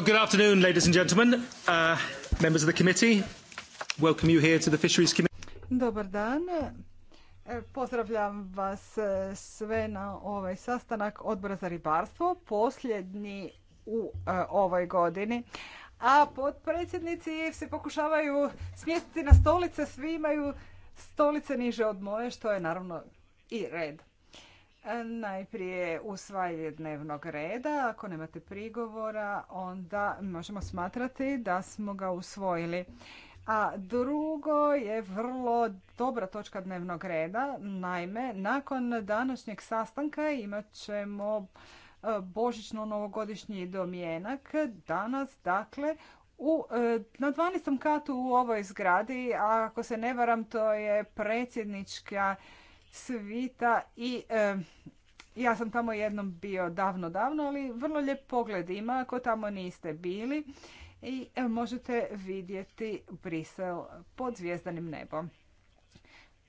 good afternoon, ladies and gentlemen, uh, members of the committee. Welcome you here to the Fisheries Committee. Dobar dan. E, pozdravljam vas e, sve na ovaj sastanak Odbora za ribarstvo, posljednji u uh, ovoj godini. A potpredsjednici se pokušavaju smjestiti na stolice, svi imaju stolice niže od moje, što je naravno i red najprije usvajanje dnevnog reda. Ako nemate prigovora, onda možemo smatrati da smo ga usvojili. A drugo je vrlo dobra točka dnevnog reda. Naime, nakon današnjeg sastanka imat ćemo e, božično novogodišnji domjenak. Danas, dakle, e, na 12. katu u ovoj zgradi, a ako se ne varam, to je predsjednička svita i ja sam tamo jednom bio davno, davno, ali vrlo lijep pogled ima ako tamo niste bili i e, možete vidjeti Brisel pod zvijezdanim nebom.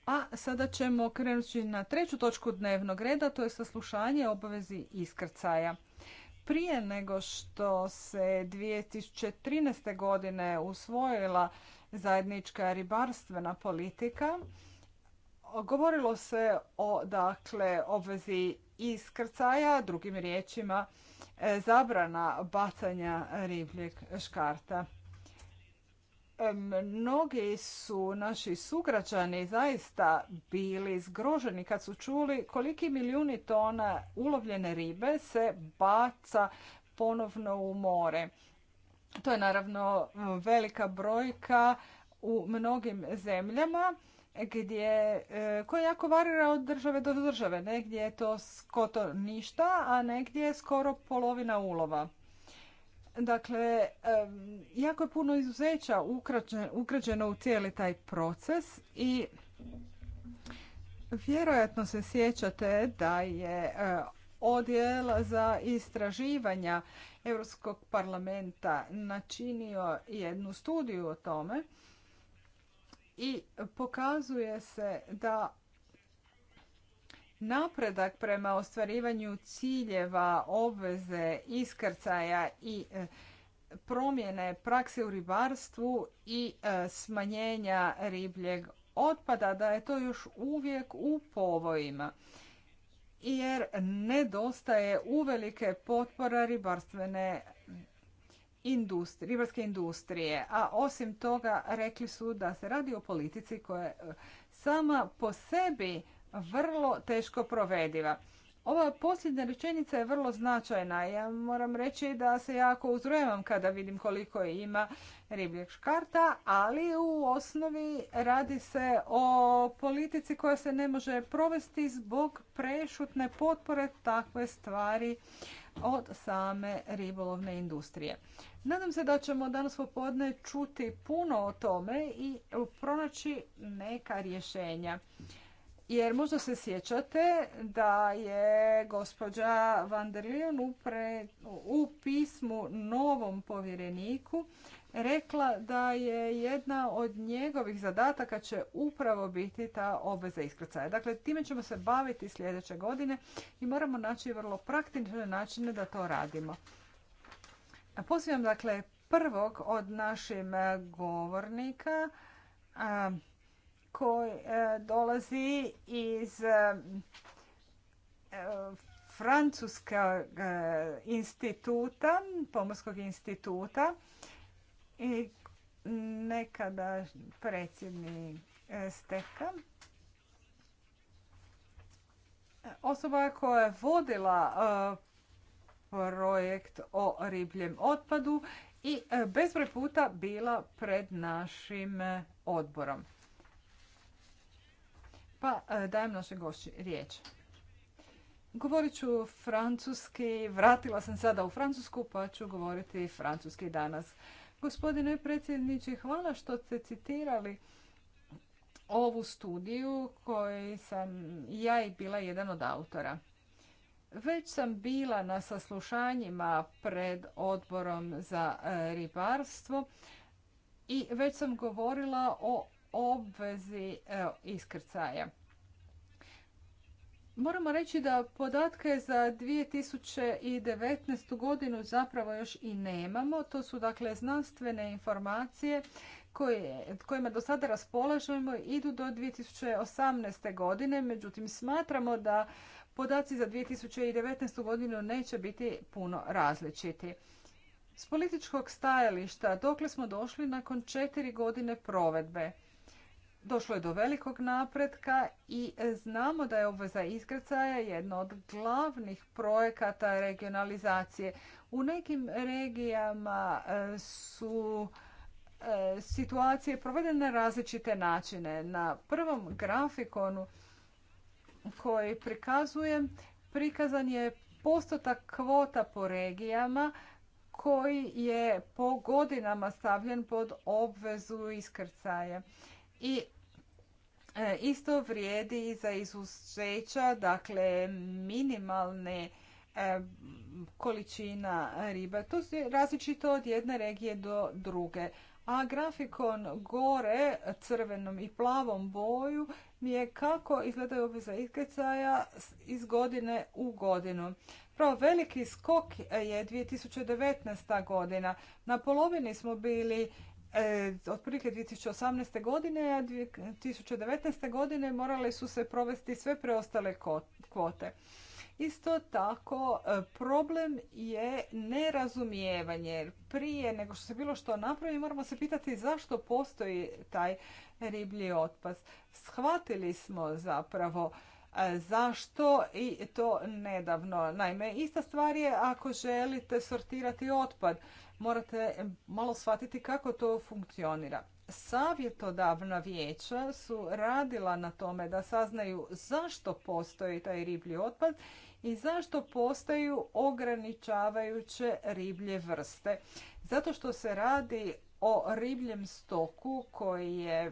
A sada ćemo krenuti na treću točku dnevnog reda, to je saslušanje obavezi iskrcaja. Prije nego što se 2013. godine usvojila zajednička ribarstvena politika, Govorilo se o dakle obvezi iskrcaja, drugim riječima e, zabrana bacanja ribljeg škarta. E, mnogi su naši sugrađani zaista bili zgroženi kad su čuli koliki milijuni tona ulovljene ribe se baca ponovno u more. To je naravno velika brojka u mnogim zemljama gdje, e, koji jako varira od države do države. Negdje je to skoto ništa, a negdje je skoro polovina ulova. Dakle, e, jako je puno izuzeća ukrađeno u cijeli taj proces i vjerojatno se sjećate da je e, odjel za istraživanja Europskog parlamenta načinio jednu studiju o tome i pokazuje se da napredak prema ostvarivanju ciljeva, obveze, iskrcaja i e, promjene prakse u ribarstvu i e, smanjenja ribljeg otpada, da je to još uvijek u povojima. Jer nedostaje uvelike potpora ribarstvene industri, ribarske industrije. A osim toga rekli su da se radi o politici koja je e, sama po sebi vrlo teško provediva. Ova posljednja rečenica je vrlo značajna. Ja moram reći da se jako uzrujevam kada vidim koliko je ima ribljeg škarta, ali u osnovi radi se o politici koja se ne može provesti zbog prešutne potpore takve stvari od same ribolovne industrije. Nadam se da ćemo danas popodne čuti puno o tome i pronaći neka rješenja. Jer možda se sjećate da je gospođa van der u pismu novom povjereniku rekla da je jedna od njegovih zadataka će upravo biti ta obveza iskrcaja. Dakle, time ćemo se baviti sljedeće godine i moramo naći vrlo praktične načine da to radimo. Pozivam dakle prvog od naših e, govornika e, koji e, dolazi iz Francuskog instituta, Pomorskog instituta i nekada predsjednik e, Steka, osoba koja je vodila e, projekt o ribljem otpadu i e, bezbroj puta bila pred našim odborom. Pa dajem našoj gošći riječ. Govorit ću francuski, vratila sam sada u Francusku pa ću govoriti francuski danas. Gospodine predsjedniče, hvala što ste citirali ovu studiju koju sam ja i bila jedan od autora. Već sam bila na saslušanjima pred odborom za e, ribarstvo i već sam govorila o obvezi e, iskrcaja. Moramo reći da podatke za 2019. godinu zapravo još i nemamo. To su dakle znanstvene informacije kojima do sada raspolažemo idu do 2018. godine. Međutim, smatramo da podaci za 2019. godinu neće biti puno različiti. S političkog stajališta dokle smo došli nakon četiri godine provedbe – Došlo je do velikog napretka i e, znamo da je obveza iskrcaja jedna od glavnih projekata regionalizacije. U nekim regijama e, su e, situacije provedene na različite načine. Na prvom grafikonu koji prikazujem, prikazan je postotak kvota po regijama koji je po godinama stavljen pod obvezu iskrcaja. I e, isto vrijedi i za izuzeća, dakle minimalne e, količina riba. To je različito od jedne regije do druge. A grafikon gore crvenom i plavom boju mi je kako izgledaju obveza iskrcaja iz godine u godinu. Pravo veliki skok je 2019. godina. Na polovini smo bili E, otprilike 2018. godine, a 2019. godine morale su se provesti sve preostale kvote. Isto tako, e, problem je nerazumijevanje. Prije nego što se bilo što napravi, moramo se pitati zašto postoji taj riblji otpad. Shvatili smo zapravo e, zašto i to nedavno. Naime, ista stvar je ako želite sortirati otpad morate malo shvatiti kako to funkcionira. Savjetodavna vijeća su radila na tome da saznaju zašto postoji taj riblji otpad i zašto postaju ograničavajuće riblje vrste. Zato što se radi o ribljem stoku koji je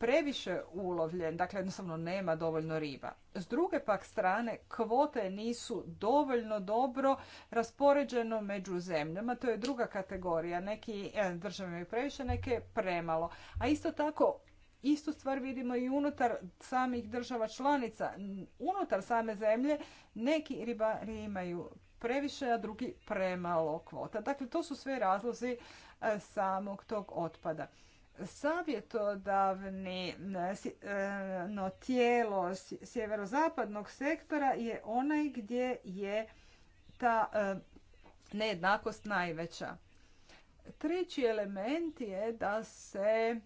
previše ulovljen, dakle jednostavno nema dovoljno riba. S druge pak strane, kvote nisu dovoljno dobro raspoređeno među zemljama, to je druga kategorija, neki e, države imaju previše, neke premalo. A isto tako, Istu stvar vidimo i unutar samih država članica. Unutar same zemlje neki ribari imaju previše, a drugi premalo kvota. Dakle, to su sve razlozi e, samog tog otpada savjetodavni e, tijelo sjeverozapadnog sektora je onaj gdje je ta e, nejednakost najveća. Treći element je da se e,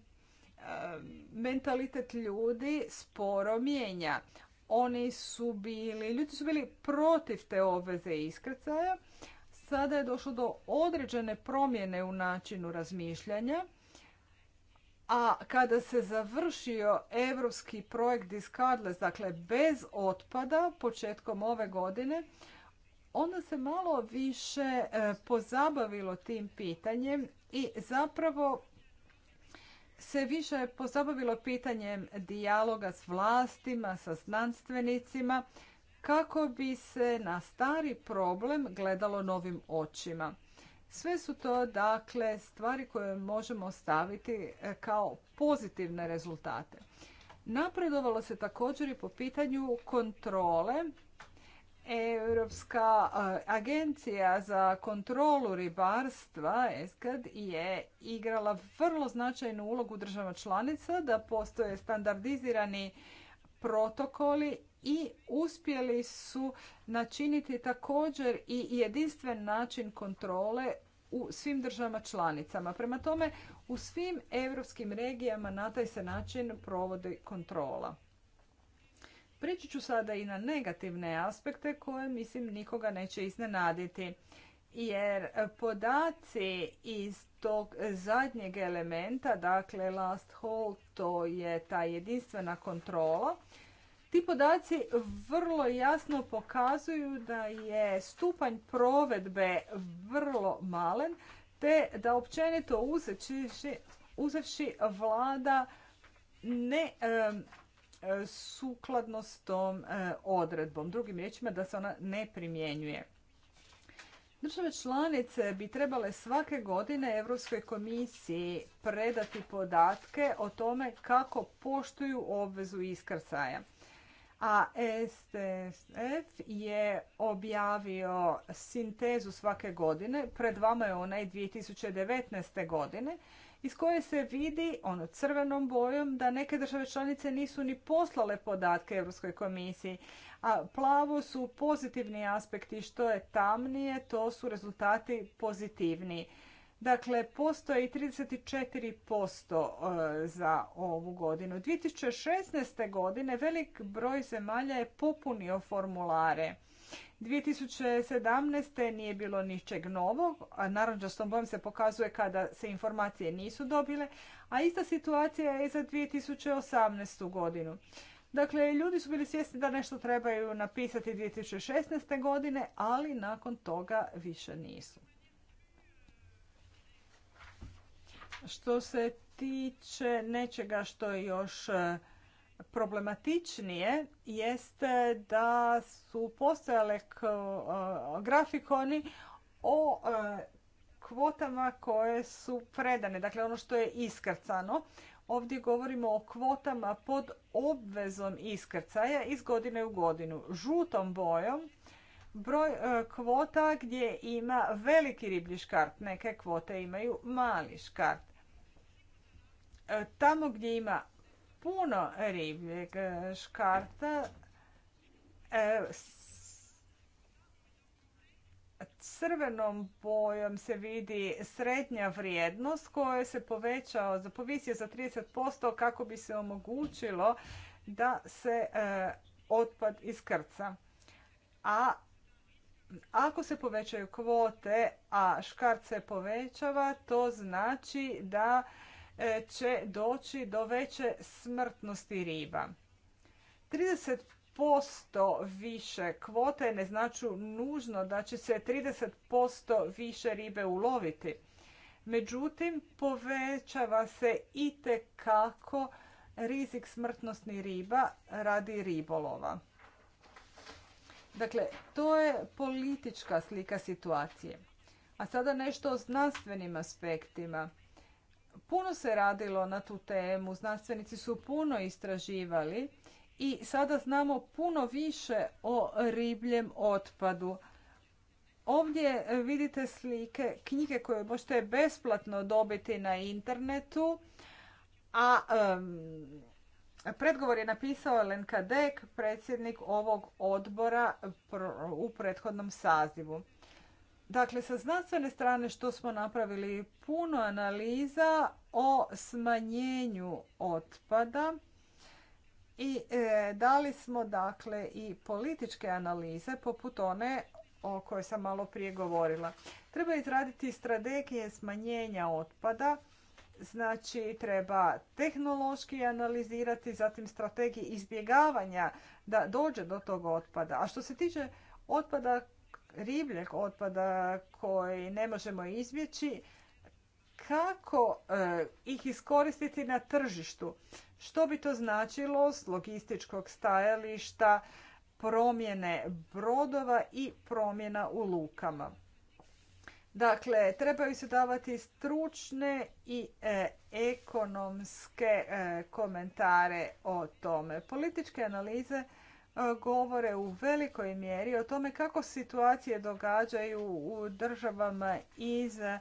mentalitet ljudi sporo mijenja. Oni su bili, ljudi su bili protiv te obveze iskrcaja. Sada je došlo do određene promjene u načinu razmišljanja a kada se završio europski projekt Discardless, dakle bez otpada, početkom ove godine, onda se malo više e, pozabavilo tim pitanjem i zapravo se više pozabavilo pitanjem dijaloga s vlastima, sa znanstvenicima, kako bi se na stari problem gledalo novim očima. Sve su to dakle stvari koje možemo staviti e, kao pozitivne rezultate. Napredovalo se također i po pitanju kontrole. Europska e, agencija za kontrolu ribarstva ESCAD je igrala vrlo značajnu ulogu država članica da postoje standardizirani protokoli i uspjeli su načiniti također i jedinstven način kontrole u svim državama članicama. Prema tome, u svim europskim regijama na taj se način provodi kontrola. Prići ću sada i na negativne aspekte koje, mislim, nikoga neće iznenaditi. Jer podaci iz tog zadnjeg elementa, dakle last hold, to je ta jedinstvena kontrola, ti podaci vrlo jasno pokazuju da je stupanj provedbe vrlo malen, te da općenito uzevši vlada ne sukladno s tom e, odredbom. Drugim riječima da se ona ne primjenjuje. Države članice bi trebale svake godine Europskoj komisiji predati podatke o tome kako poštuju obvezu iskrcaja a STF je objavio sintezu svake godine. Pred vama je onaj 2019. godine iz koje se vidi ono crvenom bojom da neke države članice nisu ni poslale podatke Europskoj komisiji. A plavo su pozitivni aspekti, što je tamnije, to su rezultati pozitivniji. Dakle, postoji 34% e, za ovu godinu. 2016. godine velik broj zemalja je popunio formulare. 2017. nije bilo ničeg novog, a tom bojem se pokazuje kada se informacije nisu dobile, a ista situacija je za 2018. godinu. Dakle, ljudi su bili svjesni da nešto trebaju napisati 2016. godine, ali nakon toga više nisu. Što se tiče nečega što je još e, problematičnije jeste da su postojale e, grafikoni o e, kvotama koje su predane, dakle ono što je iskrcano. Ovdje govorimo o kvotama pod obvezom iskrcaja iz godine u godinu. Žutom bojom broj kvota gdje ima veliki riblji škart, neke kvote imaju mali škart. E, tamo gdje ima puno ribljeg e, škarta e, crvenom bojom se vidi srednja vrijednost koja se povećao, povisio za 30% kako bi se omogućilo da se otpad iskrca. A ako se povećaju kvote, a škart se povećava, to znači da E, će doći do veće smrtnosti riba. 30% više kvote ne znači nužno da će se 30% više ribe uloviti. Međutim, povećava se i kako rizik smrtnosti riba radi ribolova. Dakle, to je politička slika situacije. A sada nešto o znanstvenim aspektima. Puno se radilo na tu temu, znanstvenici su puno istraživali i sada znamo puno više o ribljem otpadu. Ovdje e, vidite slike knjige koje možete besplatno dobiti na internetu, a um, predgovor je napisao Lenka Dek, predsjednik ovog odbora u prethodnom sazivu. Dakle, sa znanstvene strane što smo napravili puno analiza o smanjenju otpada i e, dali smo dakle i političke analize poput one o kojoj sam malo prije govorila. Treba izraditi strategije smanjenja otpada, znači treba tehnološki analizirati, zatim strategije izbjegavanja da dođe do tog otpada. A što se tiče otpada ribljeg otpada koji ne možemo izbjeći, kako e, ih iskoristiti na tržištu? Što bi to značilo s logističkog stajališta, promjene brodova i promjena u lukama? Dakle, trebaju se davati stručne i e, ekonomske e, komentare o tome. Političke analize E, govore u velikoj mjeri o tome kako situacije događaju u državama iz e,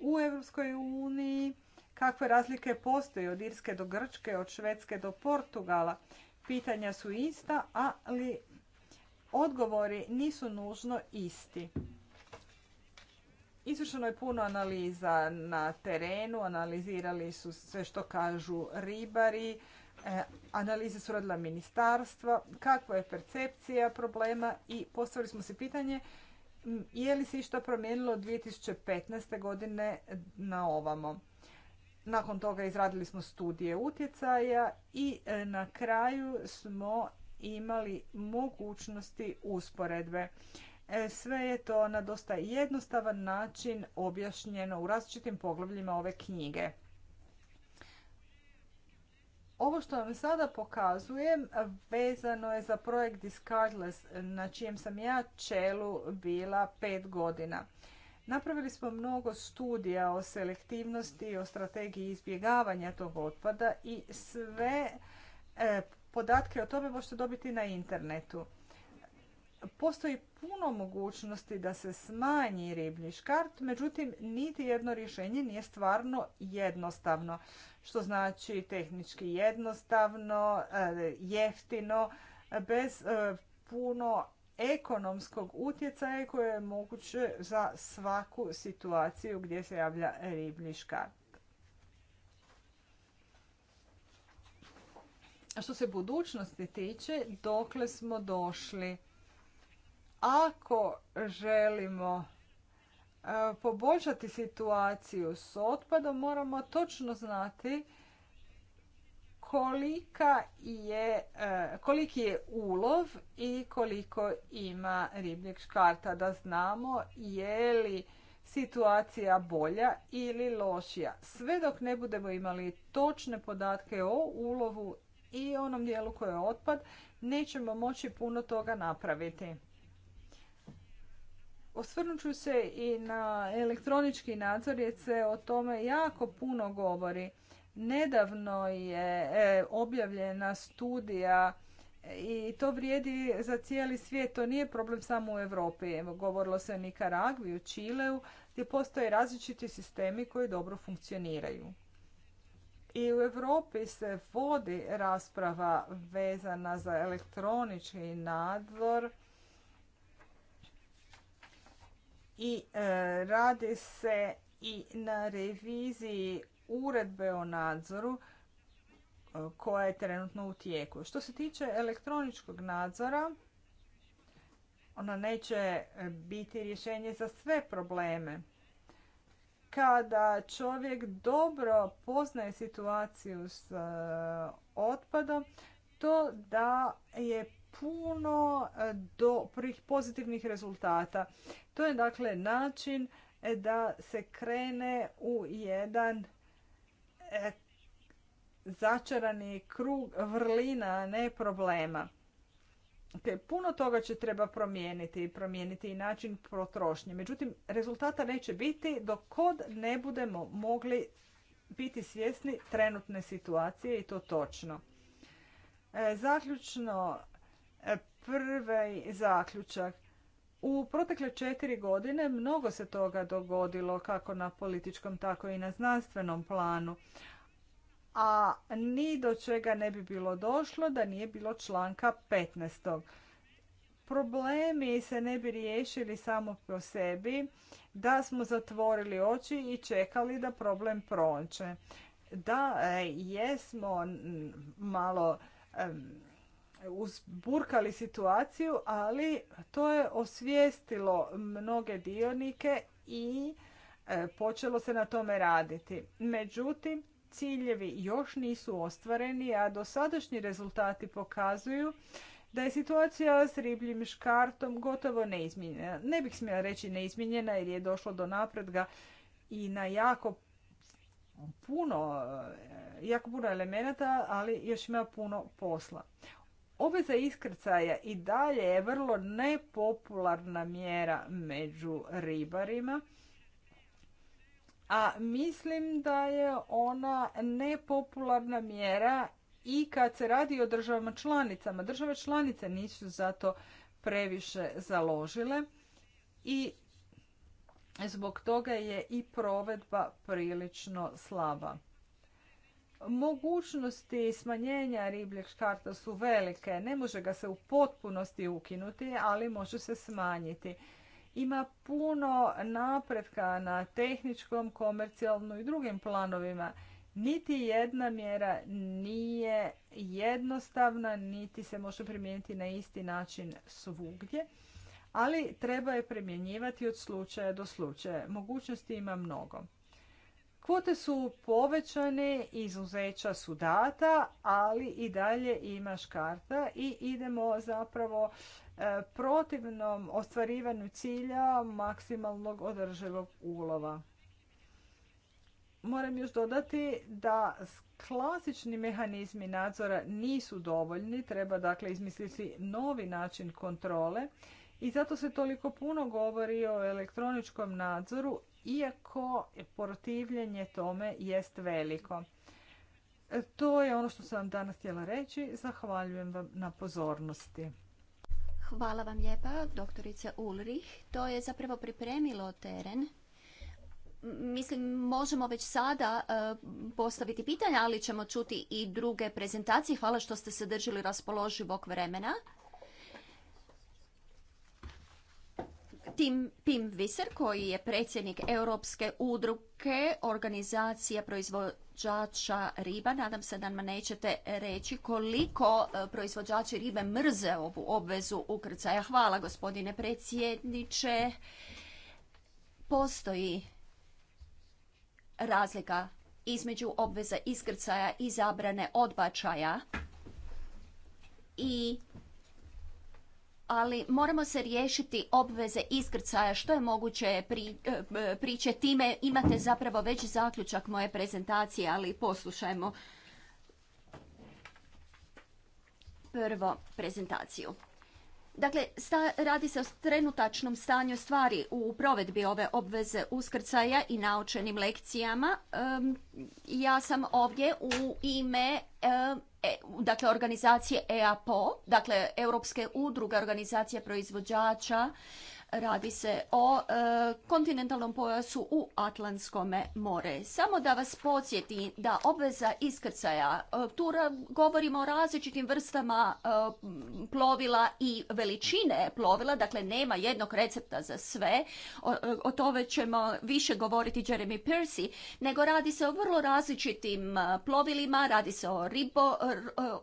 u Europskoj uniji, kakve razlike postoje od Irske do Grčke, od Švedske do Portugala. Pitanja su ista, ali odgovori nisu nužno isti. Izvršeno je puno analiza na terenu, analizirali su sve što kažu ribari, E, analize su radila ministarstva, kakva je percepcija problema i postavili smo se pitanje je li se išta promijenilo od 2015. godine na ovamo. Nakon toga izradili smo studije utjecaja i e, na kraju smo imali mogućnosti usporedbe. E, sve je to na dosta jednostavan način objašnjeno u različitim poglavljima ove knjige. Ovo što vam sada pokazujem vezano je za projekt Discardless na čijem sam ja čelu bila pet godina. Napravili smo mnogo studija o selektivnosti, o strategiji izbjegavanja tog otpada i sve e, podatke o tome možete dobiti na internetu. Postoji puno mogućnosti da se smanji riblji škart, međutim niti jedno rješenje nije stvarno jednostavno, što znači tehnički jednostavno, e, jeftino, bez e, puno ekonomskog utjecaja koje je moguće za svaku situaciju gdje se javlja riblji škart. Što se budućnosti tiče, dokle smo došli? Ako želimo e, poboljšati situaciju s otpadom, moramo točno znati kolika je, e, koliki je ulov i koliko ima ribljeg škarta da znamo je li situacija bolja ili lošija. Sve dok ne budemo imali točne podatke o ulovu i onom dijelu koji je otpad, nećemo moći puno toga napraviti. Osvrnut ću se i na elektronički nadzor jer se o tome jako puno govori. Nedavno je e, objavljena studija e, i to vrijedi za cijeli svijet. To nije problem samo u Europi. govorilo se o Nikaragvi, u Čileu, gdje postoje različiti sistemi koji dobro funkcioniraju. I u Europi se vodi rasprava vezana za elektronički nadzor i e, radi se i na reviziji uredbe o nadzoru e, koja je trenutno u tijeku. Što se tiče elektroničkog nadzora, ona neće biti rješenje za sve probleme. Kada čovjek dobro poznaje situaciju s e, otpadom, to da je puno e, do prvih pozitivnih rezultata. To je dakle način e, da se krene u jedan e, začarani krug vrlina, a ne problema. puno toga će treba promijeniti, promijeniti i način potrošnje. Međutim, rezultata neće biti dok kod ne budemo mogli biti svjesni trenutne situacije i to točno. zaključno E, prvi zaključak. U protekle četiri godine mnogo se toga dogodilo kako na političkom, tako i na znanstvenom planu. A ni do čega ne bi bilo došlo da nije bilo članka 15 problemi se ne bi riješili samo po sebi, da smo zatvorili oči i čekali da problem prođe. Da, e, jesmo malo uzburkali situaciju, ali to je osvijestilo mnoge dionike i e, počelo se na tome raditi. Međutim, ciljevi još nisu ostvareni, a dosadašnji rezultati pokazuju da je situacija s ribljim škartom gotovo neizmijenjena. Ne bih smjela reći neizmijenjena jer je došlo do napredga i na jako puno, e, jako puno elemenata, ali još ima puno posla. Obveza iskrcaja i dalje je vrlo nepopularna mjera među ribarima, a mislim da je ona nepopularna mjera i kad se radi o državama članicama. Države članice nisu zato previše založile i zbog toga je i provedba prilično slaba. Mogućnosti smanjenja ribljeg škarta su velike. Ne može ga se u potpunosti ukinuti, ali može se smanjiti. Ima puno napretka na tehničkom, komercijalnom i drugim planovima. Niti jedna mjera nije jednostavna, niti se može primijeniti na isti način svugdje, ali treba je primjenjivati od slučaja do slučaja. Mogućnosti ima mnogo. Kvote su povećane, izuzeća su data, ali i dalje imaš karta i idemo zapravo e, protivnom ostvarivanju cilja maksimalnog održivog ulova. Moram još dodati da klasični mehanizmi nadzora nisu dovoljni, treba dakle izmisliti novi način kontrole i zato se toliko puno govori o elektroničkom nadzoru iako protivljenje tome jest veliko. To je ono što sam vam danas htjela reći. Zahvaljujem vam na pozornosti. Hvala vam lijepa, doktorice Ulrich. To je zapravo pripremilo teren mislim možemo već sada e, postaviti pitanja, ali ćemo čuti i druge prezentacije. Hvala što ste se držili raspoloživog vremena. Tim Pim Viser koji je predsjednik Europske udruke organizacija proizvođača riba. Nadam se da nam nećete reći koliko e, proizvođači ribe mrze ovu obvezu ukrcaja. Hvala gospodine predsjedniče. Postoji razlika između obveza iskrcaja i zabrane odbačaja i ali moramo se riješiti obveze iskrcaja što je moguće pri, e, priče. Time imate zapravo već zaključak moje prezentacije, ali poslušajmo prvo prezentaciju. Dakle, radi se o trenutačnom stanju stvari u provedbi ove obveze uskrcaja i naučenim lekcijama. ja sam ovdje u ime E, dakle organizacije EAPO, dakle Europske udruge organizacije proizvođača Radi se o e, kontinentalnom pojasu u Atlantskome more. Samo da vas podsjetim da obveza iskrcaja, e, tu govorimo o različitim vrstama e, plovila i veličine plovila, dakle nema jednog recepta za sve, o, tome ćemo više govoriti Jeremy Percy, nego radi se o vrlo različitim plovilima, radi se o, ribo,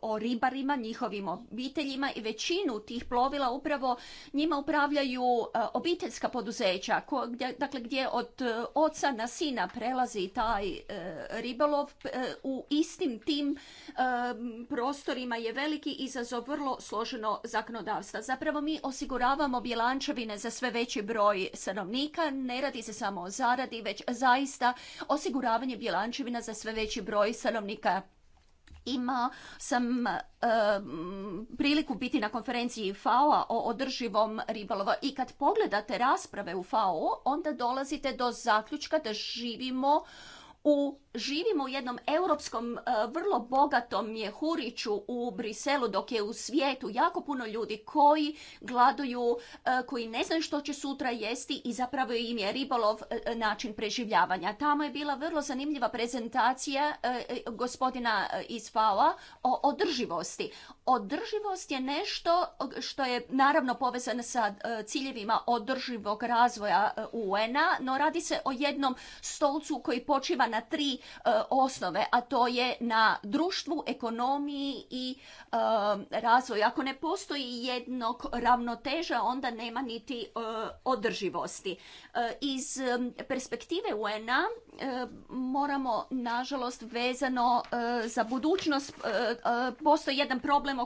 o ribarima, njihovim obiteljima i većinu tih plovila upravo njima upravljaju E, obiteljska poduzeća, gdje, dakle gdje od e, oca na sina prelazi taj e, ribolov u istim tim prostorima je veliki izazov vrlo složeno zakonodavstva. Zapravo mi osiguravamo bjelančevine za sve veći broj stanovnika, ne radi se samo o zaradi, već zaista osiguravanje bjelančevina za sve veći broj stanovnika. Ima sam e, priliku biti na konferenciji FAO-a o održivom ribolovu i kad pogledate rasprave u FAO onda dolazite do zaključka da živimo u živimo u jednom europskom e, vrlo bogatom mjehuriću u Briselu dok je u svijetu jako puno ljudi koji gladuju, e, koji ne znaju što će sutra jesti i zapravo im je ribolov e, način preživljavanja. Tamo je bila vrlo zanimljiva prezentacija gospodina iz FAO-a o održivosti. Održivost je nešto što je naravno povezano sa ciljevima održivog razvoja UN-a, no radi se o jednom stolcu koji počiva na tri E, osnove, a to je na društvu, ekonomiji i e, razvoju. Ako ne postoji jednog ravnoteža, onda nema niti e, održivosti. Iz perspektive un moramo, nažalost, vezano za budućnost, postoji jedan problem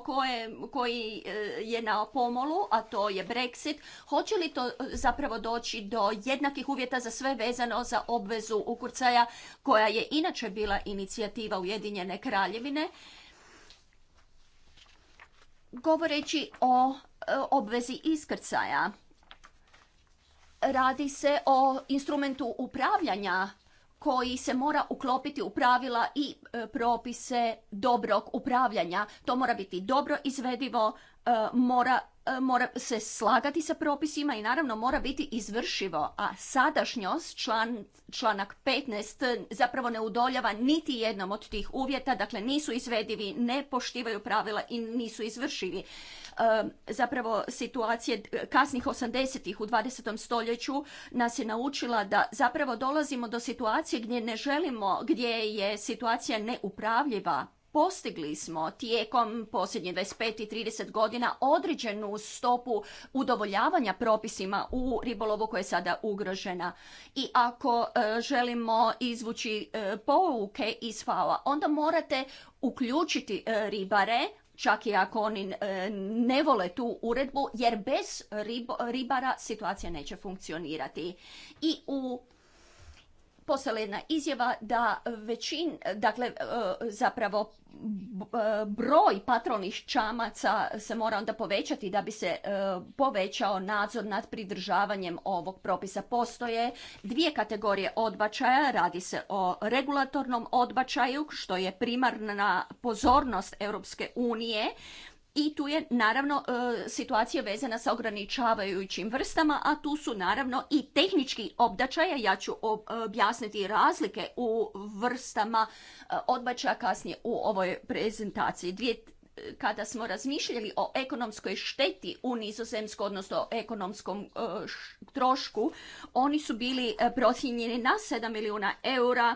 koji je na pomolu, a to je Brexit. Hoće li to zapravo doći do jednakih uvjeta za sve vezano za obvezu ukurcaja koja je inače bila inicijativa Ujedinjene kraljevine, govoreći o e, obvezi iskrcaja. Radi se o instrumentu upravljanja koji se mora uklopiti u pravila i e, propise dobrog upravljanja. To mora biti dobro izvedivo, E, mora e, mora se slagati sa propisima i naravno mora biti izvršivo, a sadašnjost član, članak 15 zapravo ne udoljava niti jednom od tih uvjeta, dakle nisu izvedivi, ne poštivaju pravila i nisu izvršivi. E, zapravo situacije kasnih 80-ih u 20. stoljeću nas je naučila da zapravo dolazimo do situacije gdje ne želimo, gdje je situacija neupravljiva postigli smo tijekom posljednje 25 i 30 godina određenu stopu udovoljavanja propisima u ribolovu koja je sada ugrožena. I ako e, želimo izvući e, pouke iz fao onda morate uključiti e, ribare, čak i ako oni ne vole tu uredbu, jer bez ribara situacija neće funkcionirati. I u poslala izjava da većin, dakle e, zapravo e, broj patrolnih čamaca se mora onda povećati da bi se e, povećao nadzor nad pridržavanjem ovog propisa. Postoje dvije kategorije odbačaja, radi se o regulatornom odbačaju što je primarna pozornost Europske unije i tu je naravno e, situacija vezana sa ograničavajućim vrstama, a tu su naravno i tehnički obdačaja. Ja ću e, objasniti razlike u vrstama e, odbačaja kasnije u ovoj prezentaciji. kada smo razmišljali o ekonomskoj šteti u nizozemsku, odnosno o ekonomskom trošku, oni su bili procijenjeni na 7 milijuna eura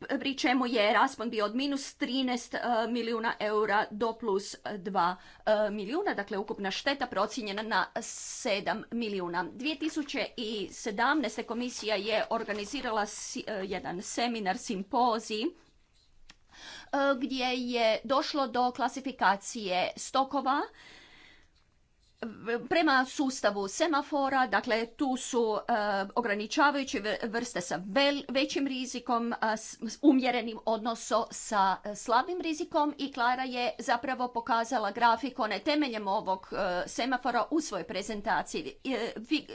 pri čemu je raspon bio od minus 13 eh, milijuna eura do plus 2 eh, milijuna, dakle ukupna šteta procijenjena na 7 milijuna. 2017. komisija je organizirala eh, jedan seminar, simpozij, gdje je došlo do klasifikacije stokova prema sustavu semafora, dakle tu su e, ograničavajuće vrste sa vel, većim rizikom, a, s, umjerenim odnosom sa e, slabim rizikom i Klara je zapravo pokazala grafikone temeljem ovog e, semafora u svojoj prezentaciji. E, vi,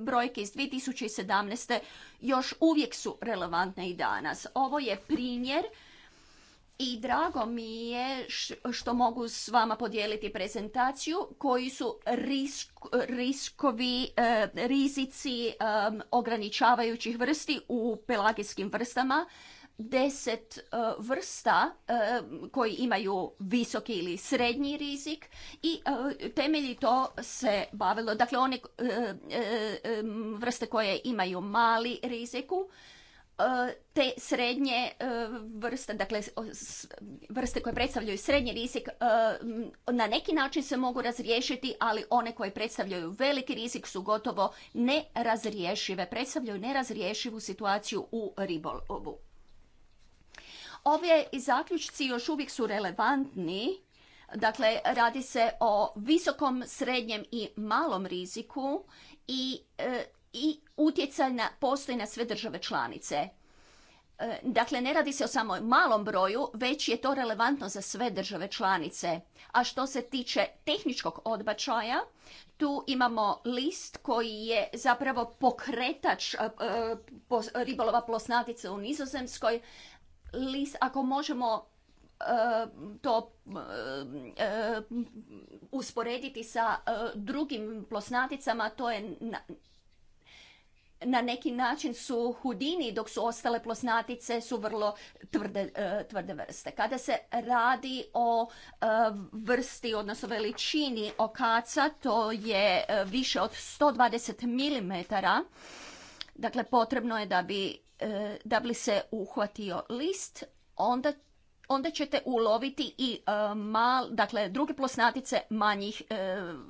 brojke iz 2017. još uvijek su relevantne i danas. Ovo je primjer i drago mi je što mogu s vama podijeliti prezentaciju koji su risk, riskovi, e, rizici e, ograničavajućih vrsti u pelagijskim vrstama. Deset e, vrsta koji imaju visoki ili srednji rizik i temelji to se bavilo, dakle one vrste koje imaju mali riziku, E, te srednje e, vrste, dakle vrste koje predstavljaju srednji rizik, e, na neki način se mogu razriješiti, ali one koje predstavljaju veliki rizik su gotovo nerazriješive, predstavljaju nerazriješivu situaciju u ribolovu. Ove zaključci još uvijek su relevantni, dakle radi se o visokom, srednjem i malom riziku i i utjecaj na, postoji na sve države članice. E, dakle, ne radi se o samo malom broju, već je to relevantno za sve države članice. A što se tiče tehničkog odbačaja, tu imamo list koji je zapravo pokretač e, ribolova plosnatice u Nizozemskoj. List, ako možemo e, to usporediti sa drugim plosnaticama, to je na neki način su hudini, dok su ostale plosnatice su vrlo tvrde, e, tvrde vrste. Kada se radi o e, vrsti, odnosno veličini okaca, to je e, više od 120 mm. Dakle, potrebno je da bi, da bi se uhvatio list, onda onda ćete uloviti i mal, dakle druge plosnatice manjih,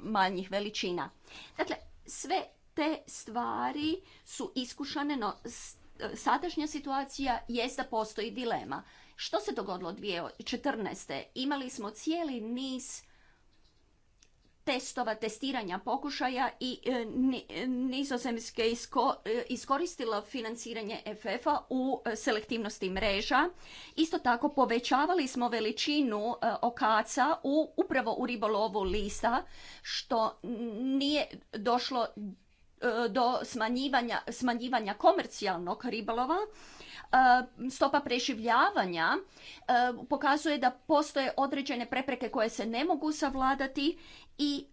manjih veličina. Dakle, sve te stvari su iskušane, no sadašnja situacija jest da postoji dilema. Što se dogodilo 2014. Imali smo cijeli niz testova, testiranja pokušaja i e, nizozemske iskoristilo e, iskoristila financiranje FF-a u e, selektivnosti mreža. Isto tako povećavali smo veličinu okaca u, upravo u ribolovu lista, što nije došlo E, do smanjivanja, smanjivanja komercijalnog ribolova, e, stopa preživljavanja e, pokazuje da postoje određene prepreke koje se ne mogu savladati i,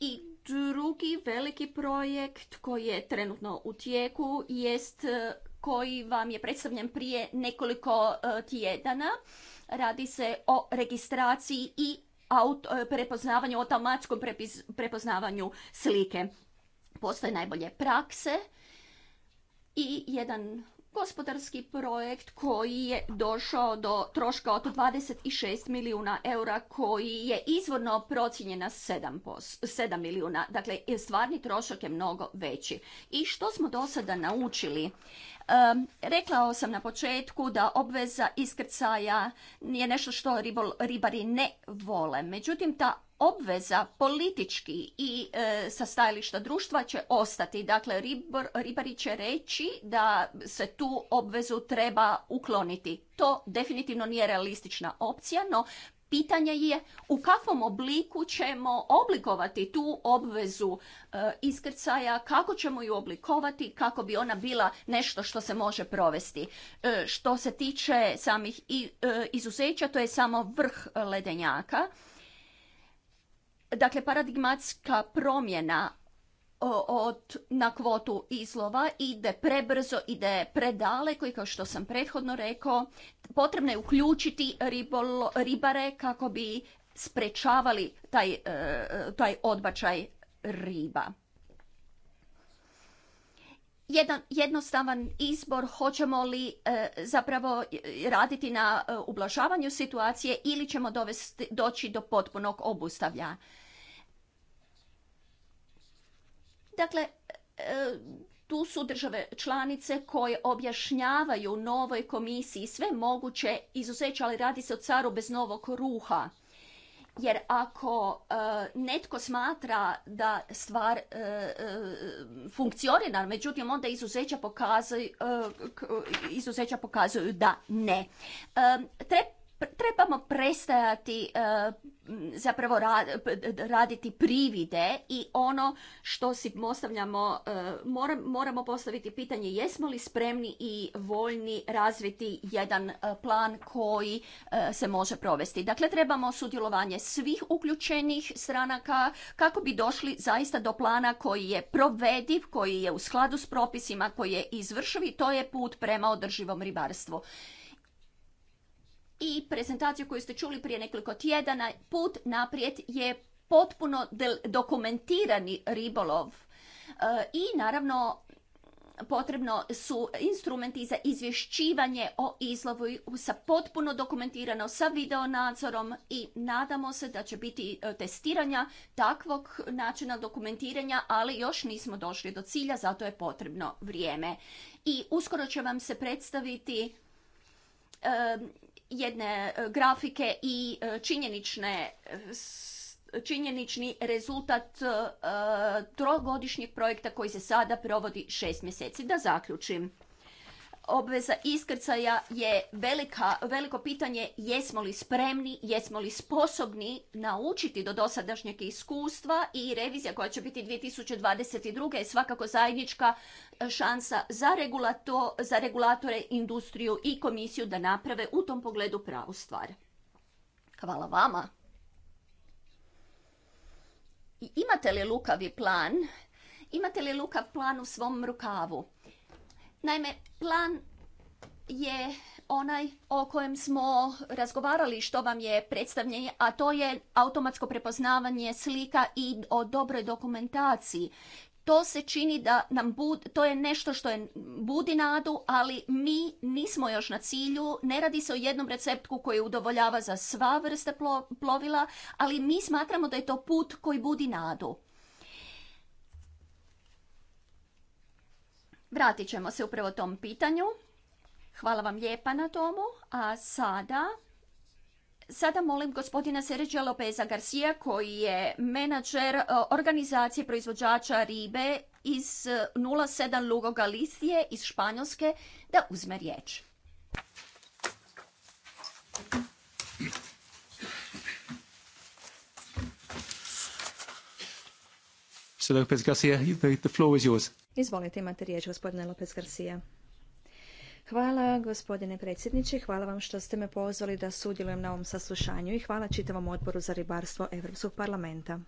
i drugi veliki projekt koji je trenutno u tijeku jest koji vam je predstavljen prije nekoliko tjedana. Radi se o registraciji i auto, e, prepoznavanju, automatskom prepoznavanju slike. Postoje najbolje prakse i jedan gospodarski projekt koji je došao do troška od 26 milijuna eura koji je izvorno procijenjen na 7, 7 milijuna. Dakle, stvarni trošak je mnogo veći. I što smo do sada naučili? Rekla sam na početku da obveza iskrcaja nije nešto što ribari ne vole. Međutim, ta obveza politički i e, sa stajališta društva će ostati. Dakle, ribari će reći da se tu obvezu treba ukloniti. To definitivno nije realistična opcija, no Pitanje je u kakvom obliku ćemo oblikovati tu obvezu e, iskrcaja, kako ćemo ju oblikovati, kako bi ona bila nešto što se može provesti. E, što se tiče samih e, izuzeća, to je samo vrh ledenjaka. Dakle, paradigmatska promjena od, na kvotu izlova ide prebrzo, ide predaleko i kao što sam prethodno rekao, potrebno je uključiti ribol ribare kako bi sprečavali taj, e, taj odbačaj riba. Jedan jednostavan izbor hoćemo li e, zapravo raditi na e, ublažavanju situacije ili ćemo doći do potpunog obustavlja. Dakle, e, tu su države članice koje objašnjavaju novoj komisiji sve moguće izuzeće, ali radi se o caru bez novog ruha. Jer ako e, netko smatra da stvar e, funkcionira, međutim onda izuzeća pokazuju, izuzeća pokazuju da ne. Treba trebamo prestajati e, zapravo raditi privide i ono što si postavljamo, e, moramo postaviti pitanje jesmo li spremni i voljni razviti jedan e, plan koji se može provesti. Dakle, trebamo sudjelovanje svih uključenih stranaka kako bi došli zaista do plana koji je provediv, koji je u skladu s propisima, koji je izvršiv i to je put prema održivom ribarstvu i prezentaciju koju ste čuli prije nekoliko tjedana, put naprijed je potpuno dokumentirani ribolov e, i naravno potrebno su instrumenti za izvješćivanje o izlovu sa potpuno dokumentirano sa video nadzorom i nadamo se da će biti e, testiranja takvog načina dokumentiranja, ali još nismo došli do cilja, zato je potrebno vrijeme. I uskoro će vam se predstaviti e, jedne e, grafike i e, činjenični rezultat e, trogodišnjeg projekta koji se sada provodi šest mjeseci. Da zaključim obveza iskrcaja je velika, veliko pitanje jesmo li spremni, jesmo li sposobni naučiti do dosadašnjeg iskustva i revizija koja će biti 2022. je svakako zajednička e, šansa za, regulato, za regulatore, industriju i komisiju da naprave u tom pogledu pravu stvar. Hvala vama. imate li lukavi plan? Imate li lukav plan u svom rukavu? Naime, plan je onaj o kojem smo razgovarali što vam je predstavljenje, a to je automatsko prepoznavanje slika i o dobroj dokumentaciji. To se čini da nam bud, to je nešto što je budi nadu, ali mi nismo još na cilju. Ne radi se o jednom receptku koji udovoljava za sva vrste plovila, ali mi smatramo da je to put koji budi nadu. Vratit ćemo se upravo tom pitanju. Hvala vam lijepa na tomu. A sada... Sada molim gospodina Sergio Lopeza Garcia koji je menadžer e, organizacije proizvođača ribe iz 07 e, Lugo Galicije iz Španjolske da uzme riječ. Garcia, the floor is yours. Izvolite, imate riječ, gospodine Lopez Garcia. Hvala gospodine predsjedniče, hvala vam što ste me pozvali da sudjelujem na ovom saslušanju i hvala čitavom odboru za ribarstvo Europskog parlamenta.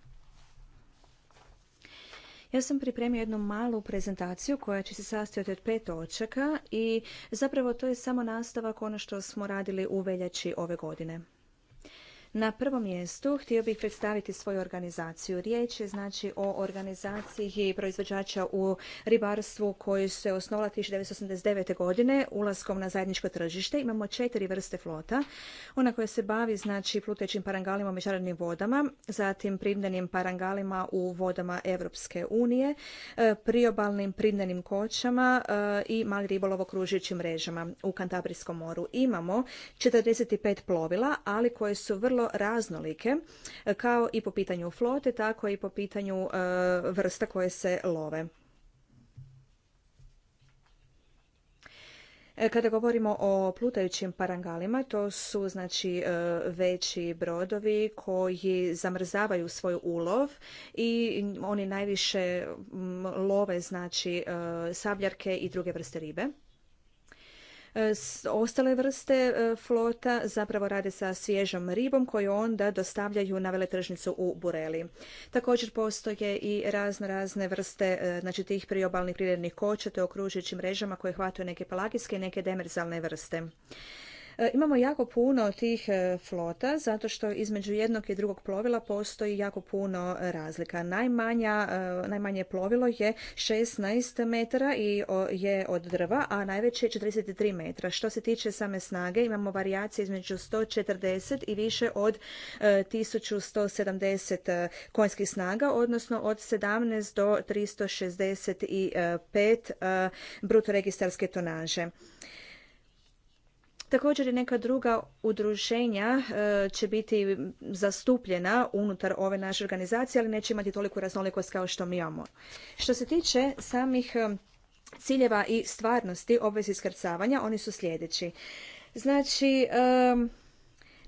Ja sam pripremio jednu malu prezentaciju koja će se sastojati od pet točaka i zapravo to je samo nastavak ono što smo radili u veljači ove godine. Na prvom mjestu htio bih predstaviti svoju organizaciju. Riječ je znači o organizaciji proizvođača u ribarstvu koji se osnovala 1989. godine ulaskom na zajedničko tržište. Imamo četiri vrste flota. Ona koja se bavi znači plutećim parangalima u međunarodnim vodama, zatim pridnenim parangalima u vodama Europske unije, e, priobalnim pridnenim kočama e, i mali ribolov okružujućim mrežama u Kantabrijskom moru. Imamo 45 plovila, ali koje su vrlo raznolike, kao i po pitanju flote, tako i po pitanju e, vrsta koje se love. E, kada govorimo o plutajućim parangalima, to su znači e, veći brodovi koji zamrzavaju svoj ulov i oni najviše love znači sabljarke i druge vrste ribe. E, ostale vrste e, flota zapravo rade sa svježom ribom koju onda dostavljaju na veletržnicu u Bureli. Također postoje i razno razne vrste e, znači tih priobalnih prirodnih koča te okružujućim mrežama koje hvataju neke pelagijske i neke demerzalne vrste. E, imamo jako puno tih e, flota zato što između jednog i drugog plovila postoji jako puno e, razlika. Najmanja, najmanje plovilo je 16 metara i je od drva, a najveće je 43 metra. Što se tiče same snage, imamo varijacije između 140 i više od 1170 konjskih snaga, odnosno od 17 do 365 bruto registarske tonaže. Također i neka druga udruženja e, će biti zastupljena unutar ove naše organizacije, ali neće imati toliku raznolikost kao što mi imamo. Što se tiče samih e, ciljeva i stvarnosti obvezi iskrcavanja, oni su sljedeći. Znači, e,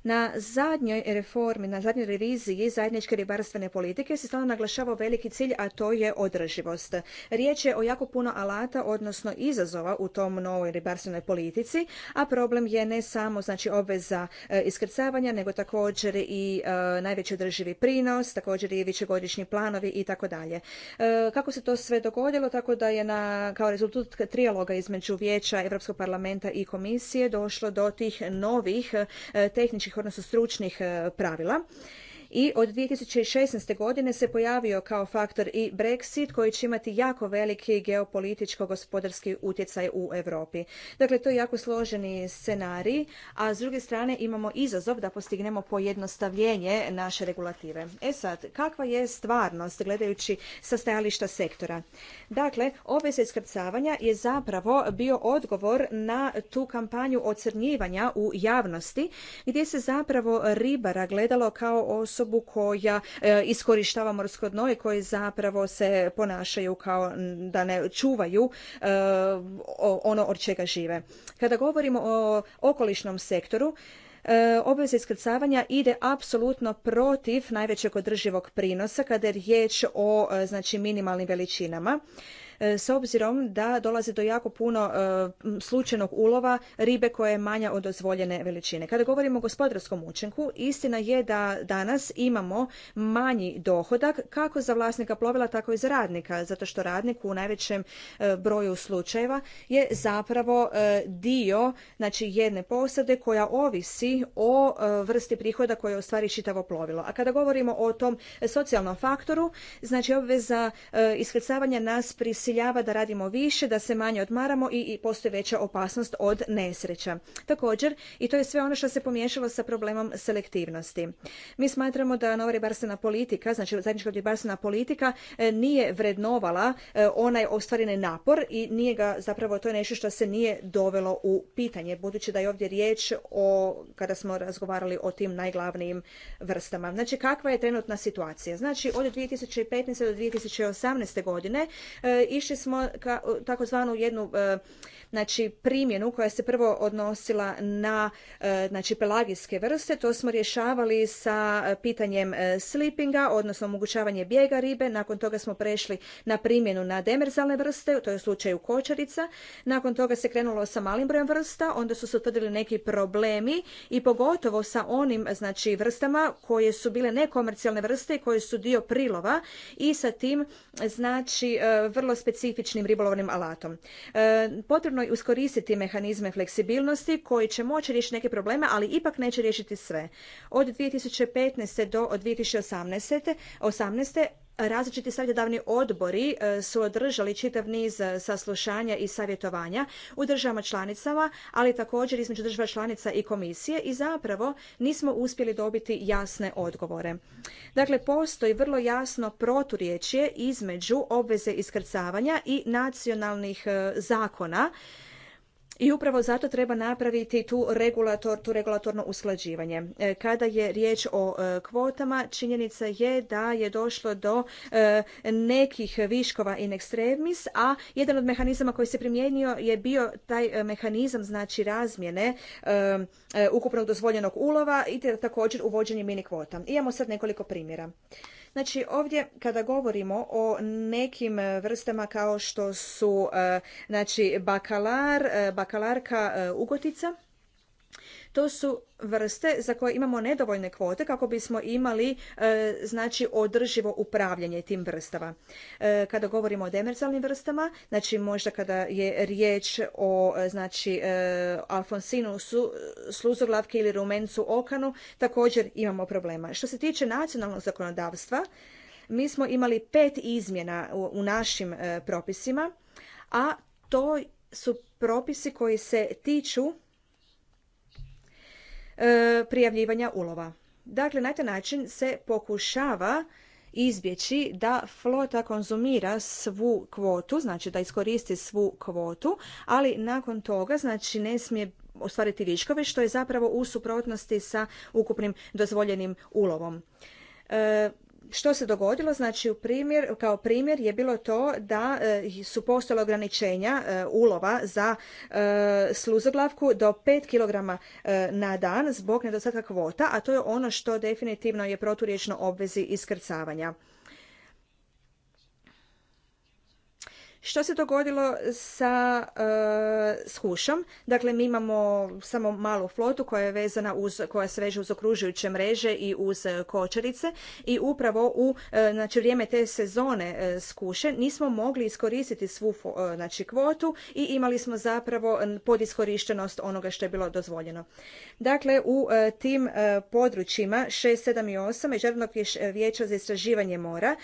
na zadnjoj reformi, na zadnjoj reviziji zajedničke ribarstvene politike se stalno naglašava veliki cilj, a to je održivost. Riječ je o jako puno alata, odnosno izazova u tom novoj ribarstvenoj politici, a problem je ne samo znači, obveza e, iskrcavanja, nego također i e, najveći održivi prinos, također i višegodišnji planovi i tako dalje. E, kako se to sve dogodilo, tako da je na, kao rezultat trijaloga između Vijeća Europskog parlamenta i komisije došlo do tih novih tehničkih odnosno stručnih e, pravila i od 2016. godine se pojavio kao faktor i Brexit koji će imati jako veliki geopolitičko-gospodarski utjecaj u Europi. Dakle, to je jako složeni scenarij, a s druge strane imamo izazov da postignemo pojednostavljenje naše regulative. E sad, kakva je stvarnost gledajući sa stajališta sektora? Dakle, obveza iskrcavanja je zapravo bio odgovor na tu kampanju ocrnjivanja u javnosti gdje se zapravo ribara gledalo kao osobu osobu koja e, iskorištava morsko dno i koji zapravo se ponašaju kao da ne čuvaju e, ono od čega žive. Kada govorimo o okolišnom sektoru, e, obveza iskrcavanja ide apsolutno protiv najvećeg održivog prinosa kada je riječ o znači minimalnim veličinama. E, s obzirom da dolazi do jako puno e, slučajnog ulova ribe koja je manja od dozvoljene veličine. Kada govorimo o gospodarskom učinku, istina je da danas imamo manji dohodak kako za vlasnika plovila, tako i za radnika, zato što radnik u najvećem e, broju slučajeva je zapravo dio znači jedne posade koja ovisi o vrsti prihoda koje ostvari čitavo plovilo. A kada govorimo o tom socijalnom faktoru, znači obveza iskrcavanja nas prisjeća prisiljava da radimo više, da se manje odmaramo i, i postoji veća opasnost od nesreća. Također, i to je sve ono što se pomiješalo sa problemom selektivnosti. Mi smatramo da nova ribarstvena politika, znači zajednička ribarstvena politika, e, nije vrednovala e, onaj ostvareni napor i nije ga zapravo to je nešto što se nije dovelo u pitanje, budući da je ovdje riječ o, kada smo razgovarali o tim najglavnijim vrstama. Znači, kakva je trenutna situacija? Znači, od 2015. do 2018. godine i e, išli smo ka takozvanu jednu e, znači primjenu koja se prvo odnosila na e, znači pelagijske vrste. To smo rješavali sa e, pitanjem sleepinga, odnosno omogućavanje bijega ribe. Nakon toga smo prešli na primjenu na demerzalne vrste, to je u slučaju kočarica. Nakon toga se krenulo sa malim brojem vrsta, onda su se utvrdili neki problemi i pogotovo sa onim znači vrstama koje su bile nekomercijalne vrste i koje su dio prilova i sa tim znači vrlo specifičnim ribolovnim alatom. E, potrebno je iskoristiti mehanizme fleksibilnosti koji će moći riješiti neke probleme, ali ipak neće riješiti sve. Od 2015. do 2018. 18 različiti savjetodavni odbori e, su održali čitav niz e, saslušanja i savjetovanja u državama članicama, ali također između država članica i komisije i zapravo nismo uspjeli dobiti jasne odgovore. Dakle, postoji vrlo jasno proturječje između obveze iskrcavanja i nacionalnih e, zakona i upravo zato treba napraviti tu, regulator, tu regulatorno usklađivanje. E, kada je riječ o e, kvotama, činjenica je da je došlo do e, nekih viškova in extremis, a jedan od mehanizama koji se primijenio je bio taj mehanizam znači razmjene ukupnog dozvoljenog ulova i također uvođenje mini kvota. Imamo sad nekoliko primjera. Znači ovdje kada govorimo o nekim e, vrstama kao što su e, znači bakalar, e, bakalarka ugotica, to su vrste za koje imamo nedovoljne kvote kako bismo imali e, znači održivo upravljanje tim vrstama. E, kada govorimo o demerzalnim vrstama, znači možda kada je riječ o e, znači Alfonsinu sluzoglavke ili rumencu okanu, također imamo problema. Što se tiče nacionalnog zakonodavstva, mi smo imali pet izmjena u našim propisima, a to su propisi koji se tiču E, prijavljivanja ulova. Dakle, na taj način se pokušava izbjeći da flota konzumira svu kvotu, znači da iskoristi svu kvotu, ali nakon toga znači ne smije ostvariti viškove što je zapravo u suprotnosti sa ukupnim dozvoljenim ulovom. E, što se dogodilo? Znači, u primjer, kao primjer je bilo to da e, su postojala ograničenja e, ulova za e, sluzoglavku do 5 kg na dan zbog nedostatka kvota, a to je ono što definitivno je proturječno obvezi iskrcavanja. Što se dogodilo sa eh, s hušom? Dakle, mi imamo samo malu flotu koja je vezana uz, koja se veže uz okružujuće mreže i uz eh, kočerice i upravo u eh, znači, vrijeme te sezone s skuše nismo mogli iskoristiti svu znači, kvotu i imali smo zapravo podiskorištenost onoga što je bilo dozvoljeno. Dakle, u tim područjima 6, 7 i 8 Međunarodnog vijeća za istraživanje mora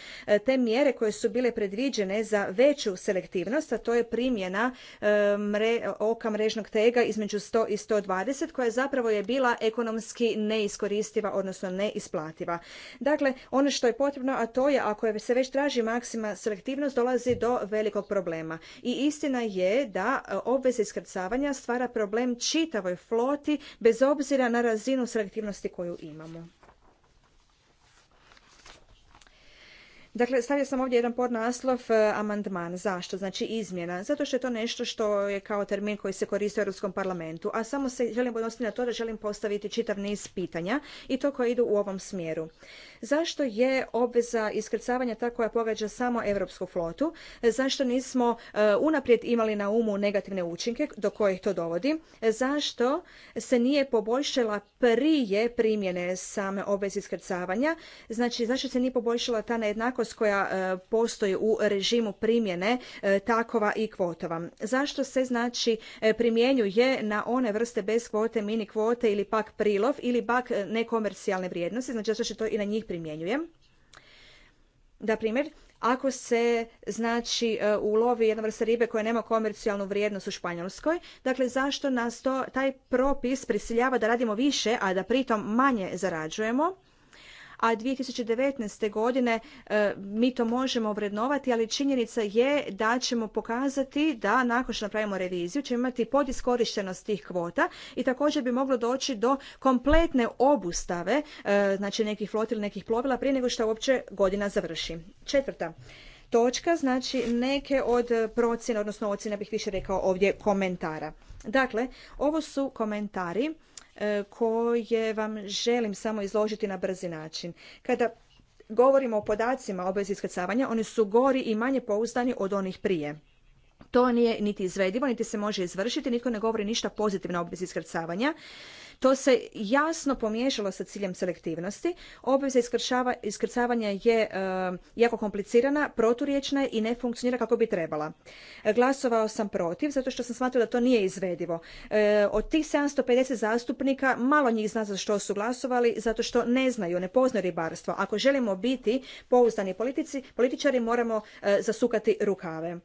te mjere koje su bile predviđene za veću selektivnost, a to je primjena e, oka mrežnog tega između 100 i 120 koja zapravo je bila ekonomski neiskoristiva, odnosno neisplativa. Dakle, ono što je potrebno, a to je ako se već traži maksima selektivnost, dolazi do velikog problema. I istina je da e, obvez iskrcavanja stvara problem čitavoj floti bez obzira na razinu selektivnosti koju imamo. Dakle, stavio sam ovdje jedan podnaslov e, amandman. Zašto? Znači izmjena. Zato što je to nešto što je kao termin koji se koristi u Europskom parlamentu. A samo se želim odnositi na to da želim postaviti čitav niz pitanja i to koje idu u ovom smjeru. Zašto je obveza iskrcavanja ta koja pogađa samo europsku flotu? E, zašto nismo e, unaprijed imali na umu negativne učinke do kojih to dovodi? Zašto se nije poboljšala prije primjene same obveze iskrcavanja? Znači, zašto se nije poboljšala ta nejednakost koja e, postoji u režimu primjene e, takova i kvotova. Zašto se znači e, primjenjuje na one vrste bez kvote, mini kvote ili pak prilov ili pak nekomercijalne vrijednosti, znači zato što to i na njih primjenjuje. Da primjer, ako se znači ulovi jedna vrsta ribe koja nema komercijalnu vrijednost u Španjolskoj, dakle zašto nas to taj propis prisiljava da radimo više, a da pritom manje zarađujemo? a 2019. godine e, mi to možemo vrednovati, ali činjenica je da ćemo pokazati da nakon što napravimo reviziju ćemo imati podiskorištenost tih kvota i također bi moglo doći do kompletne obustave e, znači nekih flotil, nekih plovila prije nego što uopće godina završi. Četvrta točka, znači neke od procjena, odnosno ocjena bih više rekao ovdje komentara. Dakle, ovo su komentari E, koje vam želim samo izložiti na brzi način. Kada govorimo o podacima o bez iskrcavanja, oni su gori i manje pouzdani od onih prije. To nije niti izvedivo, niti se može izvršiti, nitko ne govori ništa pozitivno o obvezi iskrcavanja. To se jasno pomiješalo sa ciljem selektivnosti. Obveza iskrcavanja je e, jako komplicirana, proturječna je i ne funkcionira kako bi trebala. Glasovao sam protiv zato što sam smatrao da to nije izvedivo. E, od tih 750 zastupnika malo njih zna za što su glasovali zato što ne znaju, ne poznaju ribarstvo. Ako želimo biti pouzdani politici, političari moramo e, zasukati rukave.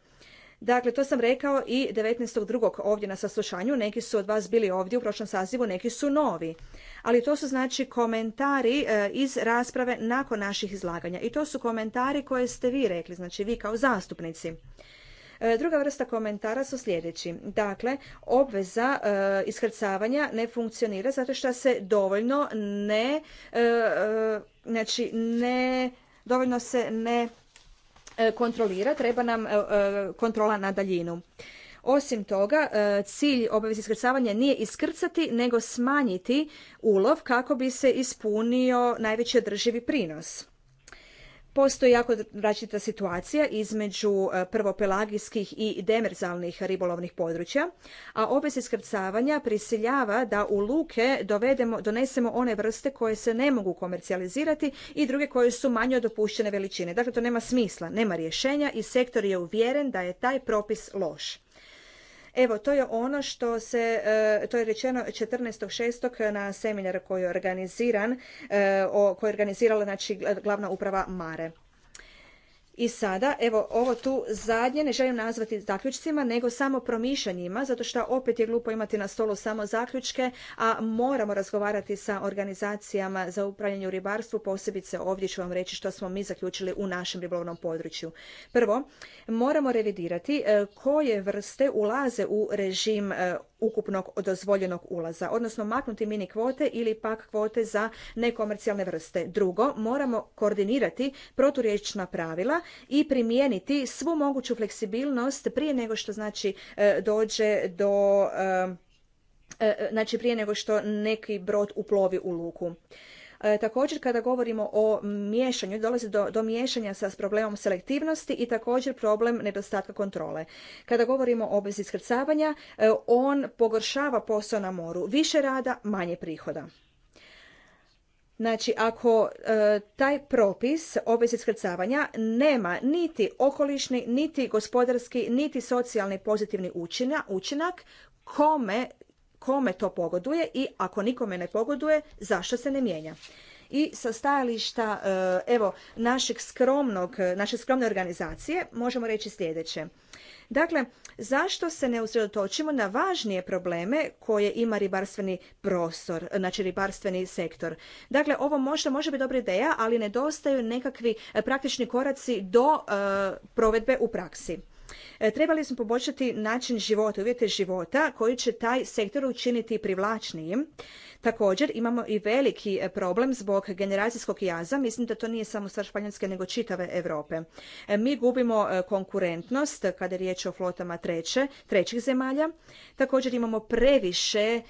Dakle, to sam rekao i 19.2. ovdje na saslušanju. Neki su od vas bili ovdje u prošlom sazivu, neki su novi. Ali to su znači komentari e, iz rasprave nakon naših izlaganja. I to su komentari koje ste vi rekli, znači vi kao zastupnici. E, druga vrsta komentara su sljedeći. Dakle, obveza e, iskrcavanja ne funkcionira zato što se dovoljno ne, znači ne, dovoljno se ne E, kontrolira, treba nam e, e, kontrola na daljinu. Osim toga, cilj obaveze iskrcavanja nije iskrcati, nego smanjiti ulov kako bi se ispunio najveći održivi prinos. Postoji jako različita situacija između e, prvopelagijskih i demerzalnih ribolovnih područja, a se iskrcavanja prisiljava da u luke dovedemo, donesemo one vrste koje se ne mogu komercijalizirati i druge koje su manje od dopuštene veličine. Dakle, to nema smisla, nema rješenja i sektor je uvjeren da je taj propis loš. Evo, to je ono što se, e, to je rečeno 14.6. na seminar koji je organiziran, e, koji je organizirala znači, glavna uprava Mare. I sada, evo, ovo tu zadnje ne želim nazvati zaključcima, nego samo promišljanjima, zato što opet je glupo imati na stolu samo zaključke, a moramo razgovarati sa organizacijama za upravljanje u ribarstvu, posebice ovdje ću vam reći što smo mi zaključili u našem ribolovnom području. Prvo, moramo revidirati e, koje vrste ulaze u režim e, ukupnog dozvoljenog ulaza, odnosno maknuti mini kvote ili pak kvote za nekomercijalne vrste. Drugo, moramo koordinirati proturječna pravila i primijeniti svu moguću fleksibilnost prije nego što znači e, dođe do e, e, znači prije nego što neki brod uplovi u luku. E, također kada govorimo o miješanju, dolazi do, do miješanja sa problemom selektivnosti i također problem nedostatka kontrole. Kada govorimo o obvezi iskrcavanja, e, on pogoršava posao na moru. Više rada, manje prihoda. Znači, ako e, taj propis obvezi iskrcavanja nema niti okolišni, niti gospodarski, niti socijalni pozitivni učinak, kome kome to pogoduje i ako nikome ne pogoduje, zašto se ne mijenja. I sa stajališta eh, evo, našeg skromnog, eh, naše skromne organizacije možemo reći sljedeće. Dakle, zašto se ne usredotočimo na važnije probleme koje ima ribarstveni prostor, eh, znači ribarstveni sektor? Dakle, ovo možda može biti dobra ideja, ali nedostaju nekakvi praktični koraci do provedbe u praksi. E, trebali smo poboljšati način života, uvjete života koji će taj sektor učiniti privlačnijim. Također imamo i veliki e, problem zbog generacijskog jaza. Mislim da to nije samo stvar Španjolske nego čitave Europe. E, mi gubimo konkurentnost kada je riječ o flotama treće, trećih zemalja. Također imamo previše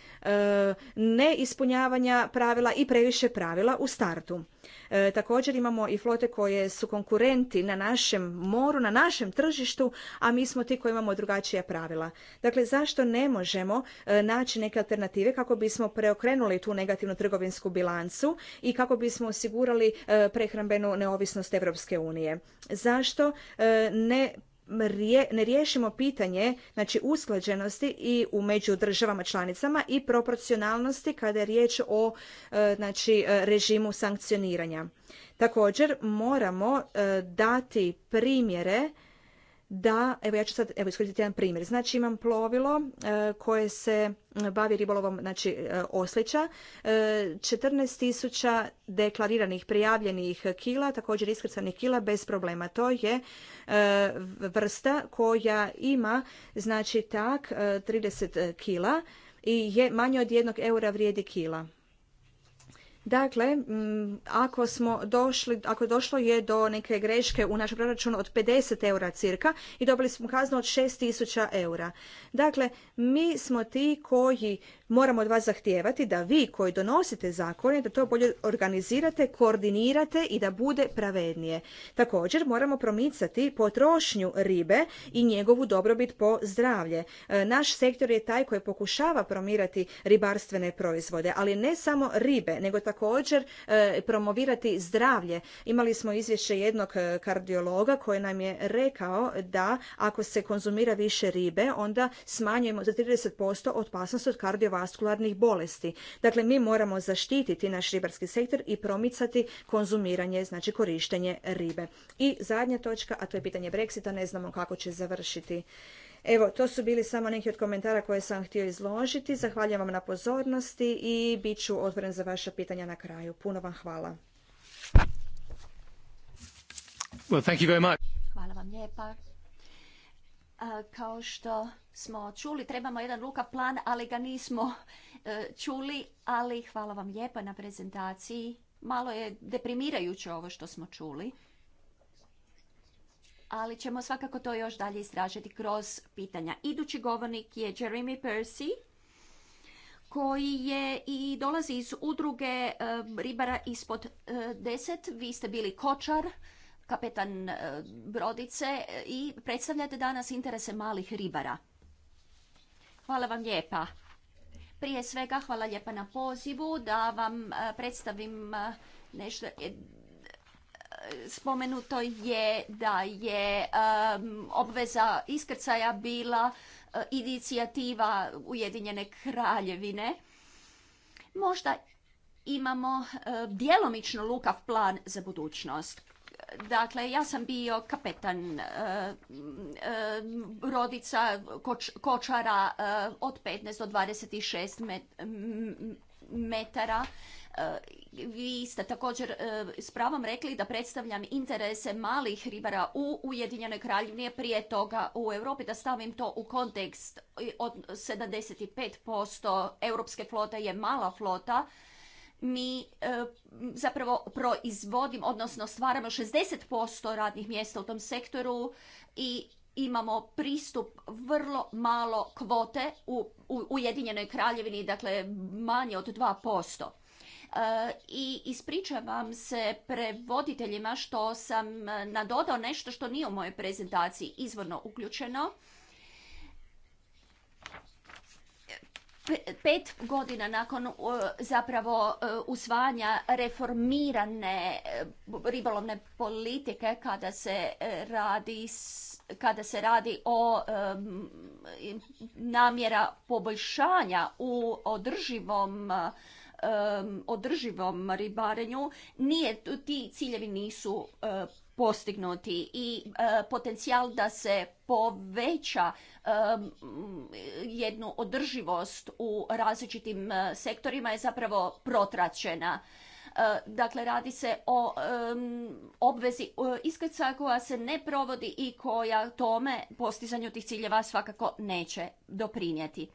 neispunjavanja pravila i previše pravila u startu. E, također imamo i flote koje su konkurenti na našem moru, na našem tržištu, a mi smo ti koji imamo drugačija pravila. Dakle, zašto ne možemo e, naći neke alternative kako bismo preokrenuli tu negativnu trgovinsku bilancu i kako bismo osigurali e, prehrambenu neovisnost Europske unije? Zašto ne ne riješimo pitanje znači usklađenosti i u među državama članicama i proporcionalnosti kada je riječ o e, znači e, režimu sankcioniranja. Također moramo e, dati primjere da, evo ja ću sad evo iskoristiti jedan primjer. Znači imam plovilo e, koje se bavi ribolovom znači e, oslića, e, 14.000 deklariranih prijavljenih kila, također iskrcanih kila bez problema. To je e, vrsta koja ima znači tak 30 e, kila i je manje od jednog eura vrijedi kila. Dakle, ako smo došli, ako došlo je do neke greške u našem proračunu od 50 eura cirka i dobili smo kaznu od 6000 eura. Dakle, mi smo ti koji Moramo od vas zahtijevati da vi koji donosite zakone, da to bolje organizirate, koordinirate i da bude pravednije. Također moramo promicati potrošnju ribe i njegovu dobrobit po zdravlje. E, naš sektor je taj koji pokušava promirati ribarstvene proizvode, ali ne samo ribe, nego također e, promovirati zdravlje. Imali smo izvješće jednog e, kardiologa koji nam je rekao da ako se konzumira više ribe, onda smanjujemo za 30% opasnost od kardiovaskularnih kardiovaskularnih bolesti. Dakle, mi moramo zaštititi naš ribarski sektor i promicati konzumiranje, znači korištenje ribe. I zadnja točka, a to je pitanje Brexita, ne znamo kako će završiti. Evo, to su bili samo neki od komentara koje sam htio izložiti. Zahvaljujem vam na pozornosti i bit ću otvoren za vaša pitanja na kraju. Puno vam hvala. Hvala vam lijepa. Kao što smo čuli, trebamo jedan luka plan, ali ga nismo e, čuli, ali hvala vam lijepa na prezentaciji. Malo je deprimirajuće ovo što smo čuli, ali ćemo svakako to još dalje istražiti kroz pitanja. Idući govornik je Jeremy Percy koji je i dolazi iz udruge e, ribara ispod e, deset. Vi ste bili kočar kapetan e, brodice i predstavljate danas interese malih ribara. Hvala vam lijepa. Prije svega hvala lijepa na pozivu da vam e, predstavim e, nešto spomenuto je da je obveza iskrcaja bila inicijativa Ujedinjene kraljevine. Možda imamo djelomično lukav plan za budućnost. Dakle, ja sam bio kapetan e, e, rodica kočara e, od 15 do 26 metara. Vi ste također s pravom rekli da predstavljam interese malih ribara u Ujedinjenoj kraljevini, prije toga u Europi, da stavim to u kontekst od 75% europske flote je mala flota, mi e, zapravo proizvodimo, odnosno stvaramo 60% radnih mjesta u tom sektoru i imamo pristup vrlo malo kvote u Ujedinjenoj kraljevini, dakle manje od 2%. E, I ispričavam se prevoditeljima što sam e, nadodao nešto što nije u mojoj prezentaciji izvorno uključeno. pet godina nakon e, zapravo e, usvajanja reformirane e, ribolovne politike kada se radi kada se radi o namjera poboljšanja u održivom ribarenju nije ti ciljevi nisu postignuti i e, potencijal da se poveća e, jednu održivost u različitim e, sektorima je zapravo protračena. Dakle, radi se o obvezi iskrca koja se ne provodi i koja tome postizanju tih ciljeva svakako neće doprinijeti.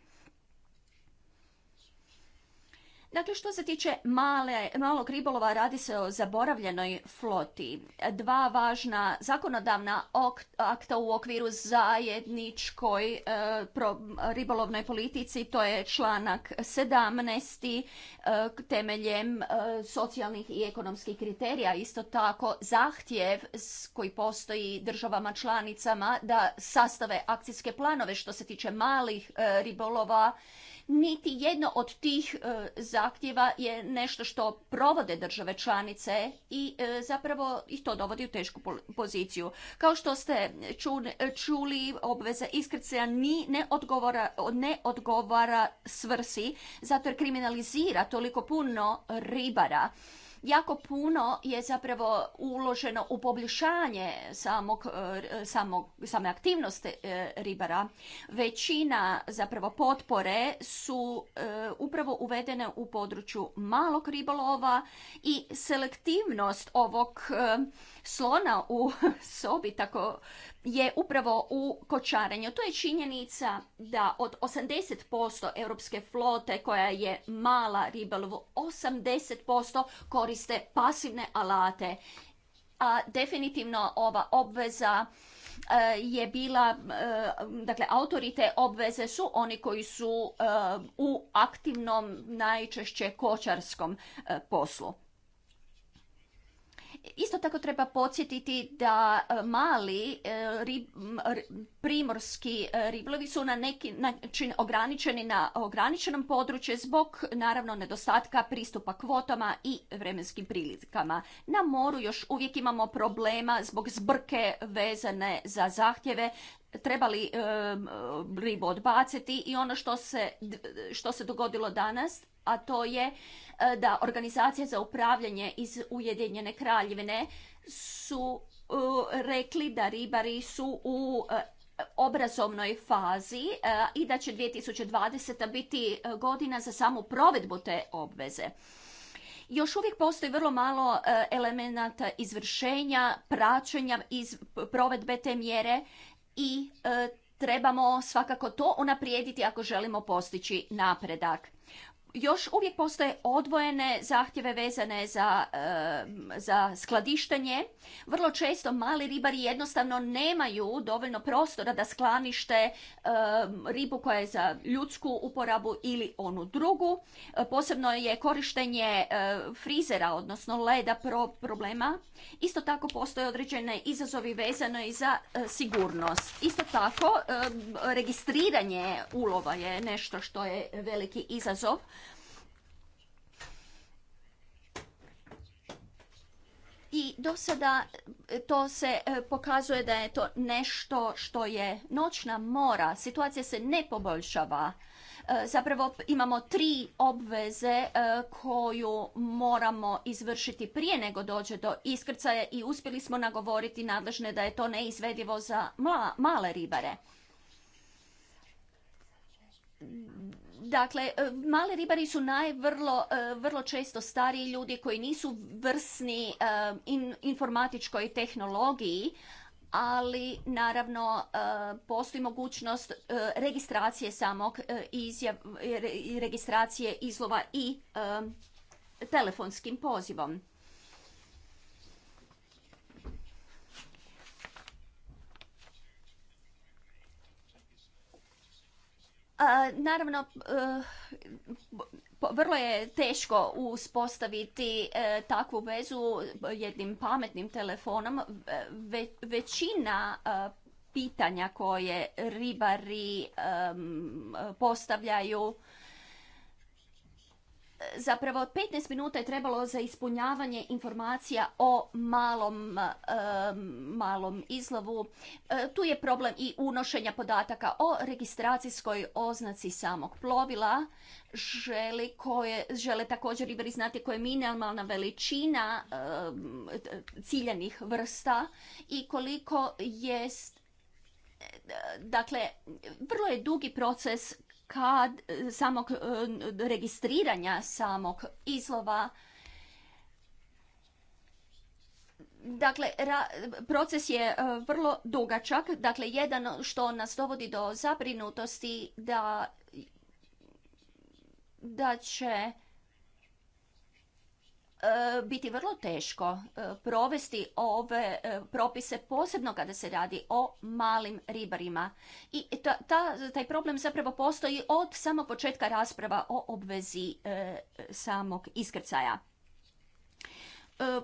Dakle, što se tiče malog ribolova, radi se o zaboravljenoj floti. Dva važna zakonodavna akta u okviru zajedničkoj e, ribolovnoj politici, to je članak 17. E, temeljem e, socijalnih i ekonomskih kriterija. Isto tako zahtjev koji postoji državama članicama da sastave akcijske planove što se tiče malih e, ribolova, niti jedno od tih e, zahtjeva je nešto što provode države članice i e, zapravo ih to dovodi u tešku poziciju. Kao što ste čuli, obveza iskrcaja ni ne odgovara, ne odgovara svrsi, zato jer kriminalizira toliko puno ribara. Jako puno je zapravo uloženo u poboljšanje samog, e, same aktivnosti e, ribara. Većina zapravo potpore su e, upravo uvedene u području malog ribolova i selektivnost ovog slona u sobi tako je upravo u kočarenju. To je činjenica da od 80% europske flote koja je mala ribalovu, 80% koriste pasivne alate. A definitivno ova obveza e, je bila, e, dakle, autorite obveze su oni koji su e, u aktivnom, najčešće kočarskom poslu. Isto tako treba podsjetiti da e, mali e, primorski e, riblovi su na neki način ograničeni na ograničenom području zbog naravno nedostatka pristupa kvotama i vremenskim prilikama. Na moru još uvijek imamo problema zbog zbrke vezane za zahtjeve trebali ribu odbaciti i ono što se, dogodilo danas, a to je e, da organizacija za upravljanje iz Ujedinjene kraljevine su e, rekli da ribari su u e, obrazovnoj fazi i da će 2020. biti godina za samu provedbu te obveze. Još uvijek postoji vrlo malo elemenata izvršenja, praćenja iz provedbe te mjere i e, trebamo svakako to unaprijediti ako želimo postići napredak još uvijek postoje odvojene zahtjeve vezane za, za skladištenje. Vrlo često mali ribari jednostavno nemaju dovoljno prostora da sklanište ribu koja je za ljudsku uporabu ili onu drugu. posebno je korištenje frizera, odnosno leda problema. Isto tako postoje određene izazovi vezano i za sigurnost. Isto tako registriranje ulova je nešto što je veliki izazov i do sada e, to se e, pokazuje da je to nešto što je noćna mora. Situacija se ne poboljšava. E, zapravo imamo tri obveze koju moramo izvršiti prije nego dođe do iskrcaja i uspjeli smo nagovoriti nadležne da je to neizvedivo za male ribare Dakle, e, mali ribari su najvrlo e, vrlo često stariji ljudi koji nisu vrsni e, informatičkoj tehnologiji, ali naravno postoji mogućnost registracije samog registracije izlova i telefonskim pozivom. Naravno, eh, vrlo je teško uspostaviti eh, takvu vezu jednim pametnim telefonom. Većina eh, pitanja koje ribari postavljaju zapravo 15 minuta je trebalo za ispunjavanje informacija o malom, malom izlovu. E, tu je problem i unošenja podataka o registracijskoj oznaci samog plovila. koje, žele također ribari znati koja je minimalna veličina e, ciljanih vrsta i koliko jest dakle, vrlo je dugi proces kad e, samog e, registriranja samog izlova Dakle, proces je e, vrlo dugačak. Dakle, jedan što nas dovodi do zabrinutosti da, da će E, biti vrlo teško e, provesti ove e, propise, posebno kada se radi o malim ribarima. I ta, taj problem zapravo postoji od samog početka rasprava o obvezi samog iskrcaja. E,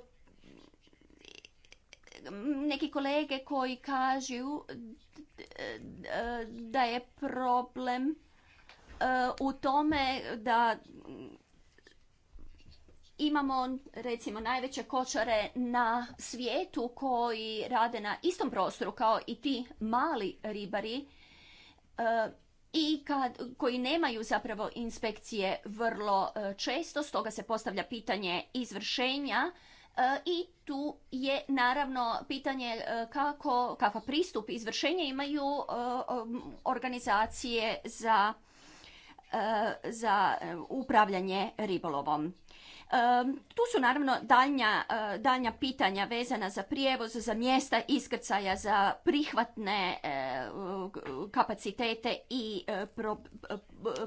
neki kolege koji kažu da je problem u tome da imamo recimo najveće kočare na svijetu koji rade na istom prostoru kao i ti mali ribari e, i kad, koji nemaju zapravo inspekcije vrlo e, često, stoga se postavlja pitanje izvršenja e, i tu je naravno pitanje kako, kakav pristup izvršenja imaju organizacije za za upravljanje ribolovom. Tu su naravno e, daljnja, pitanja vezana za prijevoz, za mjesta iskrcaja, za prihvatne e, kapacitete i e,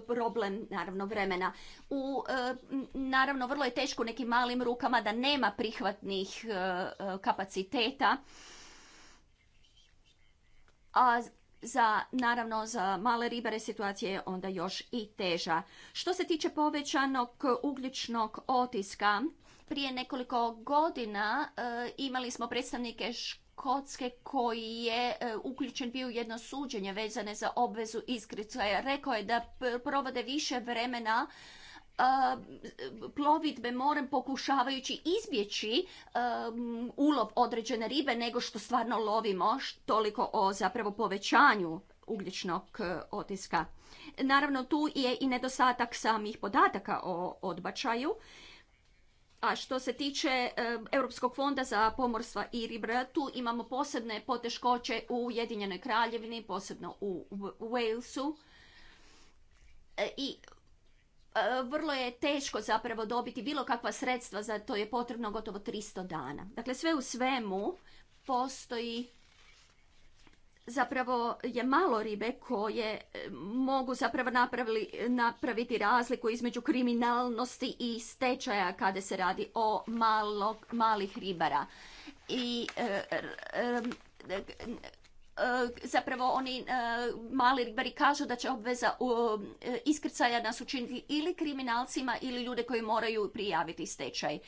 problem naravno vremena. U, naravno vrlo je teško nekim malim rukama da nema prihvatnih kapaciteta a za, naravno, za male ribare situacija je onda još i teža. Što se tiče povećanog ugljičnog otiska, prije nekoliko godina e, imali smo predstavnike Škotske koji je e, uključen bio u jedno suđenje vezane za obvezu iskricaja. Rekao je da provode više vremena plovidbe morem pokušavajući izbjeći ulov određene ribe nego što stvarno lovimo, toliko o zapravo povećanju ugljičnog e, otiska. Naravno tu je i nedostatak samih podataka o odbačaju. A što se tiče e, Europskog fonda za pomorstva i ribra, tu imamo posebne poteškoće u Ujedinjenoj kraljevini, posebno u Walesu. E, I E, vrlo je teško zapravo dobiti bilo kakva sredstva, za to je potrebno gotovo 300 dana. Dakle, sve u svemu postoji zapravo je malo ribe koje e, mogu zapravo napraviti razliku između kriminalnosti i stečaja kada se radi o malih ribara. I e, E, zapravo oni e, mali ribari kažu da će obveza e, iskrcaja nas učiniti ili kriminalcima ili ljude koji moraju prijaviti stečaj.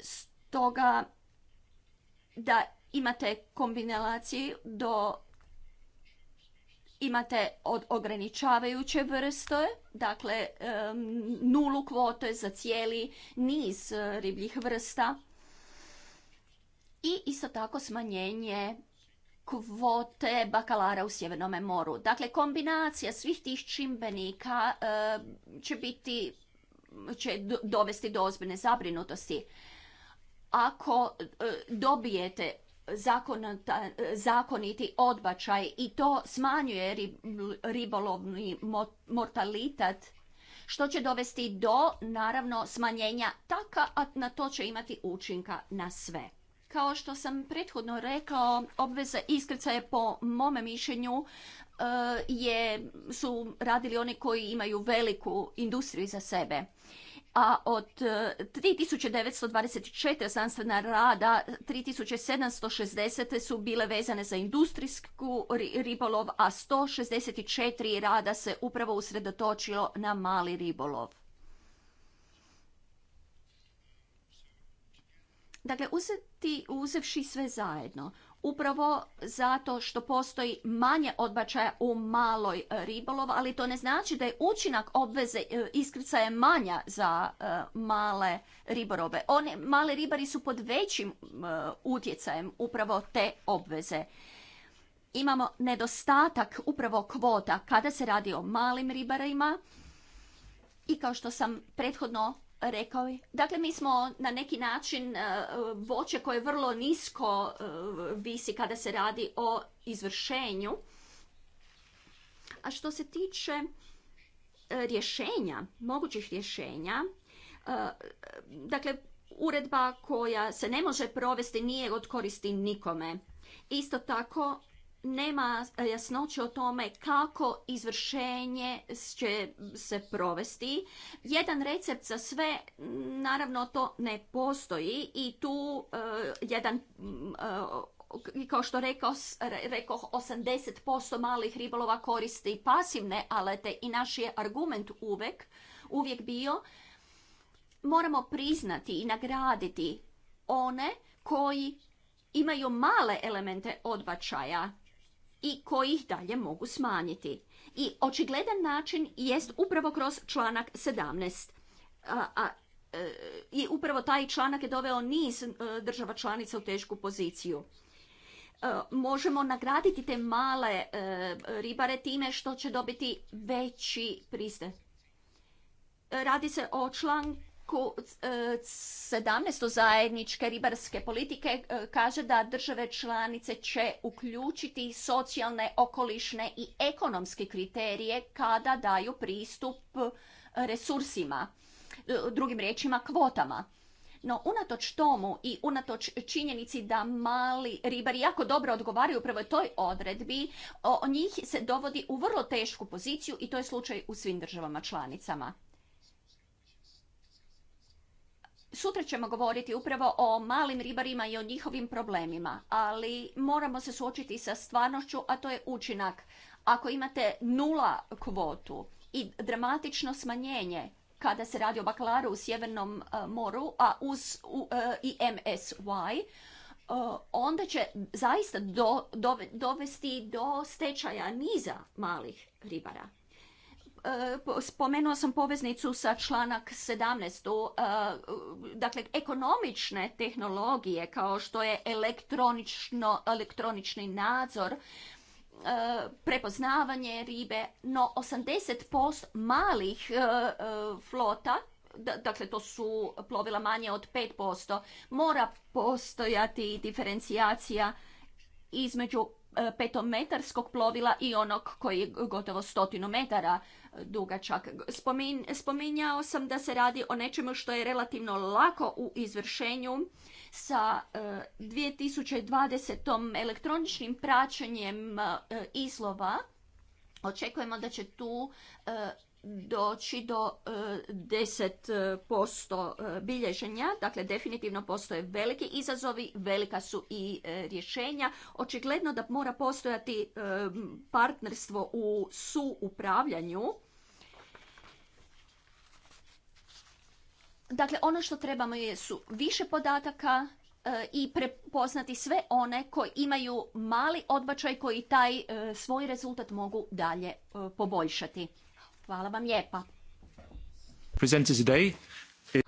Stoga da imate kombinaciju do imate od ograničavajuće vrste, dakle nulu kvote za cijeli niz ribljih vrsta i isto tako smanjenje kvote bakalara u Sjevernom moru. Dakle, kombinacija svih tih čimbenika e, će biti, će dovesti do ozbiljne zabrinutosti. Ako e, dobijete zakoniti odbačaj i to smanjuje ribolovni mortalitet, što će dovesti do, naravno, smanjenja taka, a na to će imati učinka na sve. Kao što sam prethodno rekao, obveza iskrcaja po mome mišljenju e, je, su radili oni koji imaju veliku industriju za sebe. A od 3924 e, znanstvena rada, 3760 su bile vezane za industrijsku ribolov, a 164 rada se upravo usredotočilo na mali ribolov. Dakle, uzet i uzevši sve zajedno upravo zato što postoji manje odbačaja u maloj e, ribolovi, ali to ne znači da je učinak obveze e, iskrcaja manja za e, male riborobe. One, male ribari su pod većim utjecajem upravo te obveze. Imamo nedostatak upravo kvota kada se radi o malim ribarima i kao što sam prethodno rekao je. Dakle, mi smo na neki način e, voće koje vrlo nisko e, visi kada se radi o izvršenju. A što se tiče e, rješenja, mogućih rješenja, dakle, uredba koja se ne može provesti nije od koristi nikome. Isto tako, nema e, jasnoće o tome kako izvršenje će se provesti. Jedan recept za sve, naravno to ne postoji i tu e, jedan uh, kao što rekao, rekao 80% malih ribolova koristi pasivne alete i naš je argument uvek, uvijek bio moramo priznati i nagraditi one koji imaju male elemente odbačaja i koji ih dalje mogu smanjiti. I očigledan način jest upravo kroz članak 17. A, e, I upravo taj članak je doveo niz e, država članica u tešku poziciju e, možemo nagraditi te male ribare time što će dobiti veći priste. Radi se o članku članku 17. E, zajedničke ribarske politike e, kaže da države članice će uključiti socijalne, okolišne i ekonomske kriterije kada daju pristup e, resursima, drugim riječima kvotama. No, unatoč tomu i unatoč činjenici da mali ribari jako dobro odgovaraju upravo toj odredbi, o njih se dovodi u vrlo tešku poziciju i to je slučaj u svim državama članicama. Sutra ćemo govoriti upravo o malim ribarima i o njihovim problemima, ali moramo se suočiti sa stvarnošću, a to je učinak. Ako imate nula kvotu i dramatično smanjenje kada se radi o baklaru u Sjevernom e, moru, a uz uh, i MSY, e, onda će zaista do, dovesti do stečaja niza malih ribara spomenuo sam poveznicu sa članak 17. Dakle, ekonomične tehnologije kao što je elektronični nadzor, prepoznavanje ribe, no 80% malih flota dakle to su plovila manje od 5%, mora postojati diferencijacija između petometarskog plovila i onog koji je gotovo stotinu metara dugačak. spominjao sam da se radi o nečemu što je relativno lako u izvršenju sa 2020. E, elektroničnim praćenjem e, izlova. Očekujemo da će tu e, doći do 10% bilježenja, dakle definitivno postoje veliki izazovi, velika su i rješenja. Očigledno da mora postojati partnerstvo u suupravljanju Dakle, ono što trebamo je su više podataka e, i prepoznati sve one koji imaju mali odbačaj koji taj e, svoj rezultat mogu dalje e, poboljšati. Hvala vam lijepa.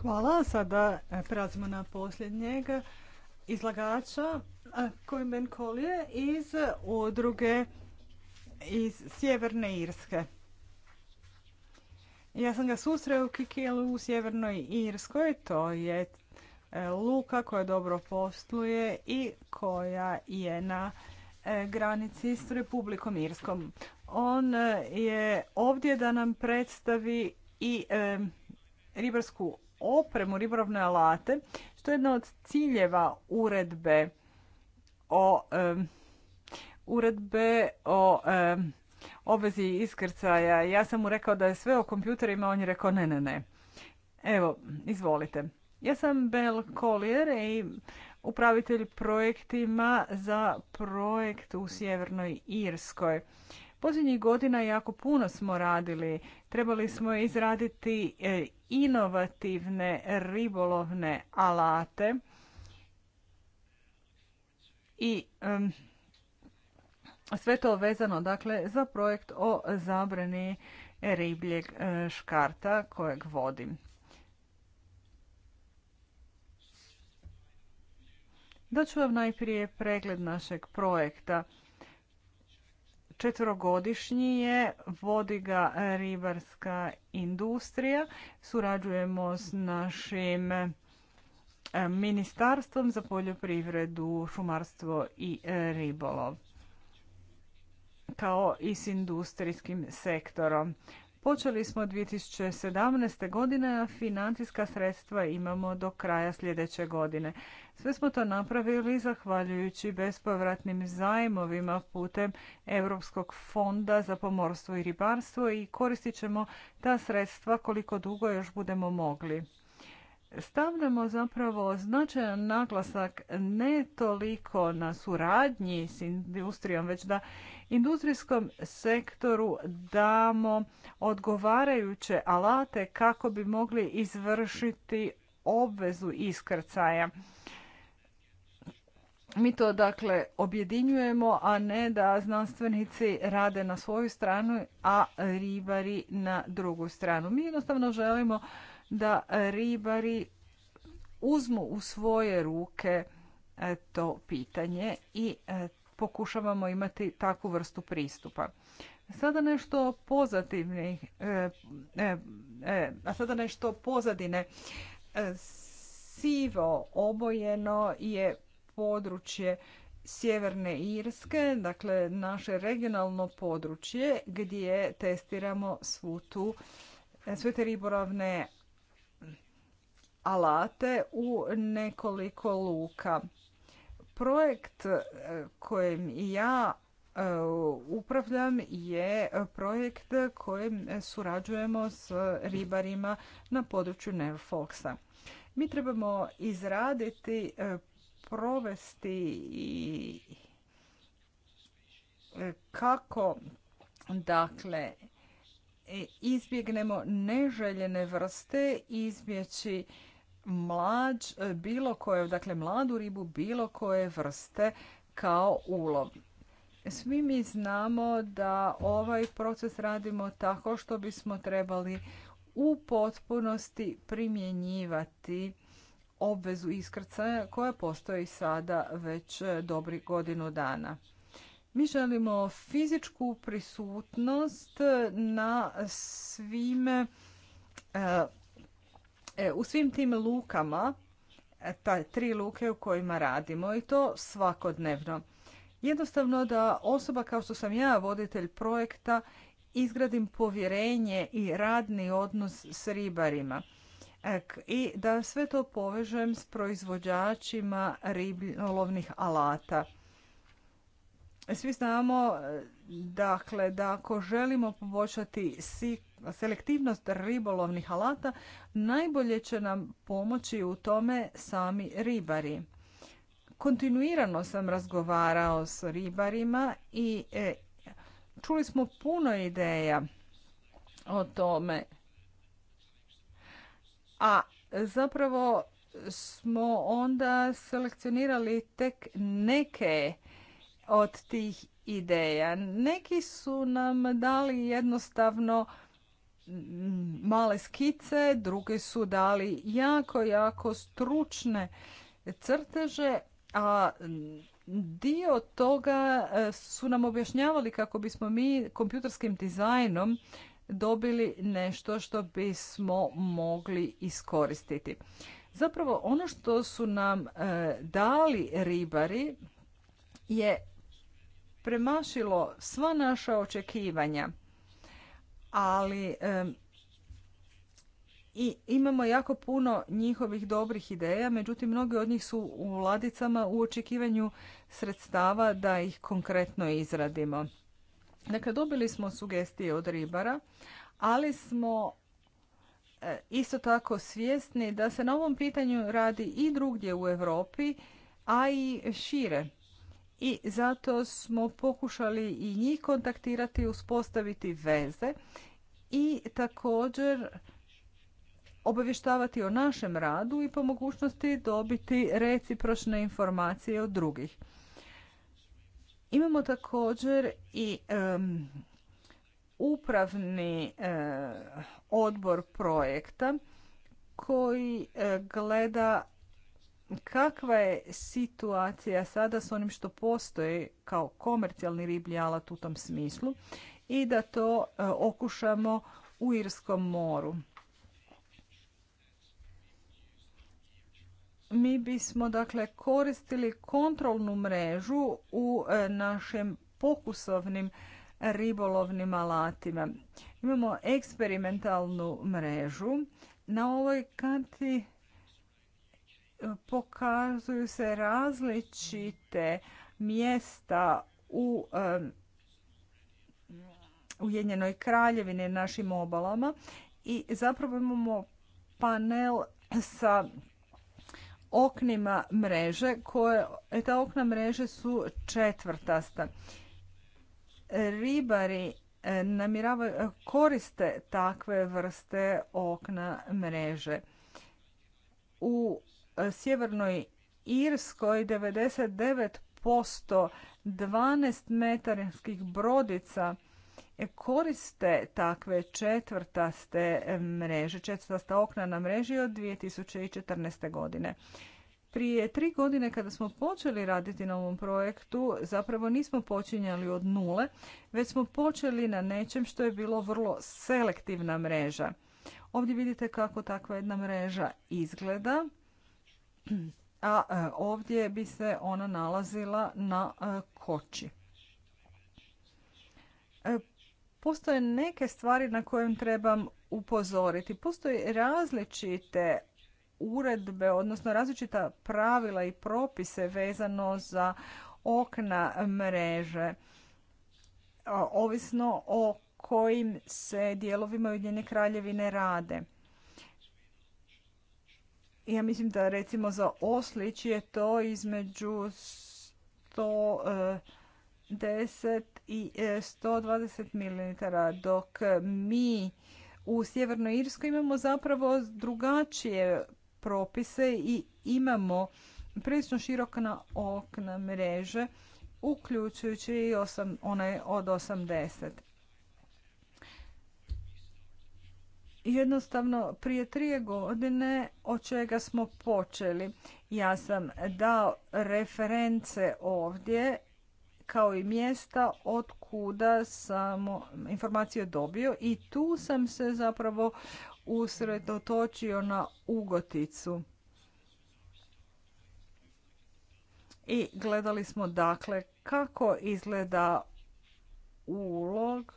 Hvala. Sada prelazimo na posljednjeg izlagača koji Kolje iz udruge iz Sjeverne Irske. Ja sam ga susreo u Kikilu u Sjevernoj Irskoj. To je e, luka koja dobro posluje i koja je na e, granici s Republikom Irskom. On e, je ovdje da nam predstavi i ribarsku opremu, ribarovne alate, što je jedna od ciljeva uredbe o uredbe o obvezi iskrcaja. Ja sam mu rekao da je sve o kompjuterima, on je rekao ne, ne, ne. Evo, izvolite. Ja sam Bel Collier i upravitelj projektima za projekt u Sjevernoj Irskoj. Posljednjih godina jako puno smo radili. Trebali smo izraditi e, inovativne ribolovne alate i sve to vezano dakle za projekt o zabrani ribljeg e, škarta kojeg vodim. Daću vam najprije pregled našeg projekta. Četvrogodišnji je, vodi ga ribarska industrija. Surađujemo s našim e, ministarstvom za poljoprivredu, šumarstvo i e, ribolov kao i s industrijskim sektorom. Počeli smo 2017. godine, a financijska sredstva imamo do kraja sljedeće godine. Sve smo to napravili zahvaljujući bespovratnim zajmovima putem Europskog fonda za pomorstvo i ribarstvo i koristit ćemo ta sredstva koliko dugo još budemo mogli stavljamo zapravo značajan naglasak ne toliko na suradnji s industrijom, već da industrijskom sektoru damo odgovarajuće alate kako bi mogli izvršiti obvezu iskrcaja. Mi to dakle objedinjujemo, a ne da znanstvenici rade na svoju stranu, a ribari na drugu stranu. Mi jednostavno želimo da ribari uzmu u svoje ruke e, to pitanje i e, pokušavamo imati takvu vrstu pristupa. Sada nešto pozitivnih, e, a sada nešto pozadine. Sivo obojeno je područje Sjeverne Irske, dakle naše regionalno područje gdje testiramo svu tu sve te riboravne alate u nekoliko luka. Projekt e, kojem ja e, upravljam je projekt kojem surađujemo s ribarima na području Nerfoxa. Mi trebamo izraditi, e, provesti i kako dakle izbjegnemo neželjene vrste, izbjeći mlađ, e, bilo koje, dakle mladu ribu bilo koje vrste kao ulov. Svi mi znamo da ovaj proces radimo tako što bismo trebali u potpunosti primjenjivati obvezu iskrcaja koja postoji sada već e, dobri godinu dana. Mi želimo fizičku prisutnost na svim e, E, u svim tim lukama, e, ta tri luke u kojima radimo i to svakodnevno. Jednostavno da osoba kao što sam ja, voditelj projekta, izgradim povjerenje i radni odnos s ribarima e, i da sve to povežem s proizvođačima ribolovnih alata. Svi znamo dakle, da ako želimo poboljšati selektivnost ribolovnih alata najbolje će nam pomoći u tome sami ribari. Kontinuirano sam razgovarao s ribarima i e, čuli smo puno ideja o tome. A zapravo smo onda selekcionirali tek neke od tih ideja. Neki su nam dali jednostavno male skice, drugi su dali jako, jako stručne crteže, a dio toga e, su nam objašnjavali kako bismo mi kompjuterskim dizajnom dobili nešto što bismo mogli iskoristiti. Zapravo ono što su nam e, dali ribari je premašilo sva naša očekivanja ali i imamo jako puno njihovih dobrih ideja, međutim mnogi od njih su u ladicama u očekivanju sredstava da ih konkretno izradimo. Dakle, dobili smo sugestije od ribara, ali smo e, isto tako svjesni da se na ovom pitanju radi i drugdje u Europi, a i šire. I zato smo pokušali i njih kontaktirati, uspostaviti veze i također obavještavati o našem radu i po mogućnosti dobiti recipročne informacije od drugih. Imamo također i upravni eh, odbor projekta koji eh, gleda kakva je situacija sada s onim što postoji kao komercijalni riblji alat u tom smislu i da to e, okušamo u Irskom moru. Mi bismo dakle koristili kontrolnu mrežu u e, našem pokusovnim ribolovnim alatima. Imamo eksperimentalnu mrežu. Na ovoj karti e, pokazuju se različite mjesta u Ujedinjenoj kraljevini našim obalama i zapravo imamo panel sa oknima mreže koje, e, ta okna mreže su četvrtasta. Ribari e, namiravaju, e, koriste takve vrste okna mreže. U sjevernoj Irskoj 99% 12 metarskih brodica koriste takve četvrtaste mreže, četvrtasta okna na mreži od 2014. godine. Prije tri godine kada smo počeli raditi na ovom projektu, zapravo nismo počinjali od nule, već smo počeli na nečem što je bilo vrlo selektivna mreža. Ovdje vidite kako takva jedna mreža izgleda, a e, ovdje bi se ona nalazila na e, koči. E, postoje neke stvari na kojem trebam upozoriti. Postoje različite uredbe, odnosno različita pravila i propise vezano za okna mreže, ovisno o kojim se dijelovima Ujedinjene kraljevine rade. Ja mislim da recimo za Oslić to između 100, 10 i 120 e, ml, dok mi u Sjevernoj Irskoj imamo zapravo drugačije propise i imamo prilično širokna okna mreže, uključujući i onaj od 80. Jednostavno, prije trije godine od čega smo počeli. Ja sam dao reference ovdje kao i mjesta od kuda sam informacije dobio i tu sam se zapravo usredotočio na ugoticu. I gledali smo dakle kako izgleda ulog,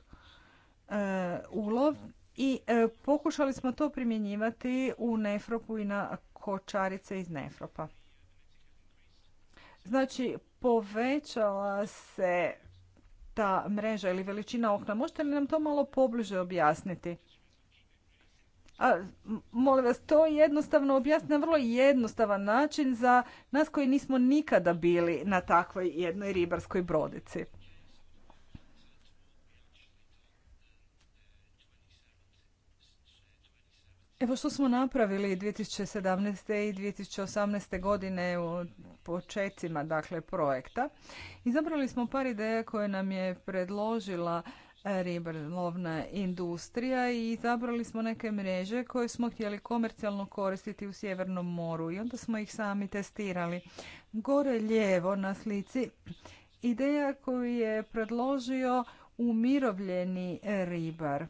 e, ulov i e, pokušali smo to primjenjivati u nefropu i na kočarice iz nefropa. Znači, povećala se ta mreža ili veličina okna. Možete li nam to malo pobliže objasniti? A, molim vas, to je jednostavno objasne na vrlo jednostavan način za nas koji nismo nikada bili na takvoj jednoj ribarskoj brodici. Evo što smo napravili 2017. i 2018. godine u početcima dakle, projekta. Izabrali smo par ideja koje nam je predložila e, ribolovna industrija i izabrali smo neke mreže koje smo htjeli komercijalno koristiti u Sjevernom moru i onda smo ih sami testirali. Gore lijevo na slici ideja koju je predložio umirovljeni ribar.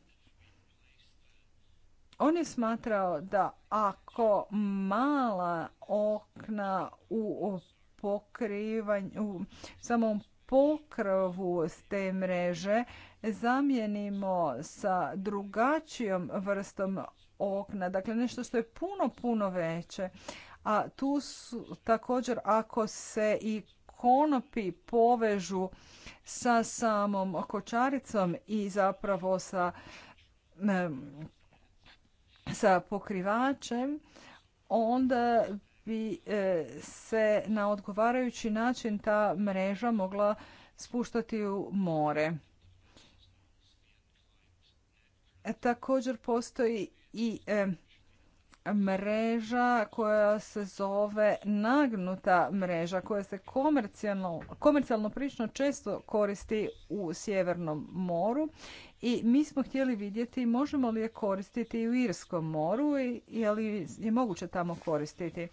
On je smatrao da ako mala okna u pokrivanju, u samom pokrovu s te mreže zamijenimo sa drugačijom vrstom okna, dakle nešto što je puno, puno veće. A tu su također ako se i konopi povežu sa samom kočaricom i zapravo sa sa pokrivačem, onda bi e, se na odgovarajući način ta mreža mogla spuštati u more. E, također postoji i e, mreža koja se zove nagnuta mreža koja se komercijalno, komercijalno često koristi u Sjevernom moru i mi smo htjeli vidjeti možemo li je koristiti u Irskom moru i je li je moguće tamo koristiti.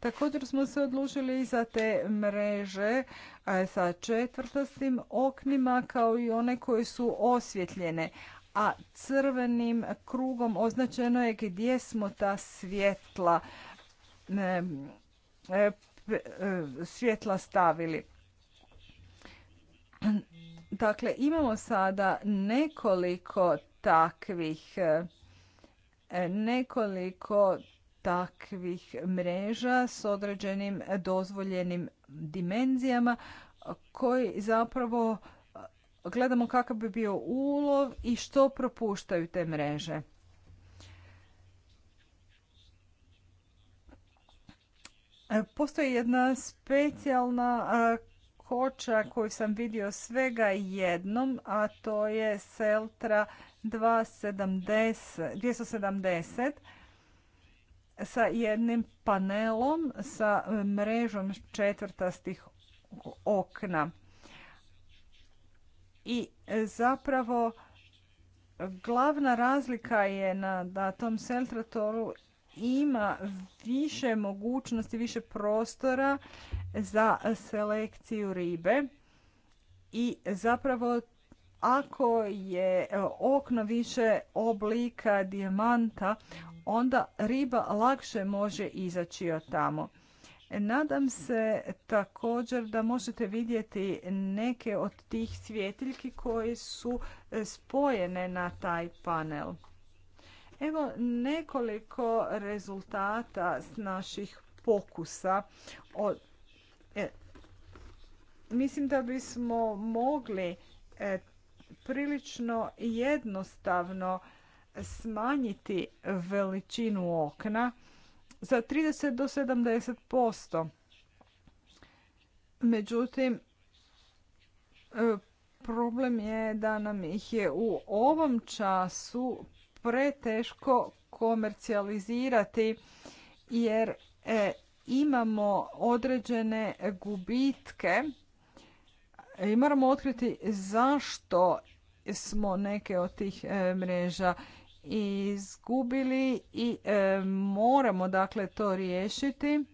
Također smo se odlučili i za te mreže e, sa četvrtastim oknima kao i one koje su osvjetljene, a crvenim krugom označeno je gdje smo ta svjetla e, e, svjetla stavili. Dakle, imamo sada nekoliko takvih e, nekoliko takvih mreža s određenim dozvoljenim dimenzijama koji zapravo gledamo kakav bi bio ulov i što propuštaju te mreže. E, postoji jedna specijalna e, koča koju sam vidio svega jednom, a to je Seltra 270, sa jednim panelom sa mrežom četvrtastih okna i e, zapravo glavna razlika je na, da tom Seltratoru ima više mogućnosti, više prostora za selekciju ribe i zapravo ako je e, okno više oblika dijamanta, onda riba lakše može izaći od tamo. Nadam se također da možete vidjeti neke od tih svjetiljki koje su e, spojene na taj panel. Evo nekoliko rezultata s naših pokusa. E, mislim da bismo mogli e, prilično jednostavno smanjiti veličinu okna za 30 do 70%. Međutim, problem je da nam ih je u ovom času preteško komercijalizirati jer e, imamo određene gubitke i moramo otkriti zašto smo neke od tih e, mreža izgubili i e, moramo dakle to riješiti.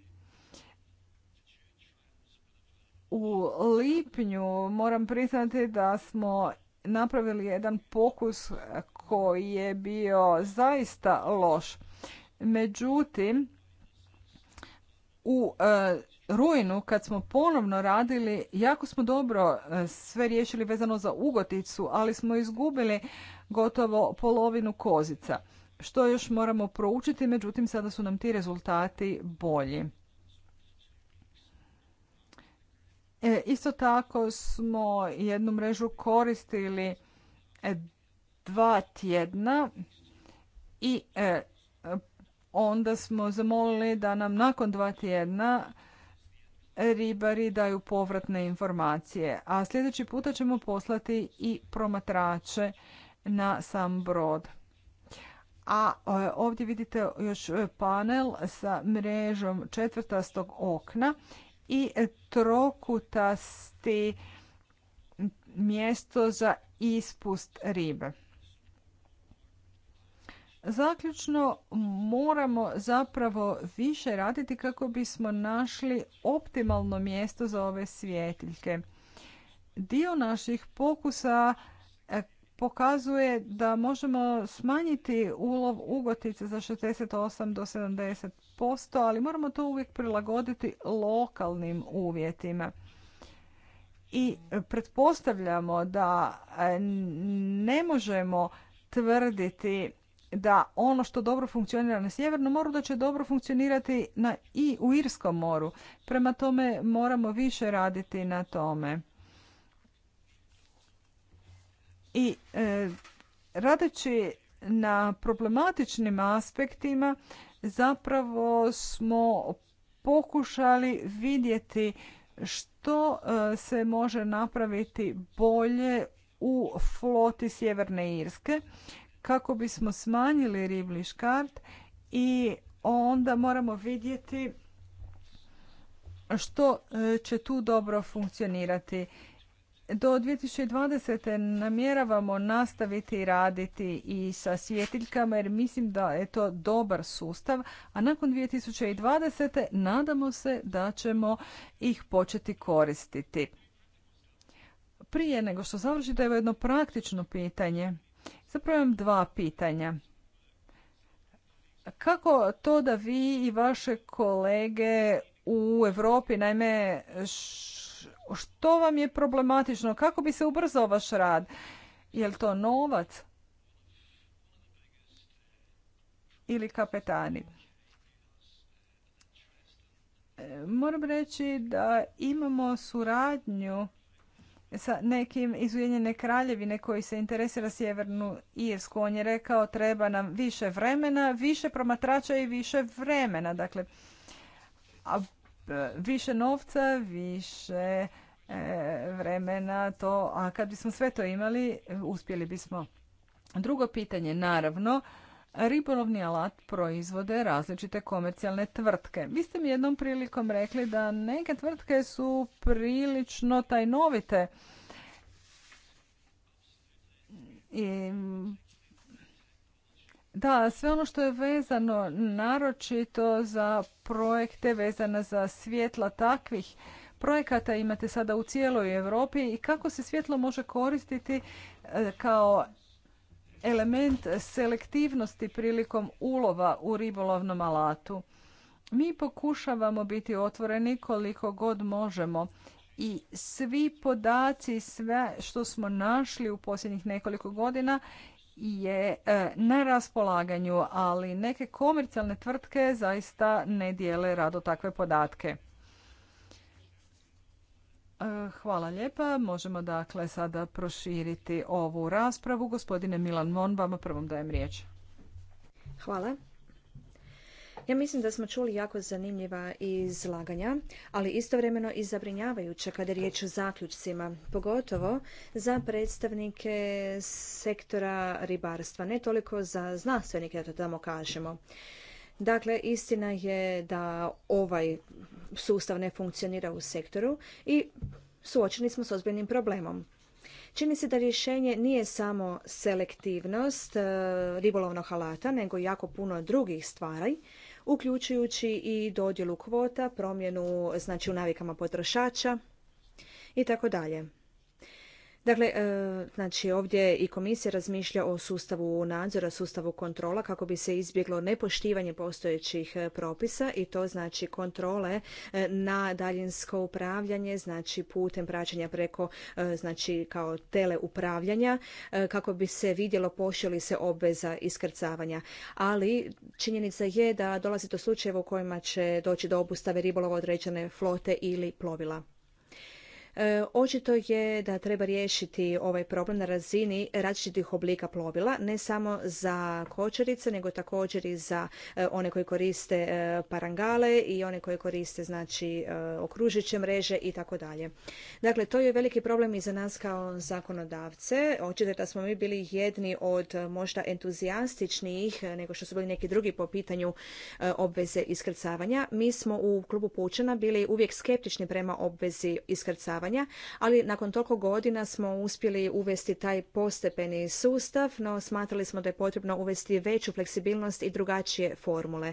U lipnju moram priznati da smo napravili jedan pokus koji je bio zaista loš. Međutim, u e, rujnu kad smo ponovno radili, jako smo dobro e, sve riješili vezano za ugoticu, ali smo izgubili gotovo polovinu kozica. Što još moramo proučiti, međutim sada su nam ti rezultati bolji. E, isto tako smo jednu mrežu koristili e, dva tjedna i e, onda smo zamolili da nam nakon dva tjedna ribari daju povratne informacije. A sljedeći puta ćemo poslati i promatrače na sam brod. A e, ovdje vidite još panel sa mrežom četvrtastog okna i trokutasti mjesto za ispust ribe. Zaključno moramo zapravo više raditi kako bismo našli optimalno mjesto za ove svjetiljke. Dio naših pokusa pokazuje da možemo smanjiti ulov ugotica za 68 do 70%, ali moramo to uvijek prilagoditi lokalnim uvjetima. I pretpostavljamo da e, ne možemo tvrditi da ono što dobro funkcionira na Sjevernom moru da će dobro funkcionirati na, i u Irskom moru. Prema tome moramo više raditi na tome. I e, radeći na problematičnim aspektima zapravo smo pokušali vidjeti što e, se može napraviti bolje u floti Sjeverne Irske kako bismo smanjili riblji škart i onda moramo vidjeti što e, će tu dobro funkcionirati. Do 2020. namjeravamo nastaviti raditi i sa svjetiljkama jer mislim da je to dobar sustav, a nakon 2020. nadamo se da ćemo ih početi koristiti. Prije nego što završite, evo jedno praktično pitanje. Zapravo imam dva pitanja. Kako to da vi i vaše kolege u Europi, naime što vam je problematično, kako bi se ubrzao vaš rad. Je li to novac ili kapetani? E, moram reći da imamo suradnju sa nekim iz Ujedinjene kraljevine koji se interesira Sjevernu Irsku. On je rekao treba nam više vremena, više promatrača i više vremena. Dakle, a više novca, više e, vremena to, a kad bismo sve to imali, uspjeli bismo. Drugo pitanje, naravno, ribolovni alat proizvode različite komercijalne tvrtke. Vi ste mi jednom prilikom rekli da neke tvrtke su prilično tajnovite i da, sve ono što je vezano naročito za projekte vezano za svjetla takvih projekata imate sada u cijeloj Europi i kako se svjetlo može koristiti e, kao element selektivnosti prilikom ulova u ribolovnom alatu. Mi pokušavamo biti otvoreni koliko god možemo i svi podaci, sve što smo našli u posljednjih nekoliko godina je e, na raspolaganju, ali neke komercijalne tvrtke zaista ne dijele rado takve podatke. E, hvala lijepa. Možemo dakle sada proširiti ovu raspravu. Gospodine Milan Mon, vama prvom dajem riječ. Hvala. Ja mislim da smo čuli jako zanimljiva izlaganja, ali istovremeno i zabrinjavajuća kada je riječ o zaključcima, pogotovo za predstavnike sektora ribarstva, ne toliko za znanstvenike, da to tamo kažemo. Dakle, istina je da ovaj sustav ne funkcionira u sektoru i suočeni smo s ozbiljnim problemom. Čini se da rješenje nije samo selektivnost e, ribolovnog alata, nego jako puno drugih stvari uključujući i dodjelu kvota, promjenu znači u navikama potrošača i tako dalje. Dakle, e, znači ovdje i komisija razmišlja o sustavu nadzora, sustavu kontrola kako bi se izbjeglo nepoštivanje postojećih e, propisa i to znači kontrole e, na daljinsko upravljanje, znači putem praćenja preko znači kao teleupravljanja kako bi se vidjelo pošli li se obveza iskrcavanja. Ali činjenica je da dolazi do slučajeva u kojima će doći do obustave ribolova određene flote ili plovila. E, očito je da treba riješiti ovaj problem na razini različitih oblika plovila, ne samo za kočerice, nego također i za e, one koji koriste e, parangale i one koji koriste znači okružiće mreže i tako dalje. Dakle, to je veliki problem i za nas kao zakonodavce. Očito da smo mi bili jedni od možda entuzijastičnijih nego što su bili neki drugi po pitanju obveze iskrcavanja. Mi smo u klubu Pučana bili uvijek skeptični prema obvezi iskrcavanja ali nakon toliko godina smo uspjeli uvesti taj postepeni sustav, no smatrali smo da je potrebno uvesti veću fleksibilnost i drugačije formule.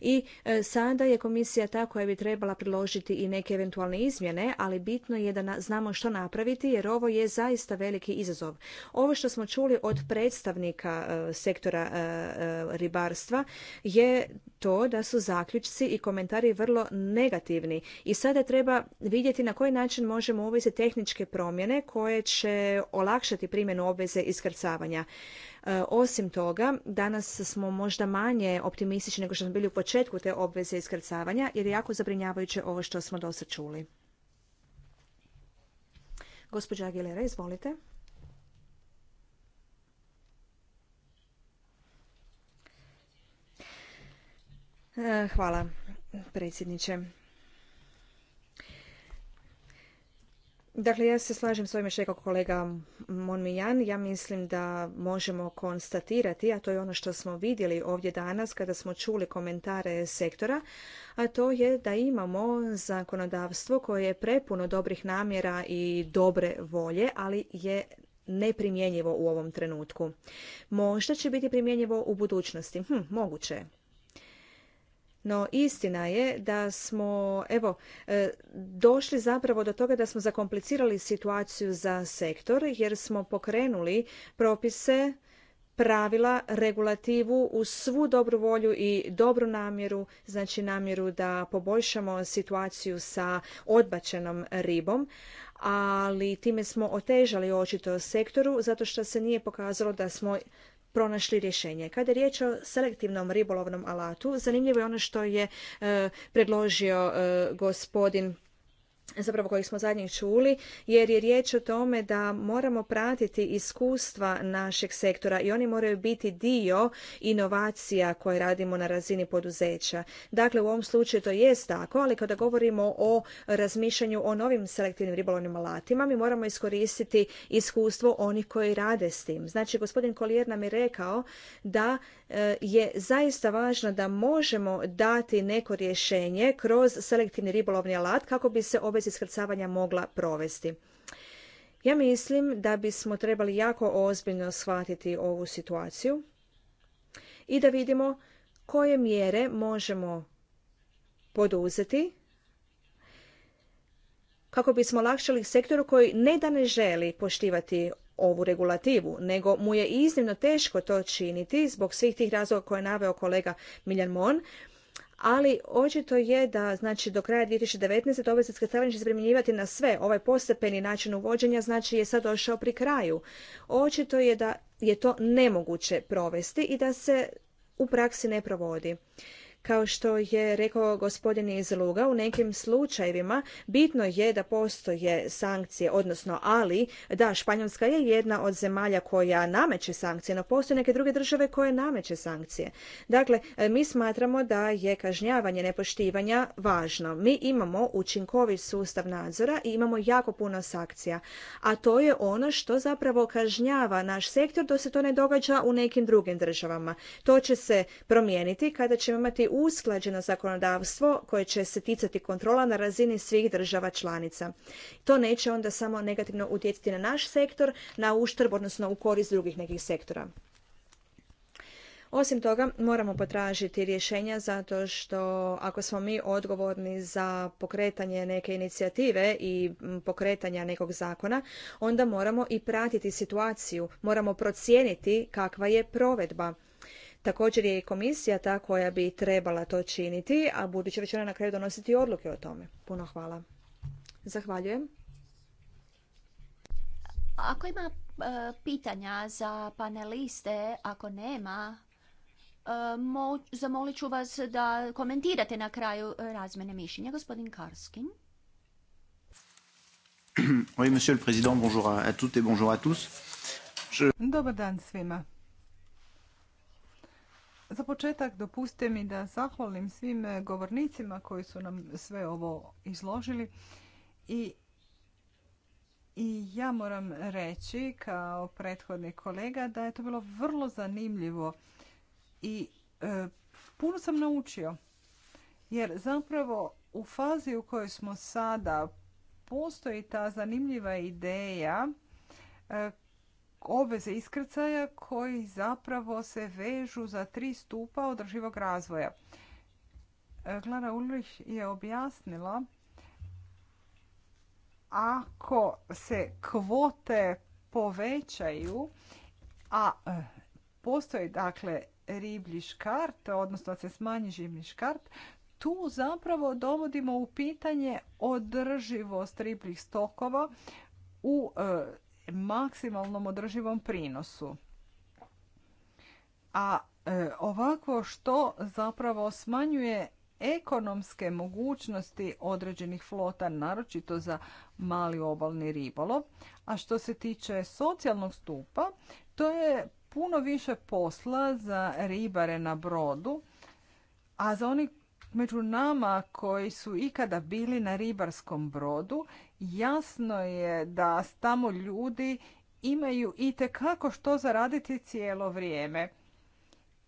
I e, sada je komisija ta koja bi trebala priložiti i neke eventualne izmjene, ali bitno je da znamo što napraviti jer ovo je zaista veliki izazov. Ovo što smo čuli od predstavnika e, sektora e, ribarstva je to da su zaključci i komentari vrlo negativni i sada treba vidjeti na koji način možemo ćemo uvesti tehničke promjene koje će olakšati primjenu obveze iskrcavanja. E, osim toga, danas smo možda manje optimistični nego što smo bili u početku te obveze iskrcavanja jer je jako zabrinjavajuće ovo što smo do sad čuli. Gospođa Aguilera, izvolite. E, hvala predsjedniče. Dakle, ja se slažem s ovime što je rekao kolega Monmijan. Ja mislim da možemo konstatirati, a to je ono što smo vidjeli ovdje danas kada smo čuli komentare sektora, a to je da imamo zakonodavstvo koje je prepuno dobrih namjera i dobre volje, ali je neprimjenjivo u ovom trenutku. Možda će biti primjenjivo u budućnosti. Hm, moguće je. No istina je da smo evo e, došli zapravo do toga da smo zakomplicirali situaciju za sektor jer smo pokrenuli propise pravila, regulativu u svu dobru volju i dobru namjeru, znači namjeru da poboljšamo situaciju sa odbačenom ribom, ali time smo otežali očito sektoru zato što se nije pokazalo da smo pronašli rješenje. Kada je riječ o selektivnom ribolovnom alatu, zanimljivo je ono što je e, predložio e, gospodin zapravo kojih smo zadnjih čuli, jer je riječ o tome da moramo pratiti iskustva našeg sektora i oni moraju biti dio inovacija koje radimo na razini poduzeća. Dakle, u ovom slučaju to jest tako, ali kada govorimo o razmišljanju o novim selektivnim ribolovnim alatima, mi moramo iskoristiti iskustvo onih koji rade s tim. Znači, gospodin Kolijer nam je rekao da E, je zaista važno da možemo dati neko rješenje kroz selektivni ribolovni alat kako bi se obvez iskrcavanja mogla provesti. Ja mislim da bismo trebali jako ozbiljno shvatiti ovu situaciju i da vidimo koje mjere možemo poduzeti kako bismo olakšali sektoru koji ne da ne želi poštivati ovu regulativu, nego mu je iznimno teško to činiti zbog svih tih razloga koje je naveo kolega Miljan Mon, ali očito je da znači do kraja 2019. obiteljska skrcavanje će se primjenjivati na sve. Ovaj postepeni način uvođenja znači je sad došao pri kraju. Očito je da je to nemoguće provesti i da se u praksi ne provodi. Kao što je rekao gospodin iz Luga, u nekim slučajevima bitno je da postoje sankcije, odnosno ali, da, Španjolska je jedna od zemalja koja nameće sankcije, no postoje neke druge države koje nameće sankcije. Dakle, mi smatramo da je kažnjavanje nepoštivanja važno. Mi imamo učinkovit sustav nadzora i imamo jako puno sankcija, a to je ono što zapravo kažnjava naš sektor, da se to ne događa u nekim drugim državama. To će se promijeniti kada ćemo imati usklađeno zakonodavstvo koje će se ticati kontrola na razini svih država članica. To neće onda samo negativno utjecati na naš sektor, na uštrb, odnosno u korist drugih nekih sektora. Osim toga, moramo potražiti rješenja zato što ako smo mi odgovorni za pokretanje neke inicijative i pokretanja nekog zakona, onda moramo i pratiti situaciju, moramo procijeniti kakva je provedba. Također je i komisija ta koja bi trebala to činiti, a budući da će ona na kraju donositi odluke o tome. Puno hvala. Zahvaljujem. Ako ima e, pitanja za paneliste, ako nema, e, zamolit ću vas da komentirate na kraju e, razmene mišljenja. Gospodin Karskin. Oui, monsieur le président, bonjour à, toutes et bonjour à tous. Je... Dobar dan svima. Za početak dopuste mi da zahvalim svim e, govornicima koji su nam sve ovo izložili i i ja moram reći kao prethodni kolega da je to bilo vrlo zanimljivo i e, puno sam naučio. Jer zapravo u fazi u kojoj smo sada postoji ta zanimljiva ideja e, obveze iskrcaja koji zapravo se vežu za tri stupa održivog razvoja. E, Klara Ulrich je objasnila ako se kvote povećaju, a e, postoji dakle riblji škart, odnosno da se smanji živni škart, tu zapravo dovodimo u pitanje održivost ribljih stokova u e, maksimalnom održivom prinosu. A e, ovako što zapravo smanjuje ekonomske mogućnosti određenih flota, naročito za mali obalni ribolov. A što se tiče socijalnog stupa, to je puno više posla za ribare na brodu, a za oni među nama koji su ikada bili na ribarskom brodu, jasno je da tamo ljudi imaju i kako što zaraditi cijelo vrijeme.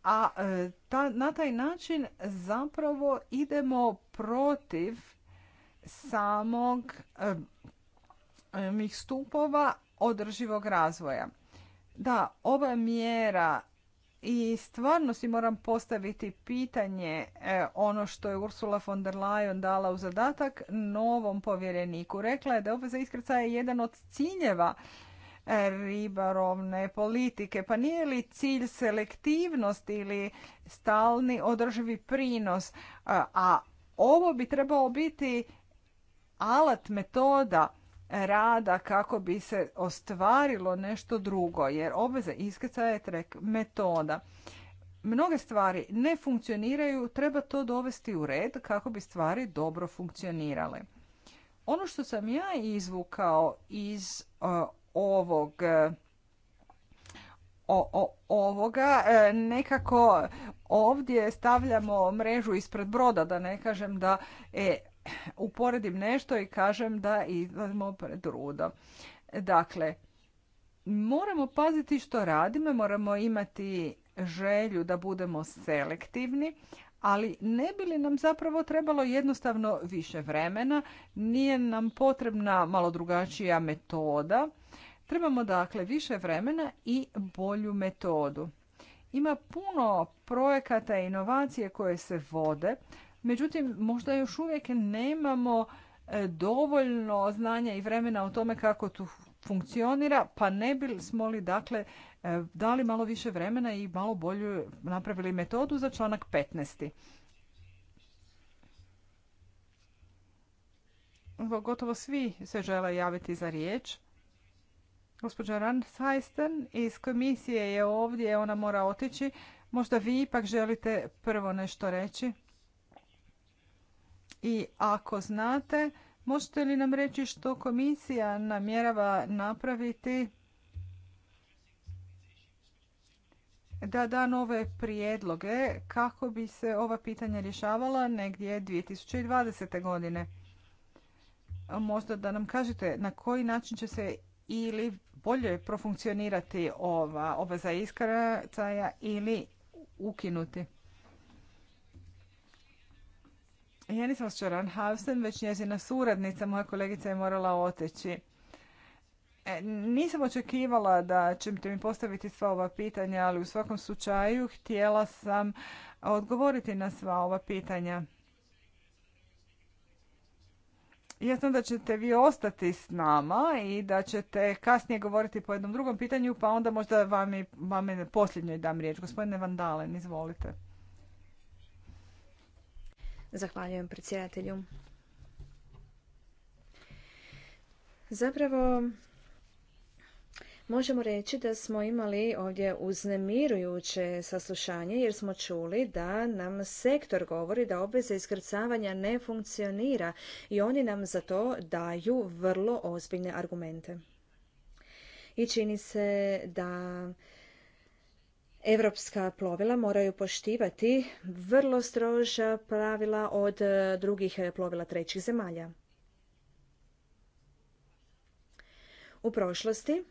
A e, ta, na taj način zapravo idemo protiv samog e, mih stupova održivog razvoja. Da, ova mjera i stvarno si moram postaviti pitanje e, ono što je Ursula von der Leyen dala u zadatak novom povjereniku. Rekla je da obveza iskrcaja je jedan od ciljeva e, ribarovne politike. Pa nije li cilj selektivnost ili stalni održivi prinos? E, a ovo bi trebao biti alat, metoda rada kako bi se ostvarilo nešto drugo, jer obveze iskrcaja je trek metoda. Mnoge stvari ne funkcioniraju, treba to dovesti u red kako bi stvari dobro funkcionirale. Ono što sam ja izvukao iz e, ovog e, ovoga e, nekako ovdje stavljamo mrežu ispred broda da ne kažem da e, uporedim nešto i kažem da idemo pred rudo. Dakle, moramo paziti što radimo, moramo imati želju da budemo selektivni, ali ne bi li nam zapravo trebalo jednostavno više vremena, nije nam potrebna malo drugačija metoda. Trebamo dakle više vremena i bolju metodu. Ima puno projekata i inovacije koje se vode, Međutim, možda još uvijek nemamo e, dovoljno znanja i vremena o tome kako tu funkcionira, pa ne bismo li dakle e, dali malo više vremena i malo bolju napravili metodu za članak 15. Gotovo svi se žele javiti za riječ. Gospođa Randheisten iz komisije je ovdje, ona mora otići. Možda vi ipak želite prvo nešto reći? I ako znate, možete li nam reći što komisija namjerava napraviti da da nove prijedloge kako bi se ova pitanja rješavala negdje 2020. godine. Možda da nam kažete na koji način će se ili bolje profunkcionirati ova obveza iskaracaja ili ukinuti. Ja nisam Čoran Havsen, već njezina suradnica, moja kolegica je morala oteći. E, nisam očekivala da ćete mi postaviti sva ova pitanja, ali u svakom slučaju htjela sam odgovoriti na sva ova pitanja. Jasno da ćete vi ostati s nama i da ćete kasnije govoriti po jednom drugom pitanju, pa onda možda vam i posljednjoj dam riječ. Gospodine Vandalen, izvolite. Zahvaljujem predsjedatelju. Zapravo, možemo reći da smo imali ovdje uznemirujuće saslušanje jer smo čuli da nam sektor govori da obveza iskrcavanja ne funkcionira i oni nam za to daju vrlo ozbiljne argumente. I čini se da Europska plovila moraju poštivati vrlo stroža pravila od e, drugih e, plovila trećih zemalja. U prošlosti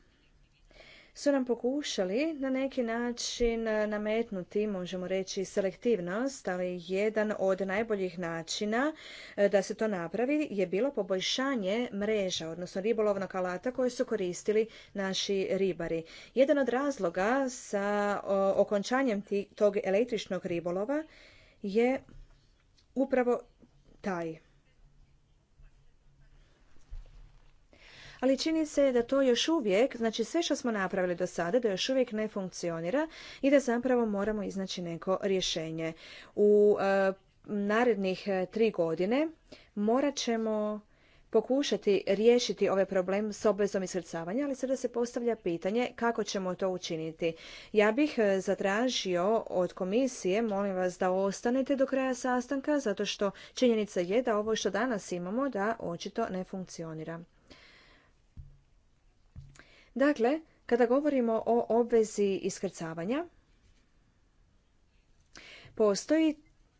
su nam pokušali na neki način e, nametnuti, možemo reći, selektivnost, ali jedan od najboljih načina e, da se to napravi je bilo poboljšanje mreža, odnosno ribolovnog alata koje su koristili naši ribari. Jedan od razloga sa okončanjem tog električnog ribolova je upravo taj ali čini se da to još uvijek, znači sve što smo napravili do sada, da još uvijek ne funkcionira i da zapravo moramo iznaći neko rješenje. U e, narednih e, tri godine morat ćemo pokušati riješiti ovaj problem s obvezom iskrcavanja, ali sada se postavlja pitanje kako ćemo to učiniti. Ja bih e, zatražio od komisije, molim vas da ostanete do kraja sastanka, zato što činjenica je da ovo što danas imamo, da očito ne funkcionira. Dakle, kada govorimo o obvezi iskrcavanja, postoji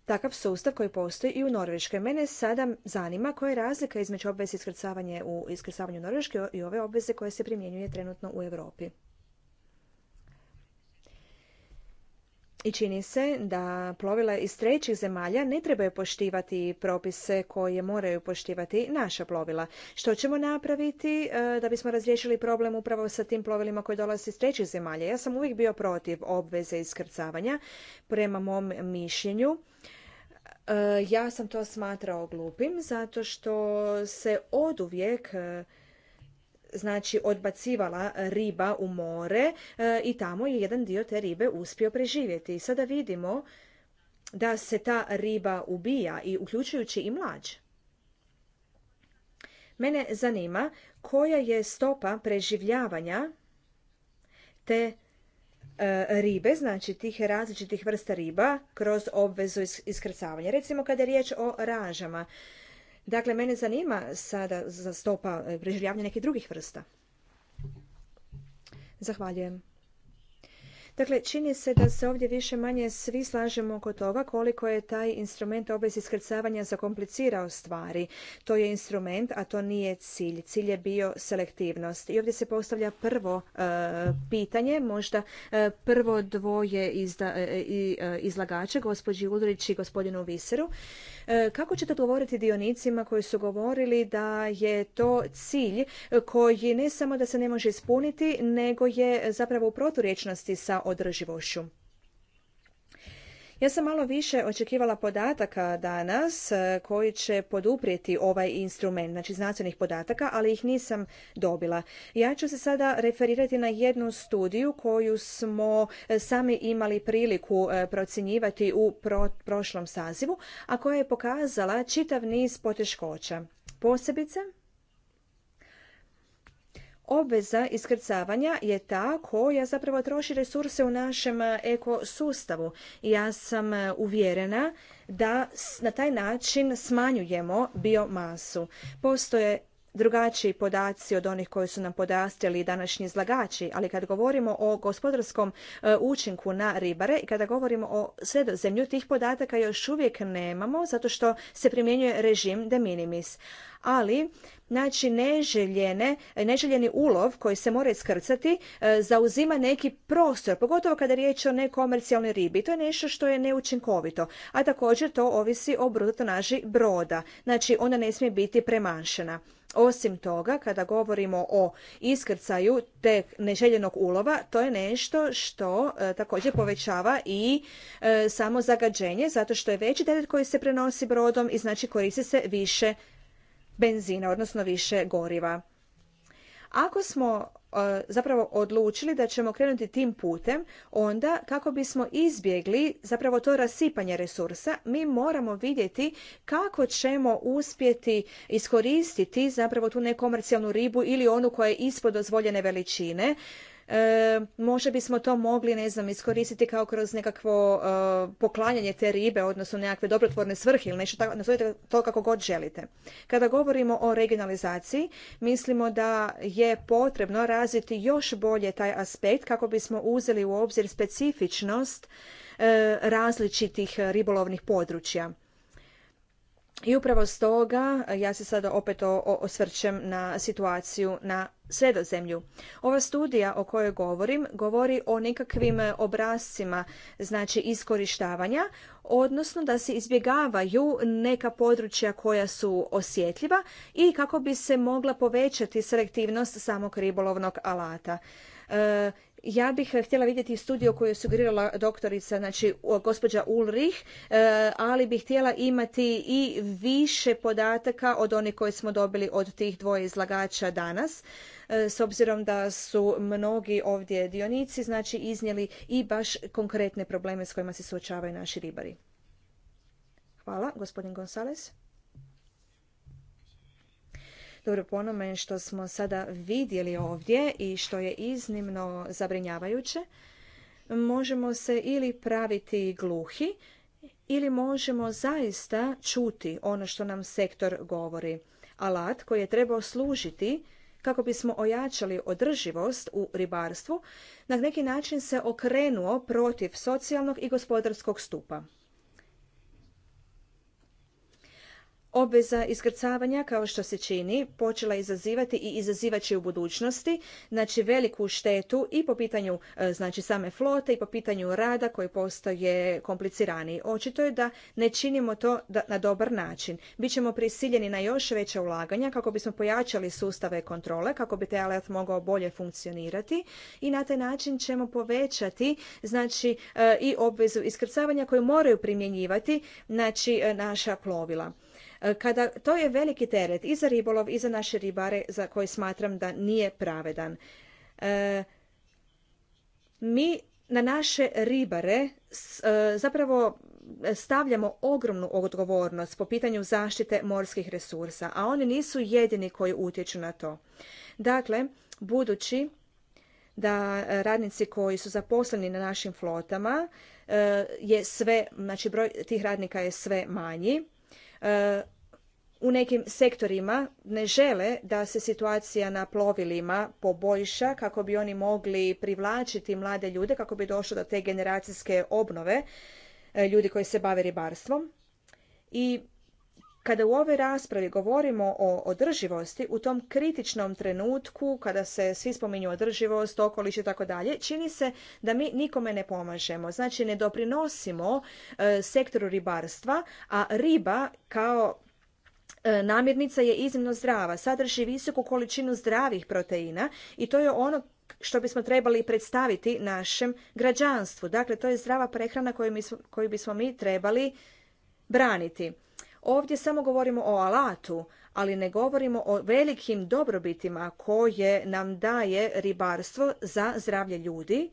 takav sustav koji postoji i u Norveškoj. Mene sada zanima koja je razlika između obveze iskrcavanja u iskrcavanju Norveške i ove obveze koje se primjenjuje trenutno u Europi. i čini se da plovila iz trećih zemalja ne trebaju poštivati propise koje moraju poštivati naša plovila. Što ćemo napraviti e, da bismo razriješili problem upravo sa tim plovilima koji dolaze iz trećih zemalja? Ja sam uvijek bio protiv obveze iskrcavanja prema mom mišljenju. E, ja sam to smatrao glupim zato što se oduvijek uvijek znači odbacivala riba u more e, i tamo je jedan dio te ribe uspio preživjeti. I sada vidimo da se ta riba ubija i uključujući i mlađ. Mene zanima koja je stopa preživljavanja te e, ribe, znači tih različitih vrsta riba kroz obvezu iskrcavanja. Recimo kada je riječ o ražama, Dakle, mene zanima sada za stopa e, preživljavanja nekih drugih vrsta. Zahvaljujem. Dakle, čini se da se ovdje više manje svi slažemo oko toga koliko je taj instrument obvez iskrcavanja zakomplicirao stvari. To je instrument, a to nije cilj. Cilj je bio selektivnost. I ovdje se postavlja prvo e, pitanje, možda e, prvo dvoje izda, e, izlagača, gospođi Udrić i gospodinu Viseru. Kako ćete govoriti dionicima koji su govorili da je to cilj koji ne samo da se ne može ispuniti, nego je zapravo u proturječnosti sa održivošću. Ja sam malo više očekivala podataka danas e, koji će poduprijeti ovaj instrument, znači znanstvenih podataka, ali ih nisam dobila. Ja ću se sada referirati na jednu studiju koju smo e, sami imali priliku e, procjenjivati u prošlom sazivu, a koja je pokazala čitav niz poteškoća. Posebice obveza iskrcavanja je ta koja zapravo troši resurse u našem ekosustavu. Ja sam uvjerena da na taj način smanjujemo biomasu. Postoje drugačiji podaci od onih koji su nam podastili današnji izlagači, ali kad govorimo o gospodarskom e, učinku na ribare i kada govorimo o sredozemlju, tih podataka još uvijek nemamo zato što se primjenjuje režim de minimis ali znači neželjeni ulov koji se mora iskrcati e, zauzima neki prostor, pogotovo kada je riječ o nekomercijalnoj ribi. To je nešto što je neučinkovito, a također to ovisi o brutotonaži broda. Znači ona ne smije biti premanšena. Osim toga, kada govorimo o iskrcaju te neželjenog ulova, to je nešto što e, također povećava i e, samo zagađenje, zato što je veći teret koji se prenosi brodom i znači koristi se više benzina, odnosno više goriva. Ako smo e, zapravo odlučili da ćemo krenuti tim putem, onda kako bismo izbjegli zapravo to rasipanje resursa, mi moramo vidjeti kako ćemo uspjeti iskoristiti zapravo tu nekomercijalnu ribu ili onu koja je ispod dozvoljene veličine E, možda bismo to mogli, ne znam, iskoristiti kao kroz nekakvo e, poklanjanje te ribe, odnosno nekakve dobrotvorne svrhe ili nešto tako, nazovite to kako god želite. Kada govorimo o regionalizaciji, mislimo da je potrebno razviti još bolje taj aspekt kako bismo uzeli u obzir specifičnost e, različitih ribolovnih područja i upravo stoga e, ja se sada opet osvrćem na situaciju na sredozemlju. Ova studija o kojoj govorim govori o nekakvim e, obrascima, znači iskorištavanja, odnosno da se izbjegavaju neka područja koja su osjetljiva i kako bi se mogla povećati selektivnost samog ribolovnog alata. Eh, ja bih htjela vidjeti studiju koju je sugerirala doktorica, znači gospođa Ulrich, eh, ali bih htjela imati i više podataka od onih koje smo dobili od tih dvoje izlagača danas, eh, s obzirom da su mnogi ovdje dionici, znači iznijeli i baš konkretne probleme s kojima se suočavaju naši ribari. Hvala, gospodin Gonzalez. Dobro, po onome što smo sada vidjeli ovdje i što je iznimno zabrinjavajuće, možemo se ili praviti gluhi ili možemo zaista čuti ono što nam sektor govori. Alat koji je trebao služiti kako bismo ojačali održivost u ribarstvu, na neki način se okrenuo protiv socijalnog i gospodarskog stupa. obveza iskrcavanja kao što se čini počela izazivati i izazivaće u budućnosti znači veliku štetu i po pitanju e, znači same flote i po pitanju rada koji postaje kompliciraniji očito je da ne činimo to na dobar način bićemo prisiljeni na još veća ulaganja kako bismo pojačali sustave kontrole kako bi taj alat mogao bolje funkcionirati i na taj način ćemo povećati znači e, i obvezu iskrcavanja koju moraju primjenjivati znači e, naša plovila E, kada, to je veliki teret i za ribolov i za naše ribare za koji smatram da nije pravedan. E, mi na naše ribare e, zapravo stavljamo ogromnu odgovornost po pitanju zaštite morskih resursa, a oni nisu jedini koji utječu na to. Dakle, budući da radnici koji su zaposleni na našim flotama je sve, znači broj tih radnika je sve manji u nekim sektorima ne žele da se situacija na plovilima poboljša kako bi oni mogli privlačiti mlade ljude, kako bi došlo do te generacijske obnove e, ljudi koji se bave ribarstvom. I kada u ovoj raspravi govorimo o održivosti, u tom kritičnom trenutku, kada se svi spominju održivost, okoliš i tako dalje, čini se da mi nikome ne pomažemo. Znači, ne doprinosimo e, sektoru ribarstva, a riba kao E, namirnica je iznimno zdrava, sadrži visoku količinu zdravih proteina i to je ono što bismo trebali predstaviti našem građanstvu. Dakle, to je zdrava prehrana koju, koju bismo mi trebali braniti. Ovdje samo govorimo o alatu, ali ne govorimo o velikim dobrobitima koje nam daje ribarstvo za zdravlje ljudi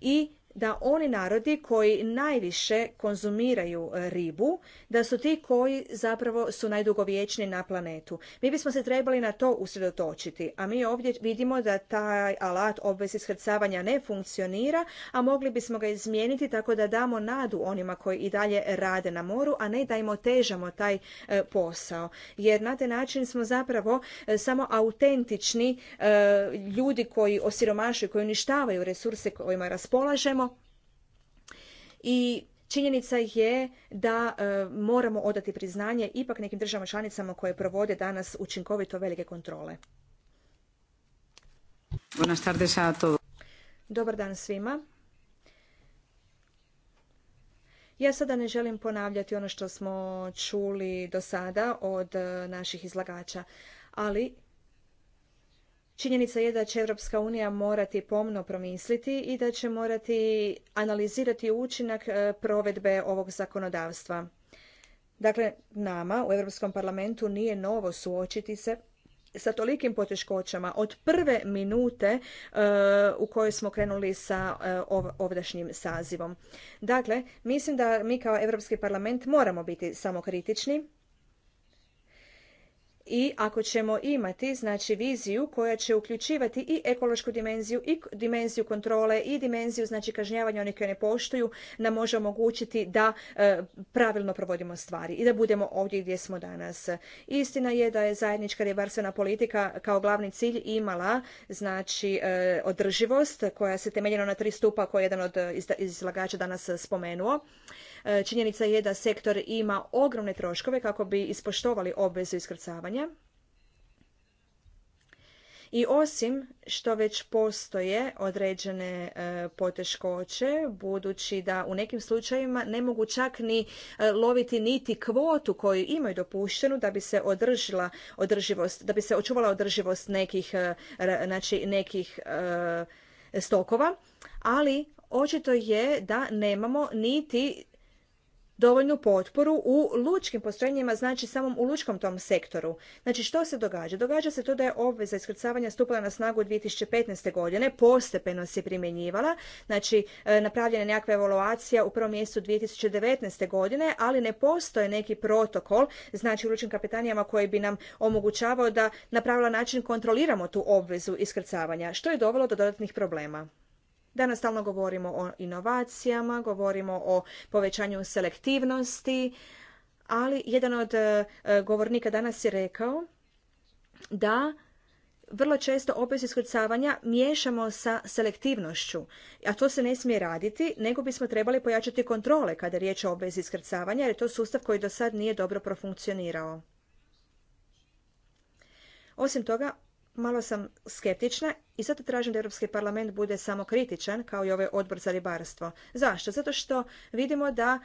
i da oni narodi koji najviše konzumiraju e, ribu, da su ti koji zapravo su najdugovječni na planetu. Mi bismo se trebali na to usredotočiti, a mi ovdje vidimo da taj alat obveze iskrcavanja ne funkcionira, a mogli bismo ga izmijeniti tako da damo nadu onima koji i dalje rade na moru, a ne da im otežamo taj e, posao. Jer na taj način smo zapravo e, samo autentični ljudi koji osiromašuju, koji uništavaju resurse kojima raspolažemo, i Činjenica je da e, moramo odati priznanje ipak nekim državama članicama koje provode danas učinkovito velike kontrole. Dobar dan svima. Ja sada ne želim ponavljati ono što smo čuli do sada od e, naših izlagača, ali Činjenica je da će Europska unija morati pomno promisliti i da će morati analizirati učinak e, provedbe ovog zakonodavstva. Dakle, nama u Europskom parlamentu nije novo suočiti se sa tolikim poteškoćama od prve minute e, u kojoj smo krenuli sa e, ovdašnjim sazivom. Dakle, mislim da mi kao Europski parlament moramo biti samokritični i ako ćemo imati znači viziju koja će uključivati i ekološku dimenziju i dimenziju kontrole i dimenziju znači kažnjavanja onih koji ne poštuju nam može omogućiti da e, pravilno provodimo stvari i da budemo ovdje gdje smo danas. Istina je da je zajednička ribarstvena politika kao glavni cilj imala znači e, održivost koja se temeljila na tri stupa koje je jedan od e, izlagača danas spomenuo. E, činjenica je da sektor ima ogromne troškove kako bi ispoštovali obvezu iskrcavanja. I osim što već postoje određene e, poteškoće, budući da u nekim slučajevima ne mogu čak ni e, loviti niti kvotu koju imaju dopuštenu da bi se održila održivost, da bi se očuvala održivost nekih, znači nekih stokova, ali očito je da nemamo niti dovoljnu potporu u lučkim postrojenjima, znači samom u lučkom tom sektoru. Znači što se događa? Događa se to da je obveza iskrcavanja stupala na snagu 2015. godine, postepeno se primjenjivala, znači e, napravljena je nekakva evaluacija u prvom mjestu 2019. godine, ali ne postoje neki protokol, znači u lučkim kapetanijama koji bi nam omogućavao da na pravilan način kontroliramo tu obvezu iskrcavanja, što je dovelo do dodatnih problema. Danas stalno govorimo o inovacijama, govorimo o povećanju selektivnosti, ali jedan od e, govornika danas je rekao da vrlo često opis iskrcavanja miješamo sa selektivnošću, a to se ne smije raditi, nego bismo trebali pojačati kontrole kada je riječ o obvezi iskrcavanja, jer je to sustav koji do sad nije dobro profunkcionirao. Osim toga, malo sam skeptična i zato tražim da Europski parlament bude samo kritičan kao i ovaj odbor za ribarstvo. Zašto? Zato što vidimo da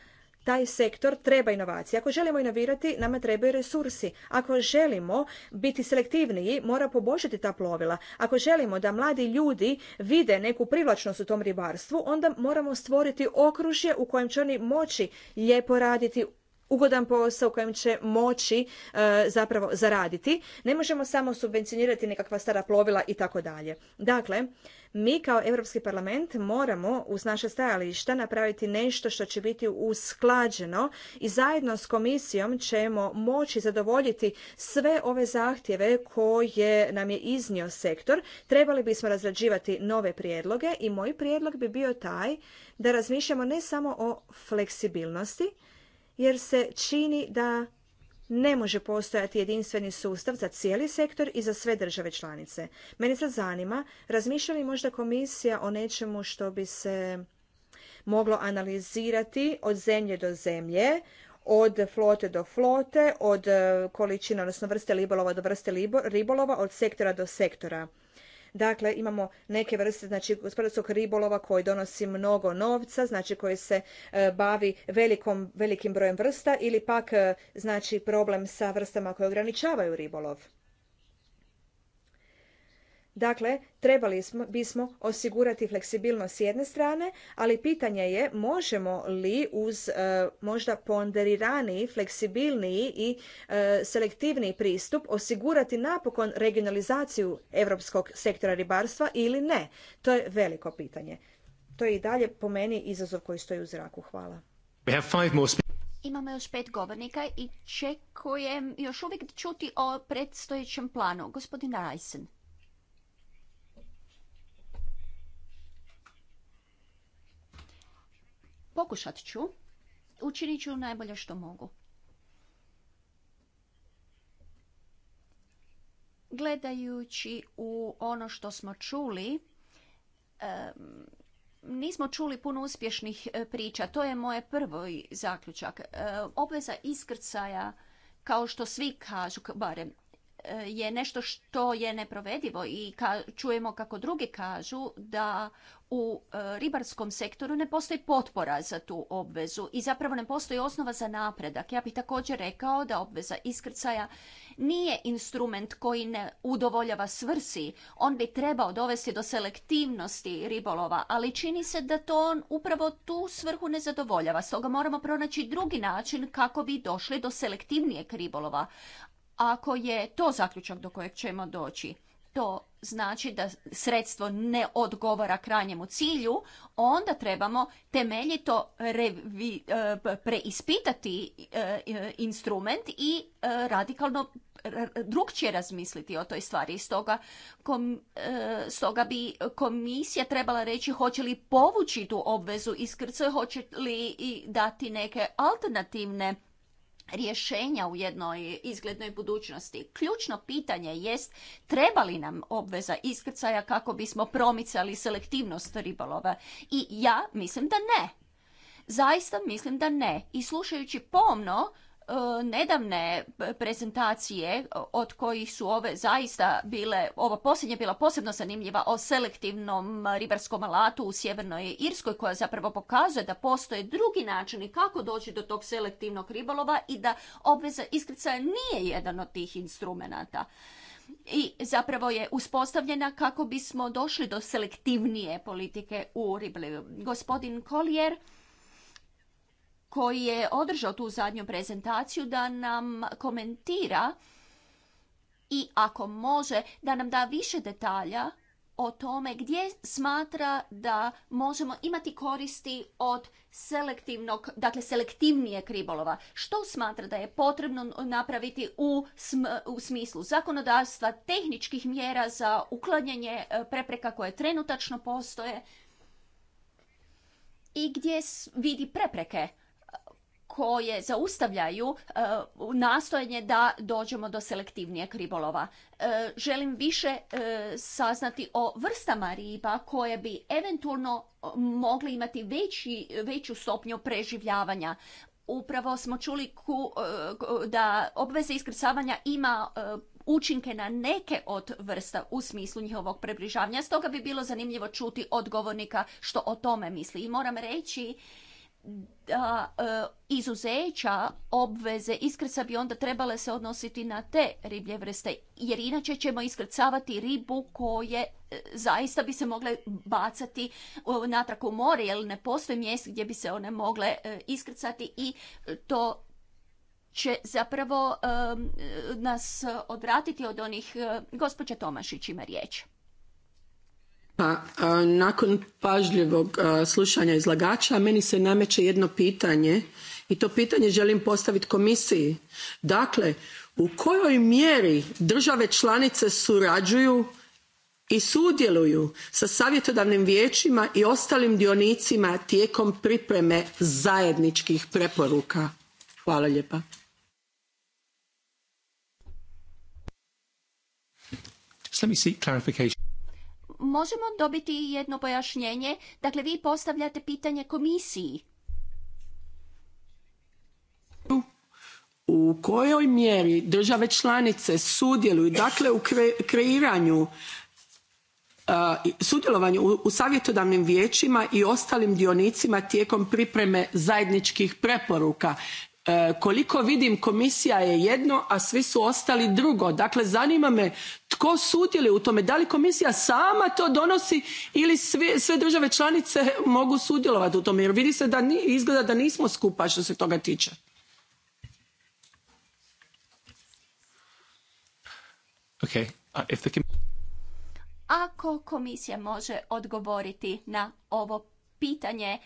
taj sektor treba inovacije. Ako želimo inovirati, nama trebaju resursi. Ako želimo biti selektivniji, mora poboljšati ta plovila. Ako želimo da mladi ljudi vide neku privlačnost u tom ribarstvu, onda moramo stvoriti okružje u kojem će oni moći lijepo raditi, ugodan posao u kojem će moći e, zapravo zaraditi. Ne možemo samo subvencionirati nekakva stara plovila i tako dalje. Dakle, mi kao Europski parlament moramo uz naše stajališta napraviti nešto što će biti usklađeno i zajedno s komisijom ćemo moći zadovoljiti sve ove zahtjeve koje nam je iznio sektor. Trebali bismo razrađivati nove prijedloge i moj prijedlog bi bio taj da razmišljamo ne samo o fleksibilnosti, jer se čini da ne može postojati jedinstveni sustav za cijeli sektor i za sve države članice. Mene se zanima, razmišlja li možda komisija o nečemu što bi se moglo analizirati od zemlje do zemlje, od flote do flote, od količina, odnosno vrste ribolova do vrste ribolova, od sektora do sektora. Dakle, imamo neke vrste znači gospodarskog ribolova koji donosi mnogo novca, znači koji se e, bavi velikom, velikim brojem vrsta ili pak e, znači problem sa vrstama koje ograničavaju ribolov. Dakle, trebali smo, bismo osigurati fleksibilnost s jedne strane, ali pitanje je možemo li uz e, možda ponderiraniji, fleksibilniji i selektivni selektivniji pristup osigurati napokon regionalizaciju europskog sektora ribarstva ili ne. To je veliko pitanje. To je i dalje po meni izazov koji stoji u zraku. Hvala. Imamo još pet govornika i čekujem još uvijek čuti o predstojećem planu. Gospodin Reisen. Pokušat ću. Učinit ću najbolje što mogu. Gledajući u ono što smo čuli, nismo čuli puno uspješnih e, priča. To je moj prvo zaključak. E, obveza iskrcaja, kao što svi kažu, barem E, je nešto što je neprovedivo i ka čujemo kako drugi kažu da u e, ribarskom sektoru ne postoji potpora za tu obvezu i zapravo ne postoji osnova za napredak. Ja bih također rekao da obveza iskrcaja nije instrument koji ne udovoljava svrsi. On bi trebao dovesti do selektivnosti ribolova, ali čini se da to on upravo tu svrhu ne zadovoljava. Stoga moramo pronaći drugi način kako bi došli do selektivnijeg ribolova, ako je to zaključak do kojeg ćemo doći, to znači da sredstvo ne odgovara krajnjemu cilju, onda trebamo temeljito e, preispitati e, e, instrument i radikalno drugčije razmisliti o toj stvari. Stoga, kom, stoga bi komisija trebala reći hoće li povući tu obvezu iz hoće li i dati neke alternativne rješenja u jednoj izglednoj budućnosti. Ključno pitanje jest treba li nam obveza iskrcaja kako bismo promicali selektivnost ribolova i ja mislim da ne. Zaista mislim da ne. I slušajući pomno E, nedavne prezentacije od kojih su ove zaista bile, ova posljednja bila posebno zanimljiva o selektivnom ribarskom alatu u Sjevernoj Irskoj koja zapravo pokazuje da postoje drugi načini kako doći do tog selektivnog ribolova i da obveza iskrcaja nije jedan od tih instrumenata i zapravo je uspostavljena kako bismo došli do selektivnije politike u ribolovu. Gospodin Collier koji je održao tu zadnju prezentaciju da nam komentira i ako može da nam da više detalja o tome gdje smatra da možemo imati koristi od selektivnog, dakle selektivnije kribolova Što smatra da je potrebno napraviti u, u smislu zakonodavstva, tehničkih mjera za uklanjanje e, prepreka koje trenutačno postoje i gdje vidi prepreke koje zaustavljaju nastojenje nastojanje da dođemo do selektivnijeg ribolova. E, želim više e, saznati o vrstama riba koje bi eventualno e, mogli imati veći, veću stopnju preživljavanja. Upravo smo čuli ku, da obveze iskrcavanja ima učinke na neke od vrsta u smislu njihovog približavanja. Stoga bi bilo zanimljivo čuti odgovornika što o tome misli. I moram reći da e, izuzeća obveze iskrca bi onda trebale se odnositi na te riblje vrste, jer inače ćemo iskrcavati ribu koje e, zaista bi se mogle bacati e, natrag u more, jer ne postoji mjesto gdje bi se one mogle iskrcati i to će zapravo nas odvratiti od onih... Gospođa Tomašić ima riječ. Pa, nakon pažljivog slušanja izlagača meni se nameće jedno pitanje i to pitanje želim postaviti komisiji. Dakle, u kojoj mjeri države članice surađuju i sudjeluju sa savjetodavnim vijećima i ostalim dionicima tijekom pripreme zajedničkih preporuka? Hvala lijepa možemo dobiti jedno pojašnjenje? Dakle, vi postavljate pitanje komisiji. U kojoj mjeri države članice sudjeluju, dakle u kreiranju sudjelovanju u savjetodavnim vijećima i ostalim dionicima tijekom pripreme zajedničkih preporuka E, koliko vidim komisija je jedno a svi su ostali drugo dakle zanima me tko sudjeluje u tome da li komisija sama to donosi ili sve države članice mogu sudjelovati u tome jer vidi se da izgleda da nismo skupa što se toga tiče ako komisija može odgovoriti na ovo pitanje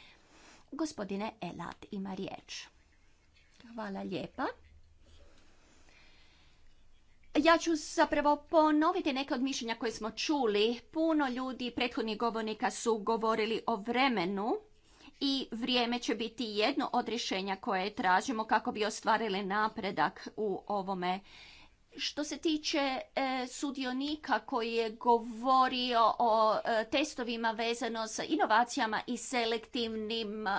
gospodine elat ima riječ Hvala lijepa. Ja ću zapravo ponoviti neke od mišljenja koje smo čuli. Puno ljudi prethodnih govornika su govorili o vremenu i vrijeme će biti jedno od rješenja koje tražimo kako bi ostvarili napredak u ovome što se tiče e, sudionika koji je govorio o e, testovima vezano sa inovacijama i selektivnim e,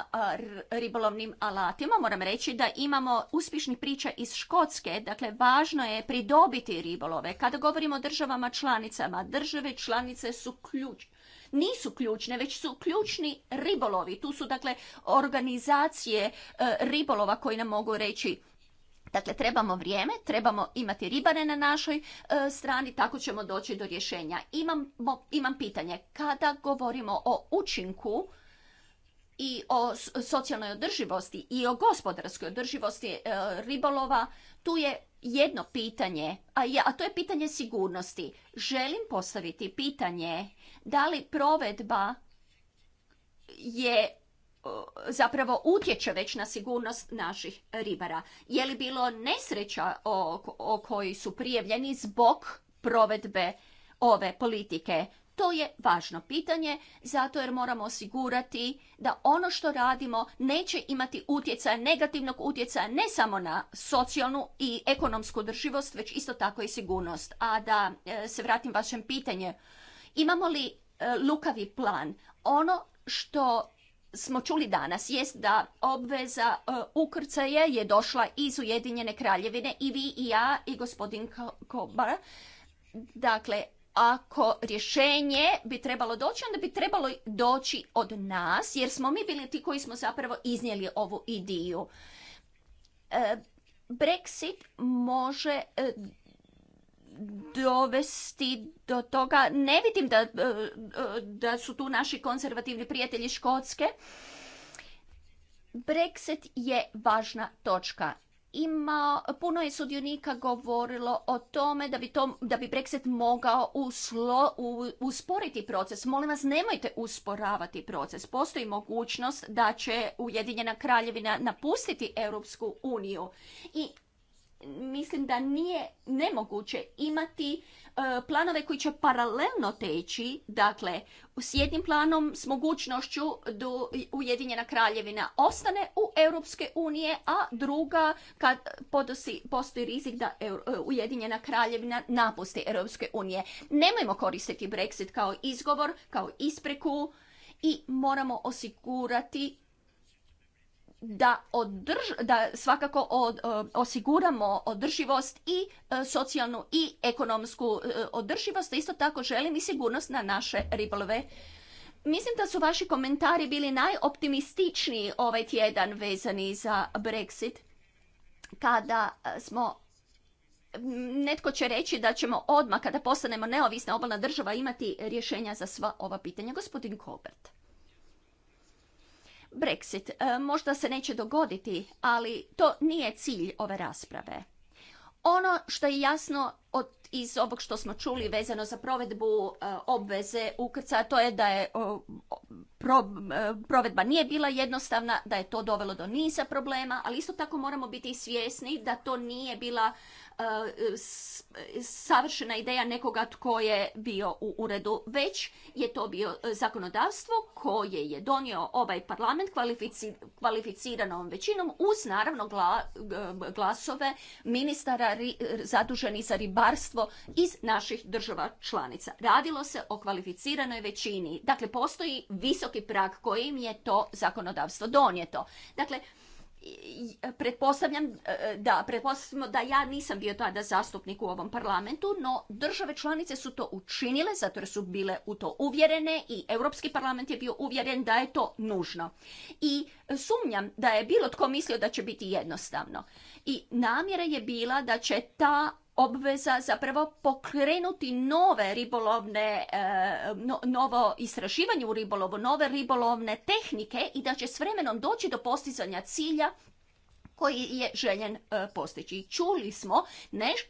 ribolovnim alatima, moram reći da imamo uspješnih priča iz Škotske, dakle važno je pridobiti ribolove. Kada govorimo o državama članicama, države članice su ključ nisu ključne, već su ključni ribolovi. Tu su dakle organizacije ribolova koji nam mogu reći Dakle, trebamo vrijeme, trebamo imati ribare na našoj e, strani, tako ćemo doći do rješenja. Imam, pitanje, kada govorimo o učinku i o socijalnoj održivosti i o gospodarskoj održivosti e, ribolova, tu je jedno pitanje, a, a to je pitanje sigurnosti. Želim postaviti pitanje da li provedba je zapravo utječe već na sigurnost naših ribara. Je li bilo nesreća o, koji su prijavljeni zbog provedbe ove politike? To je važno pitanje, zato jer moramo osigurati da ono što radimo neće imati utjecaja, negativnog utjecaja ne samo na socijalnu i ekonomsku održivost, već isto tako i sigurnost. A da e, se vratim vašem pitanje, imamo li e, lukavi plan? Ono što smo čuli danas jest da obveza e, ukrcaje je došla iz Ujedinjene kraljevine i vi i ja i gospodin Kobar. Dakle, ako rješenje bi trebalo doći, onda bi trebalo doći od nas, jer smo mi bili ti koji smo zapravo iznijeli ovu idiju. E, Brexit može e, dovesti do toga. Ne vidim da, e, da su tu naši konzervativni prijatelji Škotske. Brexit je važna točka ima, puno je sudionika govorilo o tome da bi, to, da bi Brexit mogao uslo, usporiti proces. Molim vas, nemojte usporavati proces. Postoji mogućnost da će Ujedinjena kraljevina napustiti Europsku uniju i mislim da nije nemoguće imati e, planove koji će paralelno teći, dakle, s jednim planom s mogućnošću da Ujedinjena kraljevina ostane u Europske unije, a druga kad podosi, postoji rizik da e, Ujedinjena kraljevina napusti Europske unije. Nemojmo koristiti Brexit kao izgovor, kao ispreku i moramo osigurati da, održ, da svakako e, osiguramo održivost i e, socijalnu i ekonomsku e, održivost, isto tako želim i sigurnost na naše ribolove. Mislim da su vaši komentari bili najoptimističniji ovaj tjedan vezani za Brexit. Kada smo netko će reći da ćemo odmah kada postanemo neovisna obalna država imati rješenja za sva ova pitanja. Gospodin Kobert. Brexit e, možda se neće dogoditi, ali to nije cilj ove rasprave. Ono što je jasno od, iz ovog što smo čuli vezano za provedbu e, obveze ukrca, to je da je e, provedba nije bila jednostavna, da je to dovelo do niza problema, ali isto tako moramo biti svjesni da to nije bila E, e, savršena ideja nekoga tko je bio u uredu, već je to bio e, zakonodavstvo koje je donio ovaj parlament kvalificiranom većinom uz naravno glasove ministara zaduženi za ribarstvo iz naših država članica. Radilo se o kvalificiranoj većini. Dakle, postoji visoki prag kojim je to zakonodavstvo donijeto. Dakle, pretpostavljam e, e, da, pretpostavljamo da ja nisam bio tada zastupnik u ovom parlamentu, no države članice su to učinile zato jer su bile u to uvjerene i Europski parlament je bio uvjeren da je to nužno. I sumnjam da je bilo tko mislio da će biti jednostavno. I namjera je bila da će ta obveza zapravo pokrenuti nove ribolovne, e, novo istraživanje u ribolovu, nove ribolovne tehnike i da će s vremenom doći do postizanja cilja koji je željen e, postići. Čuli smo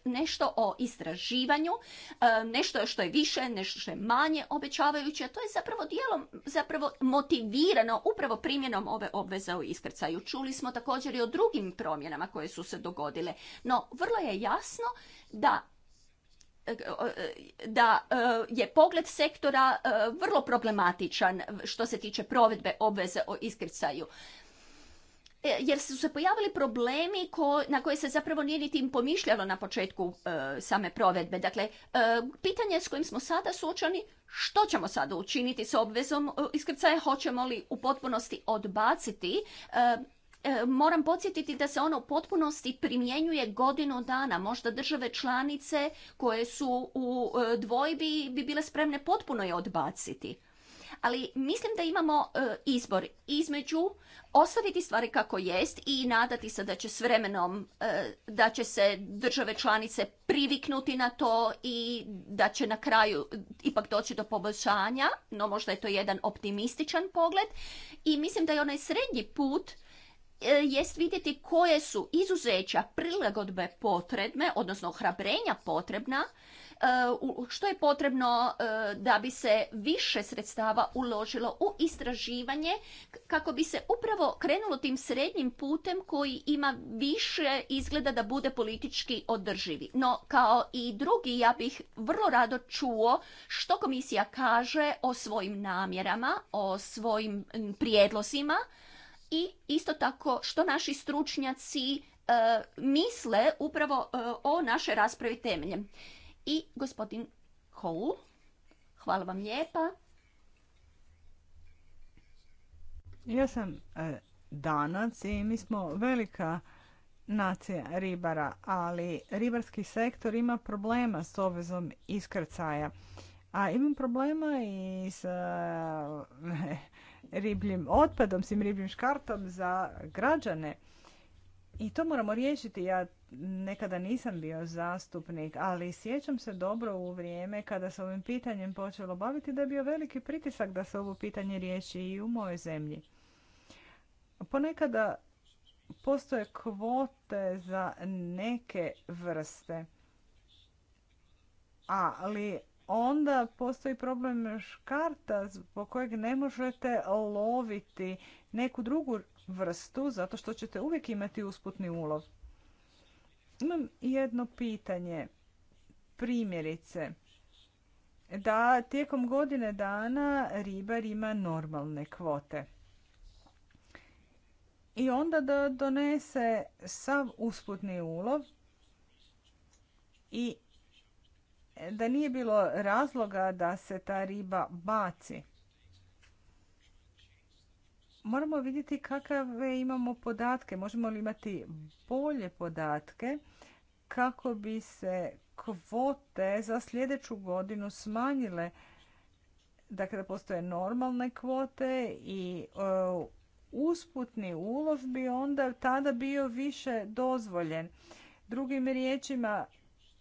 nešto o istraživanju, e, nešto što je više, nešto što je manje obećavajuće, a to je zapravo dijelom zapravo motivirano upravo primjenom ove obveze o iskrcaju. Čuli smo također i o drugim promjenama koje su se dogodile, no vrlo je jasno da e, da je pogled sektora vrlo problematičan što se tiče provedbe obveze o iskrcaju. E, jer su se pojavili problemi ko, na koje se zapravo nije niti pomišljalo na početku e, same provedbe. Dakle, e, pitanje s kojim smo sada suočeni, što ćemo sada učiniti s obvezom iskrcaja, hoćemo li u potpunosti odbaciti moram podsjetiti da se ono u potpunosti primjenjuje godinu dana. Možda države članice koje su u dvojbi bi bile spremne potpuno je odbaciti ali mislim da imamo e, izbor između ostaviti stvari kako jest i nadati se da će s vremenom, e, da će se države članice priviknuti na to i da će na kraju ipak doći do poboljšanja, no možda je to jedan optimističan pogled i mislim da je onaj srednji put e, jest vidjeti koje su izuzeća prilagodbe potrebne, odnosno ohrabrenja potrebna, E, što je potrebno e, da bi se više sredstava uložilo u istraživanje kako bi se upravo krenulo tim srednjim putem koji ima više izgleda da bude politički održivi. No, kao i drugi, ja bih vrlo rado čuo što komisija kaže o svojim namjerama, o svojim prijedlozima i isto tako što naši stručnjaci e, misle upravo o našoj raspravi temeljem i gospodin hol Hvala vam lijepa. Ja sam e, danac i mi smo velika nacija ribara, ali ribarski sektor ima problema s obvezom iskrcaja. A imam problema i s e, ribljim otpadom, s ribljim škartom za građane. I to moramo riješiti. Ja nekada nisam bio zastupnik, ali sjećam se dobro u vrijeme kada se ovim pitanjem počelo baviti da je bio veliki pritisak da se ovo pitanje riješi i u mojoj zemlji. Ponekada postoje kvote za neke vrste, ali onda postoji problem škarta zbog kojeg ne možete loviti neku drugu vrstu zato što ćete uvijek imati usputni ulov. Imam jedno pitanje. Primjerice, da tijekom godine dana ribar ima normalne kvote. I onda da donese sav usputni ulov i da nije bilo razloga da se ta riba baci moramo vidjeti kakve imamo podatke. Možemo li imati bolje podatke kako bi se kvote za sljedeću godinu smanjile. Dakle, da postoje normalne kvote i e, usputni ulov bi onda tada bio više dozvoljen. Drugim riječima,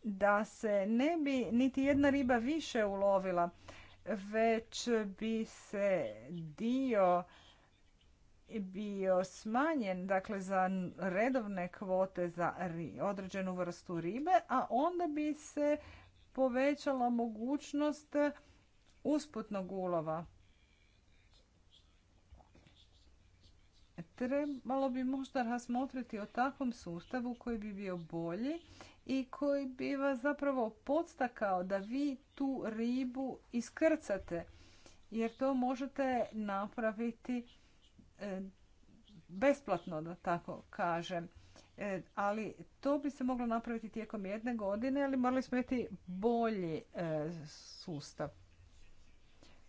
da se ne bi niti jedna riba više ulovila, već bi se dio bio smanjen dakle, za redovne kvote za određenu vrstu ribe, a onda bi se povećala mogućnost usputnog ulova. Trebalo bi možda razmotriti o takvom sustavu koji bi bio bolji i koji bi vas zapravo podstakao da vi tu ribu iskrcate jer to možete napraviti E, besplatno da tako kažem. E, ali to bi se moglo napraviti tijekom jedne godine, ali morali smo imati bolji e, sustav.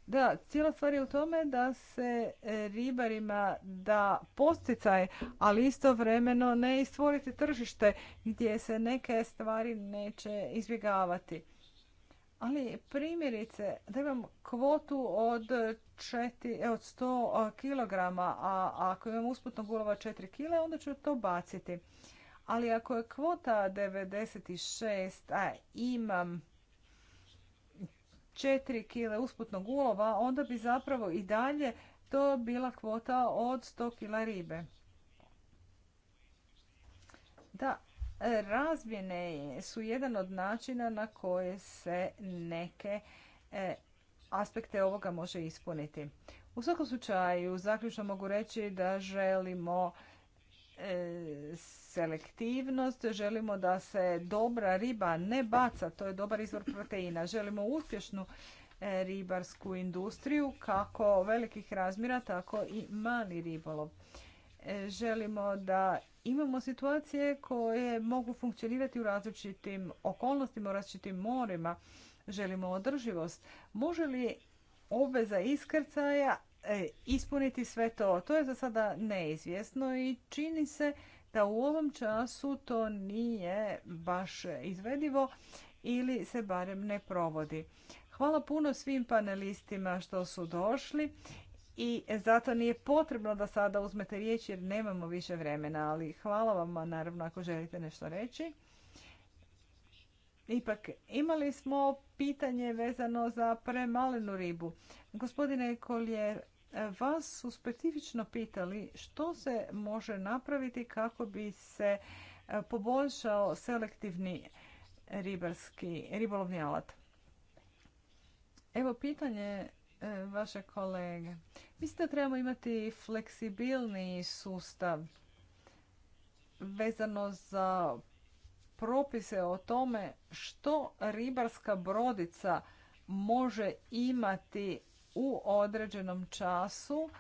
Da, cijela stvar je u tome da se ribarima da posticaj, ali istovremeno ne istvoriti tržište gdje se neke stvari neće izbjegavati. Ali primjerice da imam kvotu od, e, od 100 kg, a ako imam usputnog gulova 4 kg, onda ću to baciti. Ali ako je kvota 96, a imam 4 kg usputnog ulova, onda bi zapravo i dalje to bila kvota od 100 kg ribe. Da, Razmjene su jedan od načina na koje se neke e, aspekte ovoga može ispuniti. U svakom slučaju, zaključno mogu reći da želimo e, selektivnost, želimo da se dobra riba ne baca, to je dobar izvor proteina. Želimo uspješnu e, ribarsku industriju, kako velikih razmjera, tako i mali ribolov. Želimo da imamo situacije koje mogu funkcionirati u različitim okolnostima, u različitim morima. Želimo održivost. Može li obveza iskrcaja e, ispuniti sve to? To je za sada neizvjesno i čini se da u ovom času to nije baš izvedivo ili se barem ne provodi. Hvala puno svim panelistima što su došli i zato nije potrebno da sada uzmete riječ jer nemamo više vremena, ali hvala vam naravno ako želite nešto reći. Ipak, imali smo pitanje vezano za premalenu ribu. Gospodine Koljer, vas su specifično pitali što se može napraviti kako bi se e, poboljšao selektivni ribolovni alat. Evo pitanje E, vaše kolege. Mislim da trebamo imati fleksibilni sustav vezano za propise o tome što ribarska brodica može imati u određenom času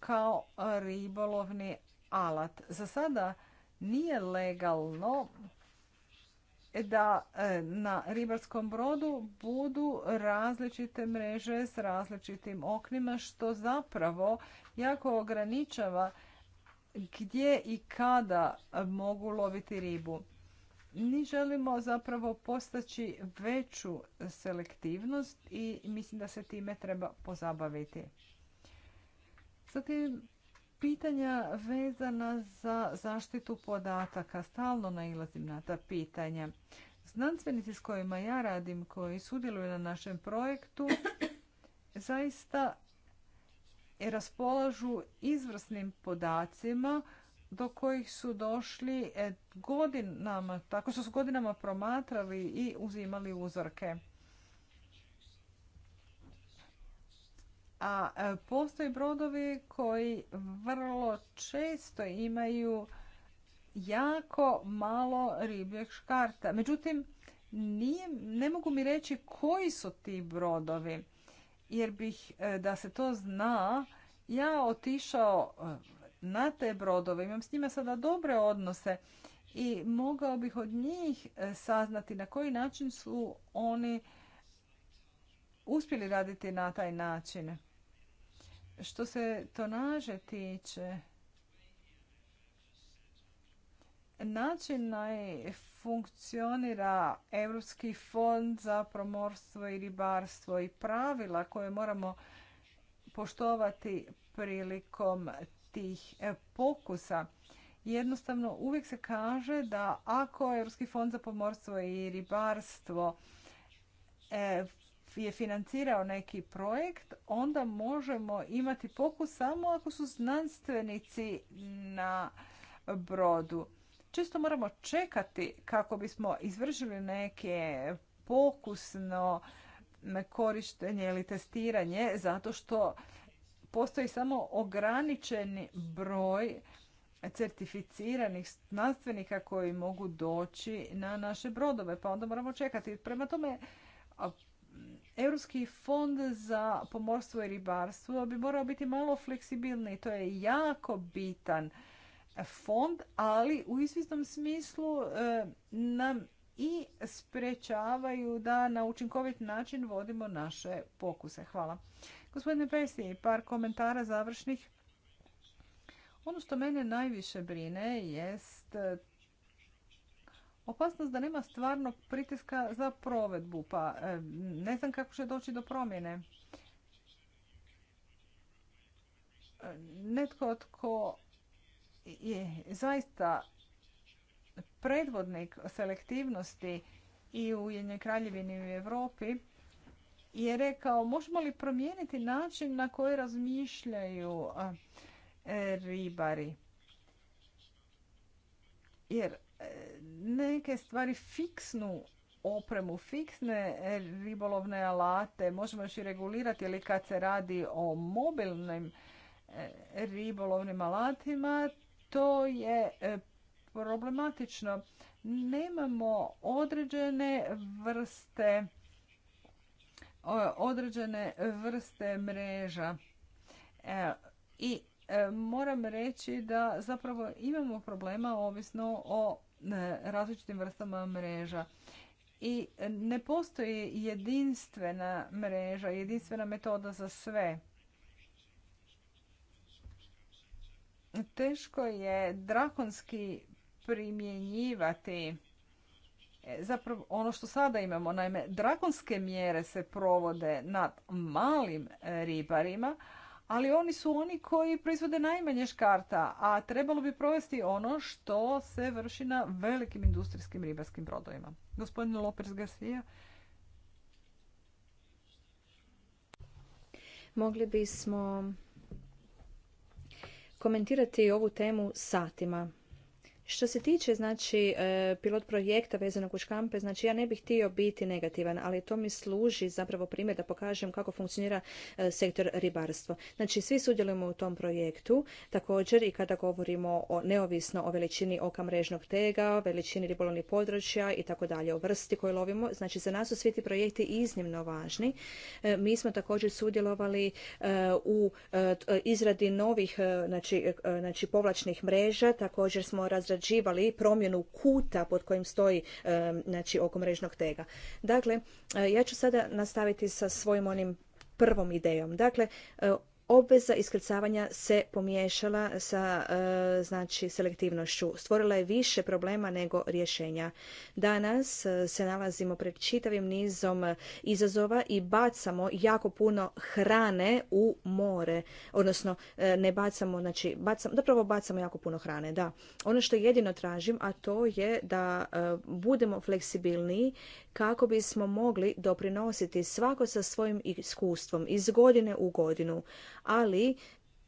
kao ribolovni alat. Za sada nije legalno da e, na ribarskom brodu budu različite mreže s različitim oknima što zapravo jako ograničava gdje i kada mogu loviti ribu. Mi želimo zapravo postaći veću selektivnost i mislim da se time treba pozabaviti. Zatim pitanja vezana za zaštitu podataka. Stalno nailazim na ta pitanja. Znanstvenici s kojima ja radim, koji sudjeluju na našem projektu, zaista raspolažu izvrsnim podacima do kojih su došli e, godinama, tako su su godinama promatrali i uzimali uzorke. a e, postoje brodovi koji vrlo često imaju jako malo ribljeg škarta. Međutim, nije, ne mogu mi reći koji su ti brodovi, jer bih e, da se to zna, ja otišao e, na te brodove, imam s njima sada dobre odnose i mogao bih od njih saznati na koji način su oni uspjeli raditi na taj način. Što se tonaže tiče, način na funkcionira Europski fond za promorstvo i ribarstvo i pravila koje moramo poštovati prilikom tih pokusa. Jednostavno uvijek se kaže da ako Europski fond za pomorstvo i ribarstvo e, je financirao neki projekt, onda možemo imati pokus samo ako su znanstvenici na brodu. Često moramo čekati kako bismo izvršili neke pokusno korištenje ili testiranje zato što postoji samo ograničeni broj certificiranih znanstvenika koji mogu doći na naše brodove, pa onda moramo čekati. Prema tome, Europski fond za pomorstvo i ribarstvo bi morao biti malo fleksibilniji. To je jako bitan fond, ali u izvisnom smislu e, nam i sprečavaju da na učinkovit način vodimo naše pokuse. Hvala. Gospodine Pesni, par komentara završnih. Ono što mene najviše brine jest opasnost da nema stvarnog pritiska za provedbu, pa e, ne znam kako će doći do promjene. E, netko tko je zaista predvodnik selektivnosti i u Jednoj kraljevini u Europi je rekao možemo li promijeniti način na koji razmišljaju e, ribari. Jer neke stvari fiksnu opremu, fiksne ribolovne alate, možemo još i regulirati, ali kad se radi o mobilnim e, ribolovnim alatima, to je e, problematično. Nemamo određene vrste određene vrste mreža. E, I moram reći da zapravo imamo problema ovisno o E, različitim vrstama mreža. I ne postoji jedinstvena mreža, jedinstvena metoda za sve. Teško je drakonski primjenjivati e, zapravo ono što sada imamo. Naime, drakonske mjere se provode nad malim ribarima, ali oni su oni koji proizvode najmanje škarta, a trebalo bi provesti ono što se vrši na velikim industrijskim ribarskim brodovima. Gospodin Lopez Garcia. Mogli bismo komentirati ovu temu satima. Što se tiče znači e, pilot projekta vezanog uz kampe, znači ja ne bih htio biti negativan, ali to mi služi zapravo primjer da pokažem kako funkcionira e, sektor ribarstva. Znači svi sudjelujemo u tom projektu, također i kada govorimo o neovisno o veličini oka mrežnog tega, o veličini ribolovnih područja i tako dalje, o vrsti koju lovimo. Znači za nas su svi ti projekti iznimno važni. E, mi smo također sudjelovali u izradi novih znači, znači povlačnih mreža, također smo razred izrađivali promjenu kuta pod kojim stoji e, znači, oko mrežnog tega. Dakle, e, ja ću sada nastaviti sa svojim onim prvom idejom. Dakle, e, obveza iskrcavanja se pomiješala sa e, znači selektivnošću stvorila je više problema nego rješenja danas e, se nalazimo pred čitavim nizom e, izazova i bacamo jako puno hrane u more odnosno ne bacamo znači bacamo zapravo bacamo jako puno hrane da ono što jedino tražim a to je da budemo fleksibilniji kako bismo mogli doprinositi svako sa svojim iskustvom iz godine u godinu ali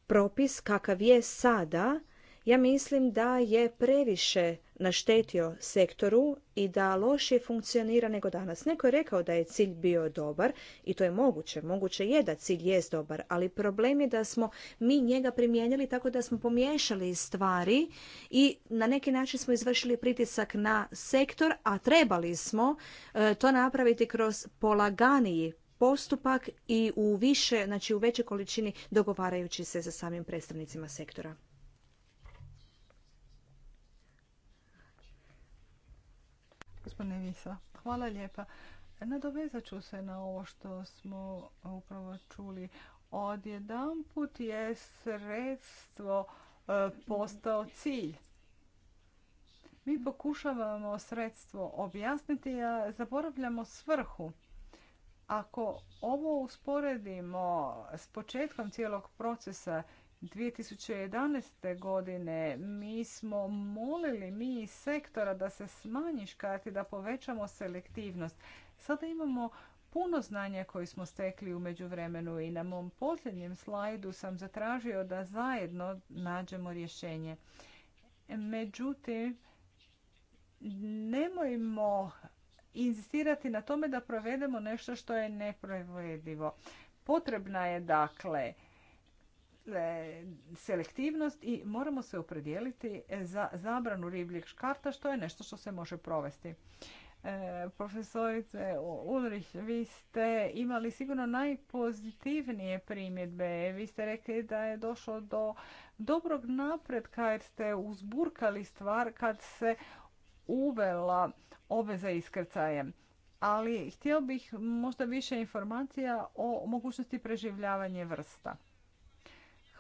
propis kakav je sada ja mislim da je previše naštetio sektoru i da lošije funkcionira nego danas. Neko je rekao da je cilj bio dobar i to je moguće. Moguće je da cilj jest dobar, ali problem je da smo mi njega primijenili tako da smo pomiješali stvari i na neki način smo izvršili pritisak na sektor, a trebali smo e, to napraviti kroz polaganiji postupak i u više, znači u većoj količini dogovarajući se sa samim predstavnicima sektora. Gospodine Visa, hvala lijepa. Nadovezat ću se na ovo što smo upravo čuli. Odjedan put je sredstvo e, postao cilj. Mi pokušavamo sredstvo objasniti, a zaboravljamo svrhu. Ako ovo usporedimo s početkom cijelog procesa 2011. godine mi smo molili mi iz sektora da se smanji škarti da povećamo selektivnost. Sada imamo puno znanja koje smo stekli u međuvremenu i na mom posljednjem slajdu sam zatražio da zajedno nađemo rješenje. Međutim, nemojmo inzistirati na tome da provedemo nešto što je neprovedivo. Potrebna je dakle e, selektivnost i moramo se opredijeliti za zabranu ribljeg škarta što je nešto što se može provesti. E, profesorice Ulrich, vi ste imali sigurno najpozitivnije primjedbe. Vi ste rekli da je došlo do dobrog napretka jer ste uzburkali stvar kad se uvela obveza iskrcaje. ali htio bih možda više informacija o mogućnosti preživljavanja vrsta.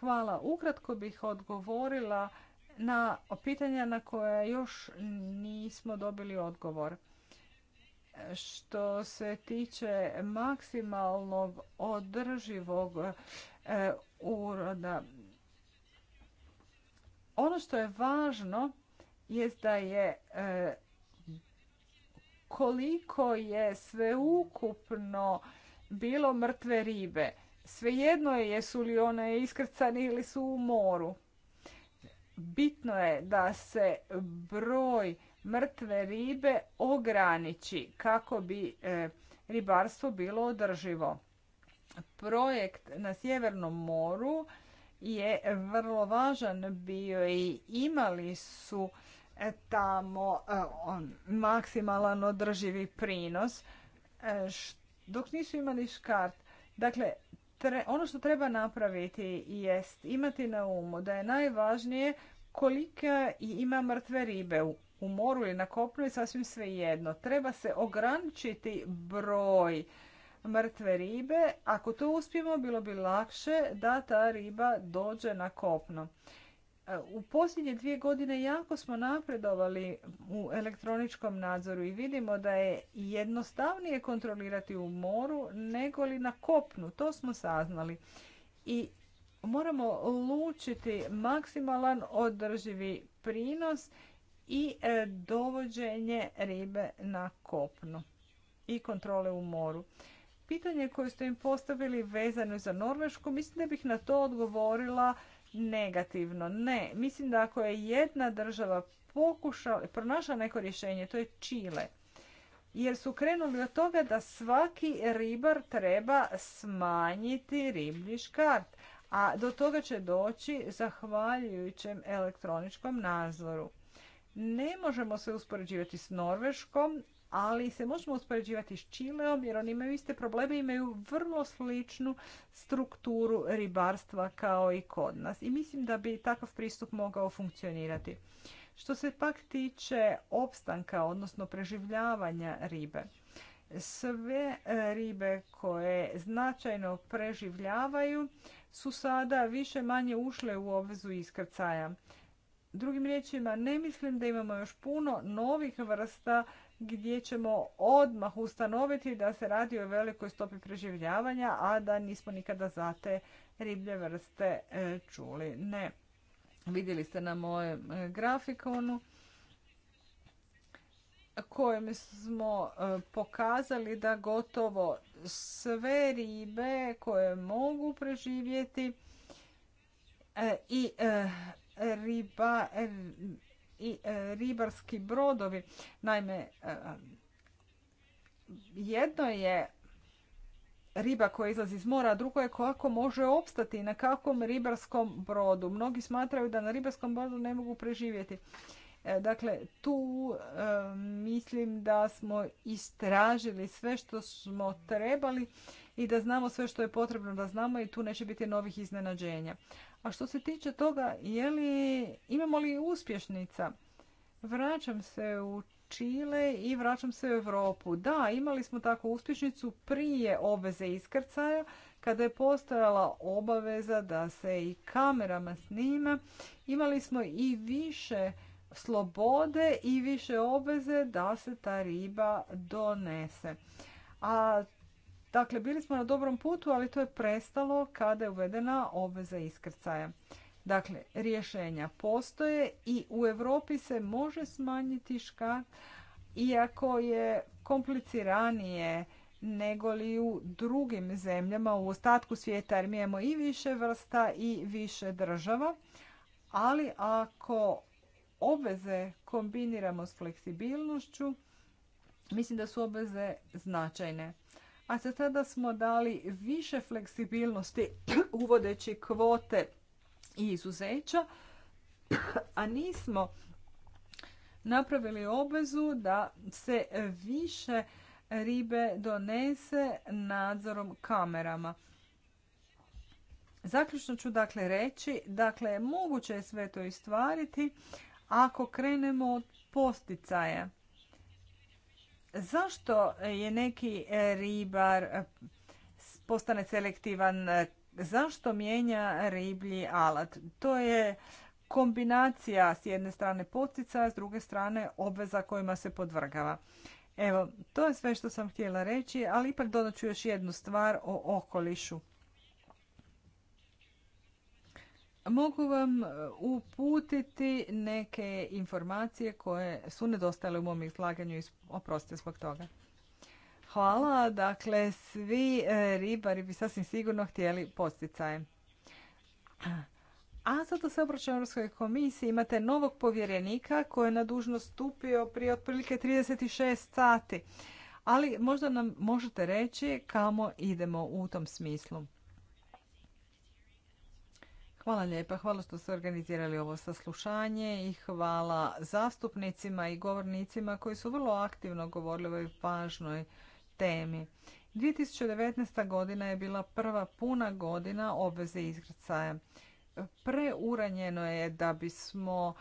Hvala. Ukratko bih odgovorila na pitanja na koja još nismo dobili odgovor. Što se tiče maksimalnog održivog e, uroda, ono što je važno je da je e, koliko je sveukupno bilo mrtve ribe. Svejedno je jesu li one iskrcani ili su u moru. Bitno je da se broj mrtve ribe ograniči kako bi e, ribarstvo bilo održivo. Projekt na Sjevernom moru je vrlo važan bio i imali su E, tamo e, on, maksimalan održivi prinos e, dok nisu imali škart. Dakle, ono što treba napraviti jest imati na umu da je najvažnije kolika ima mrtve ribe u, u moru ili na kopnu je sasvim svejedno. Treba se ograničiti broj mrtve ribe. Ako to uspijemo, bilo bi lakše da ta riba dođe na kopno. E, u posljednje dvije godine jako smo napredovali u elektroničkom nadzoru i vidimo da je jednostavnije kontrolirati u moru nego li na kopnu. To smo saznali. I moramo lučiti maksimalan održivi prinos i e, dovođenje ribe na kopnu i kontrole u moru. Pitanje koje ste im postavili vezano za Norvešku, mislim da bih na to odgovorila negativno. Ne, mislim da ako je jedna država pokušala, pronašla neko rješenje, to je Čile. Jer su krenuli od toga da svaki ribar treba smanjiti riblji škart. A do toga će doći zahvaljujućem elektroničkom nadzoru. Ne možemo se uspoređivati s Norveškom, ali se možemo uspoređivati s Čileom jer oni imaju iste probleme, imaju vrlo sličnu strukturu ribarstva kao i kod nas. I mislim da bi takav pristup mogao funkcionirati. Što se pak tiče opstanka, odnosno preživljavanja ribe, sve ribe koje značajno preživljavaju su sada više manje ušle u obvezu iskrcaja. Drugim riječima, ne mislim da imamo još puno novih vrsta gdje ćemo odmah ustanoviti da se radi o velikoj stopi preživljavanja, a da nismo nikada za te riblje vrste e, čuli. Ne. Vidjeli ste na mojem e, grafikonu kojem smo e, pokazali da gotovo sve ribe koje mogu preživjeti i riba i e, ribarski brodovi. Naime, e, jedno je riba koja izlazi iz mora, a drugo je kako može opstati na kakvom ribarskom brodu. Mnogi smatraju da na ribarskom brodu ne mogu preživjeti. E, dakle, tu mislim da smo istražili sve što smo trebali i da znamo sve što je potrebno da znamo i tu neće biti novih iznenađenja. A što se tiče toga, je li, imamo li uspješnica? Vraćam se u Čile i vraćam se u Europu. Da, imali smo takvu uspješnicu prije obveze iskrcaja, kada je postojala obaveza da se i kamerama snima. Imali smo i više slobode i više obveze da se ta riba donese. A Dakle, bili smo na dobrom putu, ali to je prestalo kada je uvedena obveza iskrcaja. Dakle, rješenja postoje i u Europi se može smanjiti škat, iako je kompliciranije nego li u drugim zemljama u ostatku svijeta, jer mi imamo i više vrsta i više država. Ali ako obveze kombiniramo s fleksibilnošću, mislim da su obveze značajne a za tada smo dali više fleksibilnosti uvodeći kvote i izuzeća, a nismo napravili obvezu da se više ribe donese nadzorom kamerama. Zaključno ću dakle reći, dakle moguće je sve to istvariti ako krenemo od posticaja. Zašto je neki e, ribar e, postane selektivan? E, zašto mijenja riblji alat? To je kombinacija s jedne strane poticaja, s druge strane obveza kojima se podvrgava. Evo, to je sve što sam htjela reći, ali ipak dodat ću još jednu stvar o okolišu. Mogu vam e, uputiti neke informacije koje su nedostale u mom izlaganju i oprostite zbog toga. Hvala. Dakle, svi e, ribari bi sasvim sigurno htjeli posticaje. A zato se obraćam Europskoj komisiji. Imate novog povjerenika koji je na dužnost stupio prije otprilike 36 sati. Ali možda nam možete reći kamo idemo u tom smislu. Hvala lijepa, hvala što ste organizirali ovo saslušanje i hvala zastupnicima i govornicima koji su vrlo aktivno govorili o ovoj važnoj temi. 2019. godina je bila prva puna godina obveze izgracaja. Preuranjeno je da bismo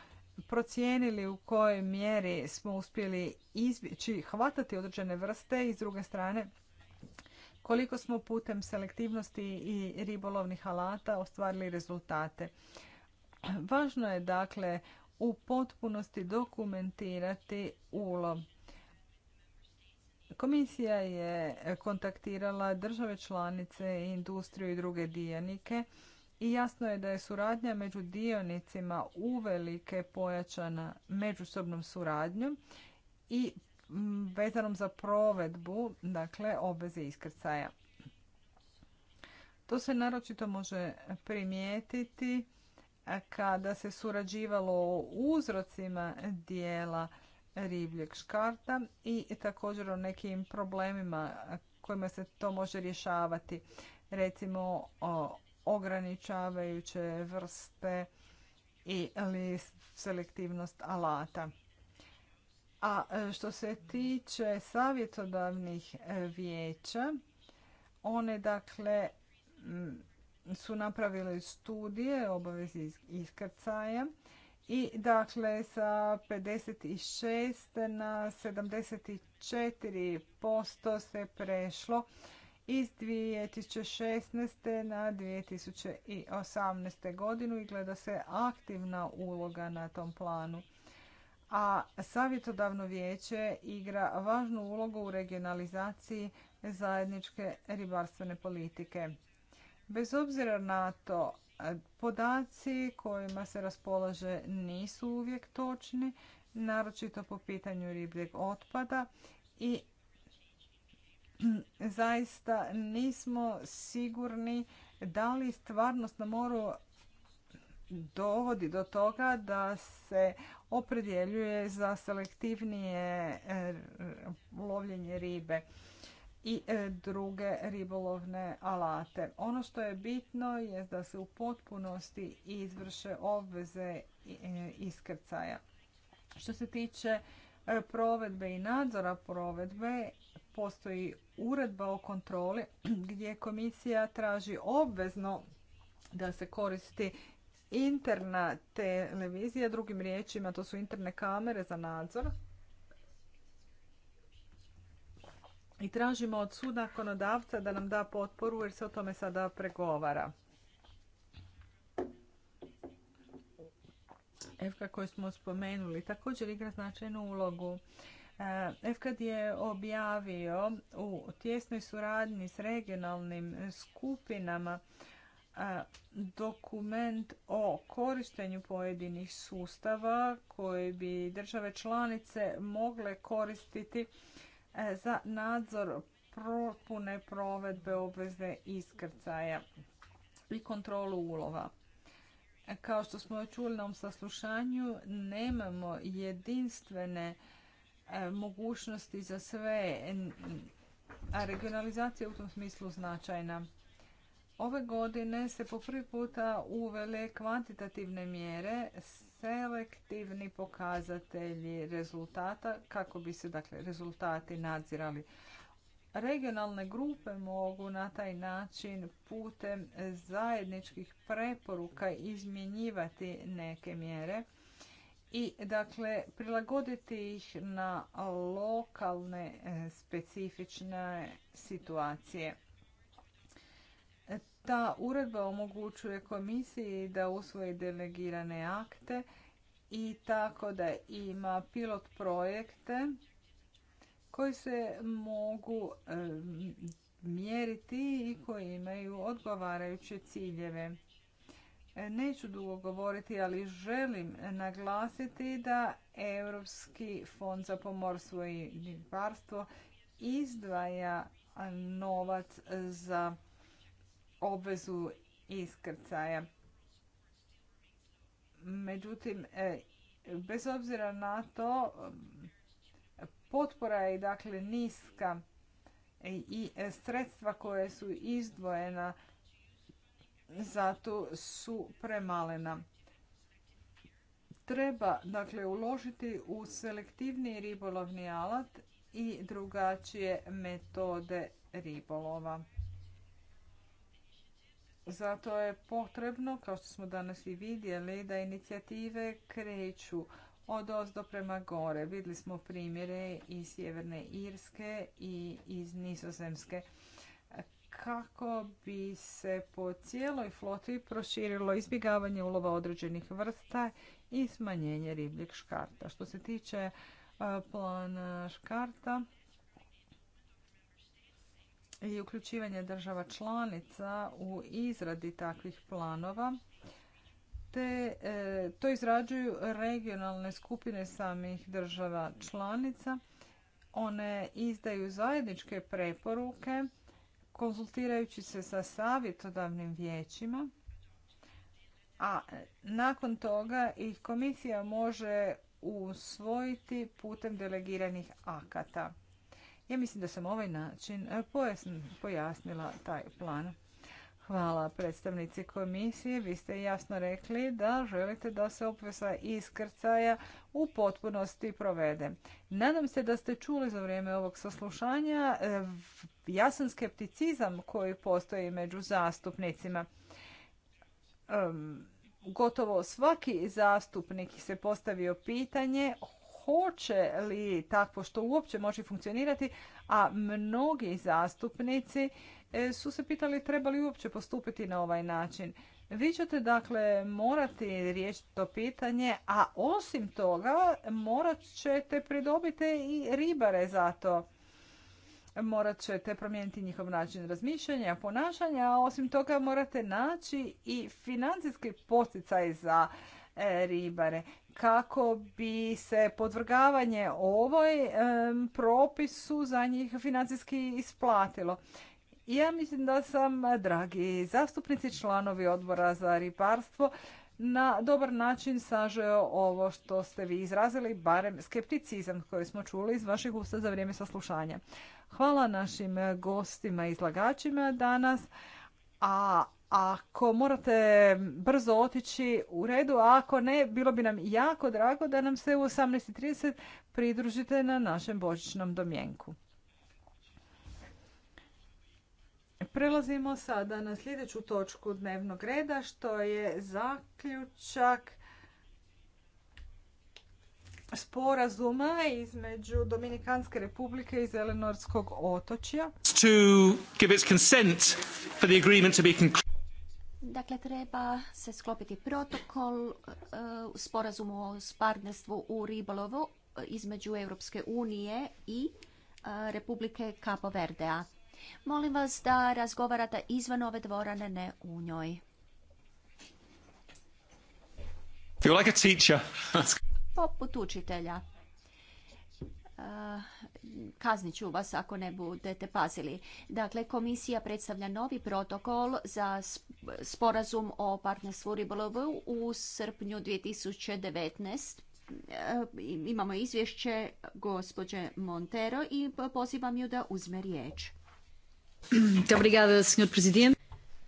procijenili u kojoj mjeri smo uspjeli izbjeći, hvatati određene vrste i s druge strane koliko smo putem selektivnosti i ribolovnih alata ostvarili rezultate. Važno je dakle u potpunosti dokumentirati ulov. Komisija je kontaktirala države članice, industriju i druge dionike i jasno je da je suradnja među dionicima uvelike pojačana međusobnom suradnjom i vezanom za provedbu dakle, obveze iskrcaja. To se naročito može primijetiti kada se surađivalo o uzrocima dijela ribljeg škarta i također o nekim problemima kojima se to može rješavati. Recimo ograničavajuće vrste ili selektivnost alata. A e, što se tiče savjetodavnih e, vijeća, one dakle su napravile studije obavezi iskrcaja i dakle sa 56 na 74% se prešlo iz 2016. na 2018. godinu i gleda se aktivna uloga na tom planu a savjetodavno vijeće igra važnu ulogu u regionalizaciji zajedničke ribarstvene politike. Bez obzira na to, podaci kojima se raspolaže nisu uvijek točni, naročito po pitanju ribljeg otpada i zaista nismo sigurni da li stvarnost na moru dovodi do toga da se opredjeljuje za selektivnije e, lovljenje ribe i e, druge ribolovne alate. Ono što je bitno je da se u potpunosti izvrše obveze e, iskrcaja. Što se tiče provedbe i nadzora provedbe, postoji uredba o kontroli gdje komisija traži obvezno da se koristi interna televizija, drugim riječima to su interne kamere za nadzor. I tražimo od suda konodavca da nam da potporu jer se o tome sada pregovara. FK koju smo spomenuli također igra značajnu ulogu. E, FK je objavio u tjesnoj suradnji s regionalnim skupinama dokument o korištenju pojedinih sustava koje bi države članice mogle koristiti e, za nadzor propune provedbe obveze iskrcaja i kontrolu ulova. Kao što smo čuli na ovom saslušanju, nemamo jedinstvene e, mogućnosti za sve, a regionalizacija u tom smislu značajna. Ove godine se po prvi puta uvele kvantitativne mjere, selektivni pokazatelji rezultata kako bi se dakle rezultati nadzirali. Regionalne grupe mogu na taj način putem zajedničkih preporuka izmjenjivati neke mjere i dakle prilagoditi ih na lokalne e, specifične situacije. Ta uredba omogućuje komisiji da usvoji delegirane akte i tako da ima pilot projekte koji se mogu mjeriti i koji imaju odgovarajuće ciljeve. Neću dugo govoriti, ali želim naglasiti da Europski fond za pomorstvo i ribarstvo izdvaja novac za obvezu iskrcaja. Međutim, e, bez obzira na to, potpora je dakle niska i sredstva koje su izdvojena zato su premalena. Treba dakle uložiti u selektivni ribolovni alat i drugačije metode ribolova. Zato je potrebno, kao što smo danas i vidjeli, da inicijative kreću od ozdo prema gore. Vidjeli smo primjere iz Sjeverne Irske i iz Nizozemske kako bi se po cijeloj floti proširilo izbjegavanje ulova određenih vrsta i smanjenje ribljeg škarta. Što se tiče plana škarta, i uključivanje država članica u izradi takvih planova te e, to izrađuju regionalne skupine samih država članica. One izdaju zajedničke preporuke konzultirajući se sa savjetodavnim vijećima, a nakon toga ih komisija može usvojiti putem delegiranih akata. Ja mislim da sam ovaj način e, pojasnila taj plan. Hvala predstavnici komisije. Vi ste jasno rekli da želite da se opvesa iskrcaja u potpunosti provede. Nadam se da ste čuli za vrijeme ovog saslušanja e, jasan skepticizam koji postoji među zastupnicima. Gotovo svaki zastupnik se postavio pitanje hoće li takvo što uopće može funkcionirati, a mnogi zastupnici e, su se pitali treba li uopće postupiti na ovaj način. Vi ćete dakle morati riješiti to pitanje, a osim toga morat ćete pridobiti i ribare za to. Morat ćete promijeniti njihov način razmišljanja, ponašanja, a osim toga morate naći i financijski poticaj za ribare kako bi se podvrgavanje ovoj propisu za njih financijski isplatilo. Ja mislim da sam, dragi zastupnici, članovi odbora za ribarstvo, na dobar način sažeo ovo što ste vi izrazili, barem skepticizam koji smo čuli iz vaših usta za vrijeme saslušanja. Hvala našim gostima i izlagačima danas, a ako morate brzo otići u redu, a ako ne, bilo bi nam jako drago da nam se u 18.30 pridružite na našem božićnom domjenku. Prelazimo sada na sljedeću točku dnevnog reda, što je zaključak sporazuma između Dominikanske republike i Zelenorskog otočja. To Dakle, treba se sklopiti protokol e, sporazumu o partnerstvu u ribolovu e, između Europske unije i e, Republike Kapo Verdea. Molim vas da razgovarate izvan ove dvorane, ne u njoj. Poput učitelja kaznit ću vas ako ne budete pazili. Dakle, komisija predstavlja novi protokol za sporazum o partnerstvu ribolovu u srpnju 2019 e, imamo izvješće gospođe Montero i pozivam ju da uzme riječ.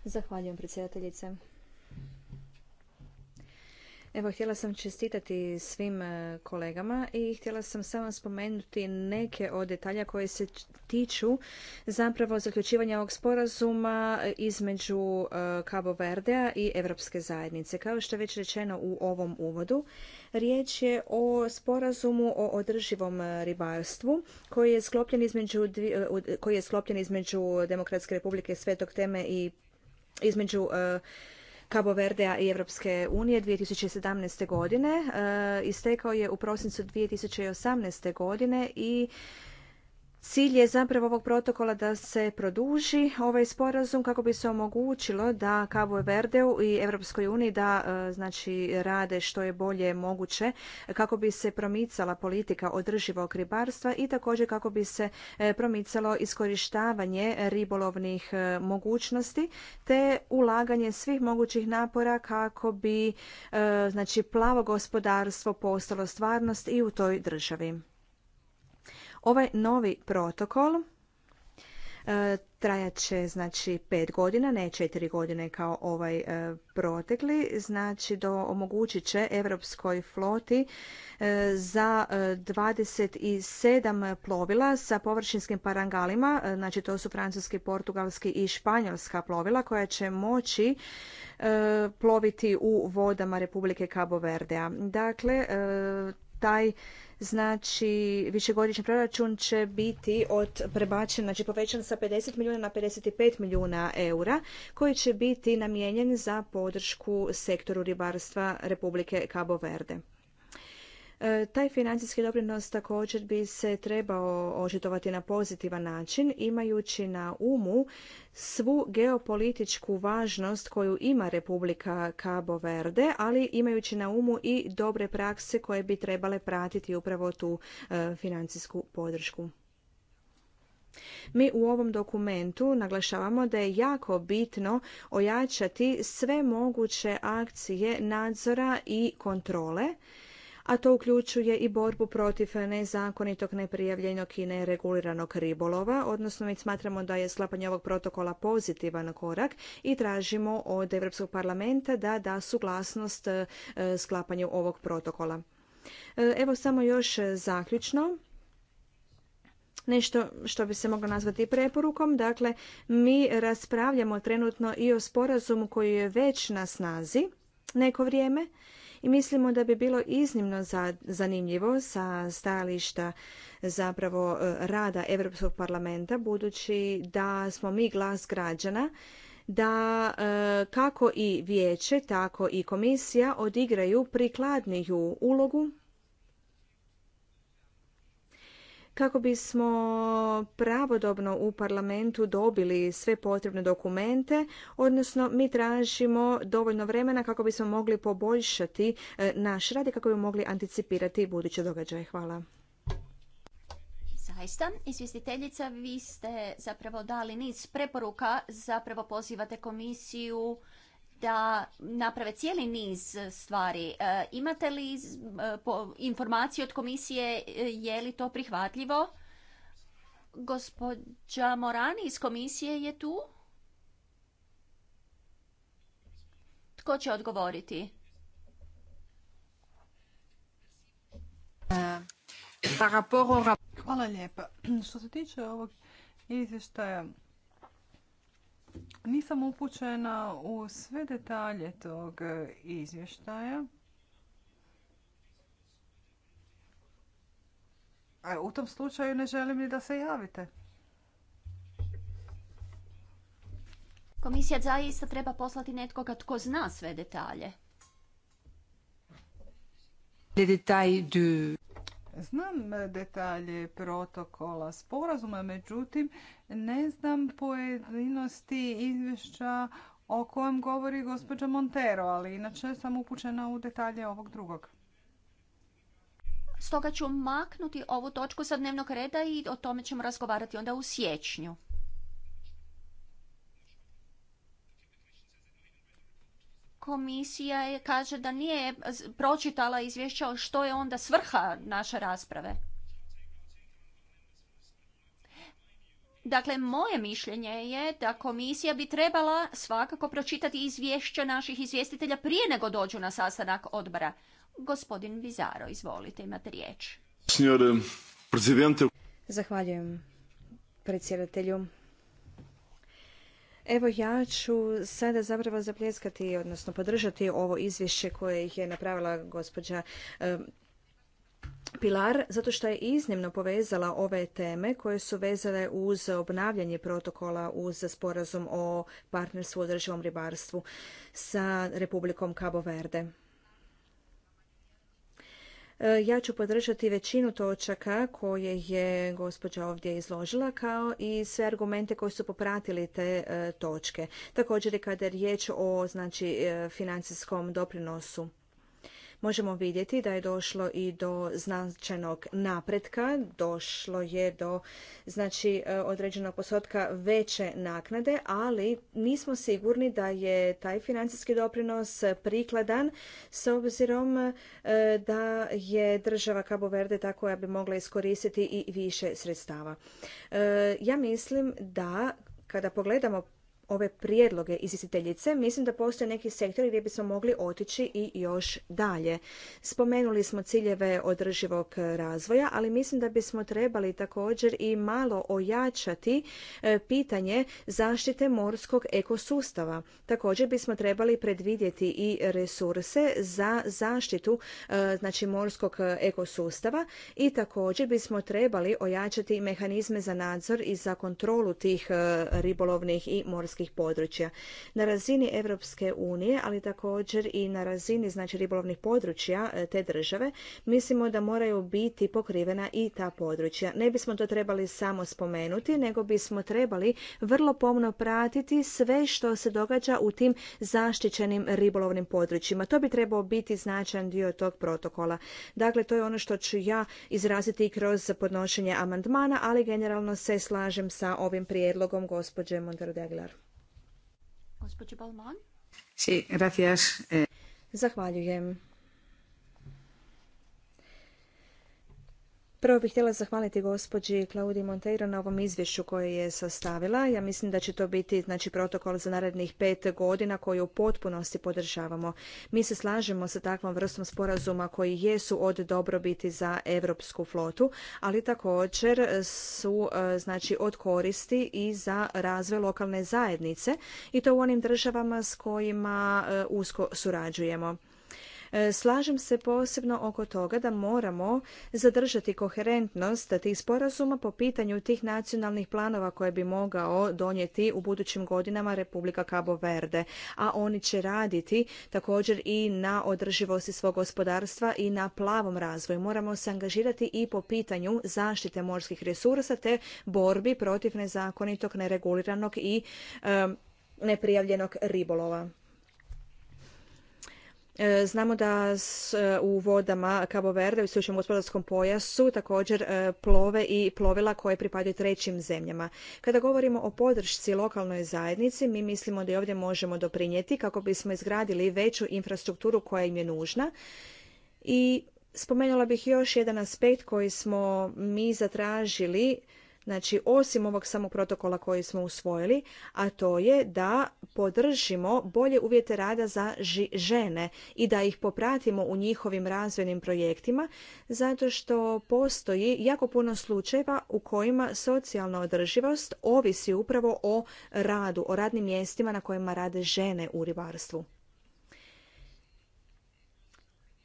Zahvaljujem predsjedateljice. Evo, htjela sam čestitati svim e, kolegama i htjela sam samo spomenuti neke od detalja koje se tiču zapravo zaključivanja ovog sporazuma e, između e, Cabo Verdea i Europske zajednice. Kao što je već rečeno u ovom uvodu, riječ je o sporazumu o održivom ribarstvu koji je sklopljen između, koji je sklopljen između Demokratske republike Svetog Teme i između Cabo Verdea i Evropske unije 2017. godine. E, istekao je u prosincu 2018. godine i Cilj je zapravo ovog protokola da se produži ovaj sporazum kako bi se omogućilo da Cabo Verdeu i Europskoj uniji da e, znači rade što je bolje moguće kako bi se promicala politika održivog ribarstva i također kako bi se e, promicalo iskorištavanje ribolovnih e, mogućnosti te ulaganje svih mogućih napora kako bi znači plavo gospodarstvo postalo stvarnost i u toj državi. Ovaj novi protokol e, trajat će znači pet godina, ne četiri godine kao ovaj e, protekli, znači do omogućit će europskoj floti e, za 27 plovila sa površinskim parangalima, znači to su francuski, portugalski i španjolska plovila koja će moći ploviti u vodama Republike Cabo Verdea. Dakle, taj znači višegodišnji proračun će biti od prebačen, znači povećan sa 50 milijuna na 55 milijuna eura koji će biti namijenjen za podršku sektoru ribarstva Republike Cabo Verde. E, taj financijski doprinos također bi se trebao očitovati na pozitivan način, imajući na umu svu geopolitičku važnost koju ima Republika Cabo Verde, ali imajući na umu i dobre prakse koje bi trebale pratiti upravo tu e, financijsku podršku. Mi u ovom dokumentu naglašavamo da je jako bitno ojačati sve moguće akcije nadzora i kontrole a to uključuje i borbu protiv nezakonitog, neprijavljenog i nereguliranog ribolova, odnosno mi smatramo da je sklapanje ovog protokola pozitivan korak i tražimo od Europskog parlamenta da da suglasnost e, sklapanju ovog protokola. E, evo samo još zaključno nešto što bi se moglo nazvati preporukom. Dakle, mi raspravljamo trenutno i o sporazumu koji je već na snazi neko vrijeme i mislimo da bi bilo iznimno zanimljivo sa stajališta zapravo e, rada Europskog parlamenta budući da smo mi glas građana da e, kako i vijeće tako i komisija odigraju prikladniju ulogu kako bismo pravodobno u parlamentu dobili sve potrebne dokumente, odnosno mi tražimo dovoljno vremena kako bismo mogli poboljšati e, naš rad i kako bi mogli anticipirati buduće događaje. Hvala. Zaista, izvjestiteljica, vi ste zapravo dali niz preporuka, zapravo pozivate komisiju da naprave cijeli niz stvari. E, imate li e, informaciju od komisije e, je li to prihvatljivo? Gospođa Morani iz komisije je tu. Tko će odgovoriti? Hvala lijepa. Što se tiče ovog izvještaja nisam upućena u sve detalje tog e, izvještaja. A u tom slučaju ne želim ni da se javite. Komisija zaista treba poslati netkoga tko zna sve detalje. Les détails Znam detalje protokola sporazuma, međutim ne znam pojedinosti izvješća o kojem govori gospođa Montero, ali inače sam upućena u detalje ovog drugog. Stoga ću maknuti ovu točku sa dnevnog reda i o tome ćemo razgovarati onda u siječnju. komisija je, kaže da nije pročitala izvješća što je onda svrha naše rasprave. Dakle, moje mišljenje je da komisija bi trebala svakako pročitati izvješća naših izvjestitelja prije nego dođu na sastanak odbora. Gospodin Bizaro, izvolite, imate riječ. Zahvaljujem predsjedatelju. Evo ja ću sada zapravo zapljeskati, odnosno podržati ovo izvješće koje ih je napravila gospođa e, Pilar, zato što je iznimno povezala ove teme koje su vezane uz obnavljanje protokola uz sporazum o partnerstvu u održivom ribarstvu sa Republikom Cabo Verde. E, ja ću podržati većinu točaka koje je gospođa ovdje izložila, kao i sve argumente koji su popratili te e, točke. Također i kada je riječ o znači, e, financijskom doprinosu možemo vidjeti da je došlo i do značajnog napretka, došlo je do znači e, određenog posotka veće naknade, ali nismo sigurni da je taj financijski doprinos prikladan s obzirom e, da je država Cabo Verde ta koja bi mogla iskoristiti i više sredstava. E, ja mislim da kada pogledamo ove prijedloge izvjestiteljice, mislim da postoje neki sektori gdje bismo mogli otići i još dalje. Spomenuli smo ciljeve održivog razvoja, ali mislim da bismo trebali također i malo ojačati e, pitanje zaštite morskog ekosustava. Također bismo trebali predvidjeti i resurse za zaštitu e, znači morskog ekosustava i također bismo trebali ojačati mehanizme za nadzor i za kontrolu tih e, ribolovnih i morskih područja. Na razini Europske unije, ali također i na razini znači ribolovnih područja e, te države, mislimo da moraju biti pokrivena i ta područja. Ne bismo to trebali samo spomenuti, nego bismo trebali vrlo pomno pratiti sve što se događa u tim zaštićenim ribolovnim područjima. To bi trebao biti značajan dio tog protokola. Dakle, to je ono što ću ja izraziti kroz podnošenje amandmana, ali generalno se slažem sa ovim prijedlogom gospođe Montero Gospođi Balman? Sí, gracias. Eh, Zahvaljujem. Prvo bih htjela zahvaliti gospođi Klaudi Monteiro na ovom izvješću koje je sastavila. Ja mislim da će to biti znači, protokol za narednih pet godina koji u potpunosti podržavamo. Mi se slažemo sa takvom vrstom sporazuma koji jesu od dobrobiti za europsku flotu, ali također su e, znači, od koristi i za razvoj lokalne zajednice i to u onim državama s kojima e, usko surađujemo. E, slažem se posebno oko toga da moramo zadržati koherentnost tih sporazuma po pitanju tih nacionalnih planova koje bi mogao donijeti u budućim godinama Republika Cabo Verde, a oni će raditi također i na održivosti svog gospodarstva i na plavom razvoju. Moramo se angažirati i po pitanju zaštite morskih resursa te borbi protiv nezakonitog, nereguliranog i e, neprijavljenog ribolova. E, znamo da e, u vodama Cabo Verde, u isključivom gospodarskom pojasu, također e, plove i plovila koje pripadaju trećim zemljama. Kada govorimo o podršci lokalnoj zajednici, mi mislimo da i ovdje možemo doprinijeti kako bismo izgradili veću infrastrukturu koja im je nužna i spomenula bih još jedan aspekt koji smo mi zatražili Znači, osim ovog samog protokola koji smo usvojili, a to je da podržimo bolje uvjete rada za žene i da ih popratimo u njihovim razvojnim projektima, zato što postoji jako puno slučajeva u kojima socijalna održivost ovisi upravo o radu, o radnim mjestima na kojima rade žene u ribarstvu.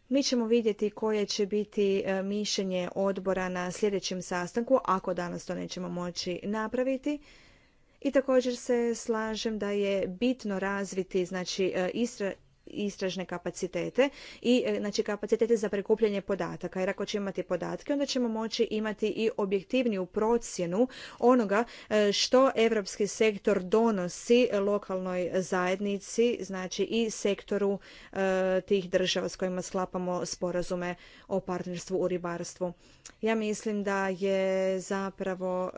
Mi ćemo vidjeti koje će biti e, mišljenje odbora na sljedećem sastanku, ako danas to nećemo moći napraviti. I također se slažem da je bitno razviti znači, e, istra, istražne kapacitete i e, znači kapacitete za prikupljanje podataka. Jer ako ćemo imati podatke, onda ćemo moći imati i objektivniju procjenu onoga e, što europski sektor donosi lokalnoj zajednici, znači i sektoru e, tih država s kojima sklapamo sporazume o partnerstvu u ribarstvu. Ja mislim da je zapravo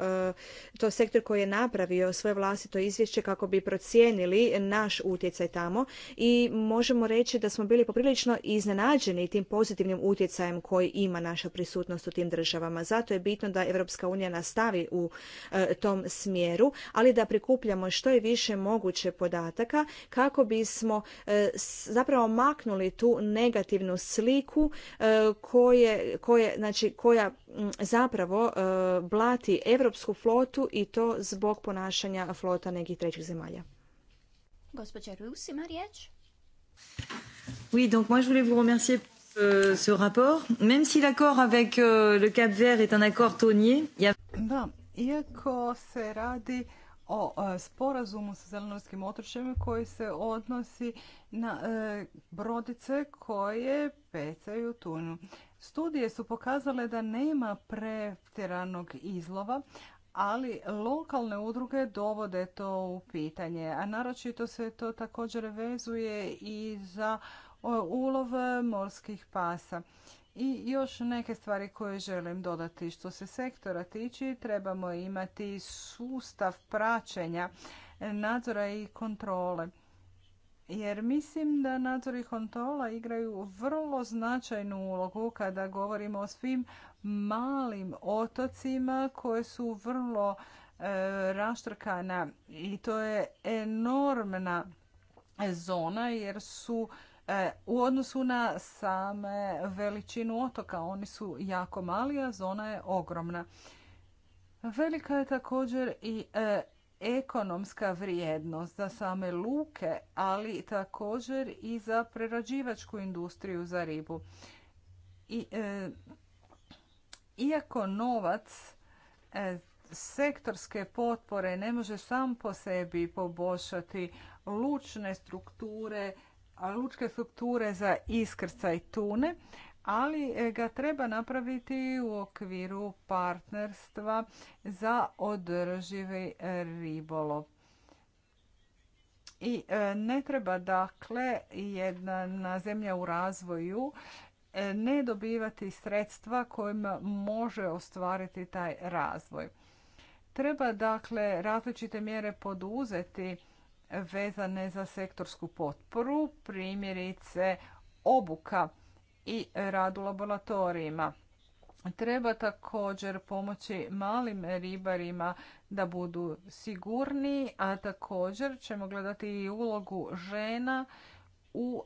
to sektor koji je napravio svoje vlastito izvješće kako bi procijenili naš utjecaj tamo i možemo reći da smo bili poprilično iznenađeni tim pozitivnim utjecajem koji ima naša prisutnost u tim državama. Zato je bitno da Europska unija nastavi u e, tom smjeru, ali da prikupljamo što je više moguće podataka kako bismo e, zapravo maknuli tu negativnu sliku e, znači, koja zapravo blati europsku flotu i to zbog ponašanja flota nekih trećih zemalja. Gospođa riječ. Oui, donc moi je voulais vous remercier pour euh, ce rapport. Même si l'accord avec euh, le Cap Vert est un accord tonnier, il y a... Da, iako se radi o e, sporazumu sa zelenorskim otočjem koji se odnosi na e, brodice koje pecaju tunu. Studije su pokazale da nema pretjeranog izlova, ali lokalne udruge dovode to u pitanje, a naročito se to također vezuje i za ulov morskih pasa. I još neke stvari koje želim dodati. Što se sektora tiče, trebamo imati sustav praćenja, nadzora i kontrole jer mislim da nadzor i kontrola igraju vrlo značajnu ulogu kada govorimo o svim malim otocima koje su vrlo e, raštrkana i to je enormna zona jer su e, u odnosu na same veličinu otoka oni su jako mali, a zona je ogromna. Velika je također i e, ekonomska vrijednost za same luke, ali također i za prerađivačku industriju za ribu. I, e, iako novac e, sektorske potpore ne može sam po sebi poboljšati lučne strukture, lučke strukture za iskrcaj tune, ali e, ga treba napraviti u okviru partnerstva za održivi e, ribolov. I e, ne treba dakle jedna zemlja u razvoju ne dobivati sredstva kojima može ostvariti taj razvoj. Treba dakle različite mjere poduzeti vezane za sektorsku potporu, primjerice obuka i rad u laboratorijima. Treba također pomoći malim ribarima da budu sigurni, a također ćemo gledati i ulogu žena u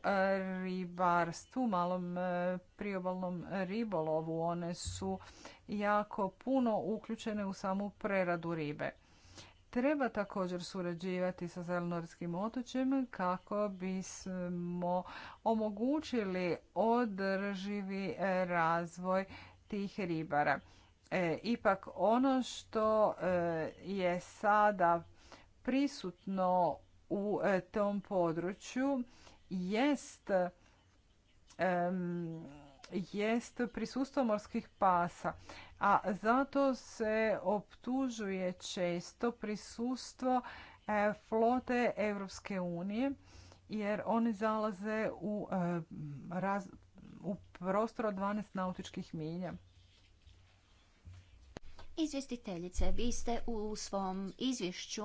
ribarstvu, malom e, priobalnom ribolovu. One su jako puno uključene u samu preradu ribe treba također surađivati sa zelenorskim otočjem kako bismo omogućili održivi e, razvoj tih ribara. E, ipak ono što e, je sada prisutno u tom području jest jest prisustvo morskih pasa a zato se optužuje često prisustvo e, flote Europske unije jer oni zalaze u, e, u prostor od 12 nautičkih milja. Izvjestiteljice, vi ste u svom izvješću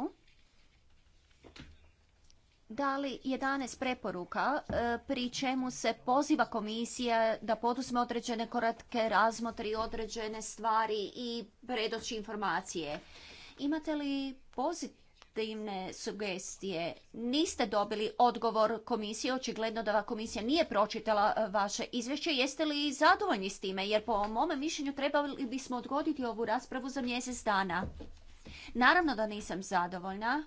dali 11 preporuka e, pri čemu se poziva komisija da poduzme određene koratke razmotri određene stvari i predoći informacije. Imate li pozitivne sugestije? Niste dobili odgovor komisije, očigledno da komisija nije pročitala e, vaše izvješće. Jeste li zadovoljni s time? Jer po mome mišljenju trebali bismo odgoditi ovu raspravu za mjesec dana. Naravno da nisam zadovoljna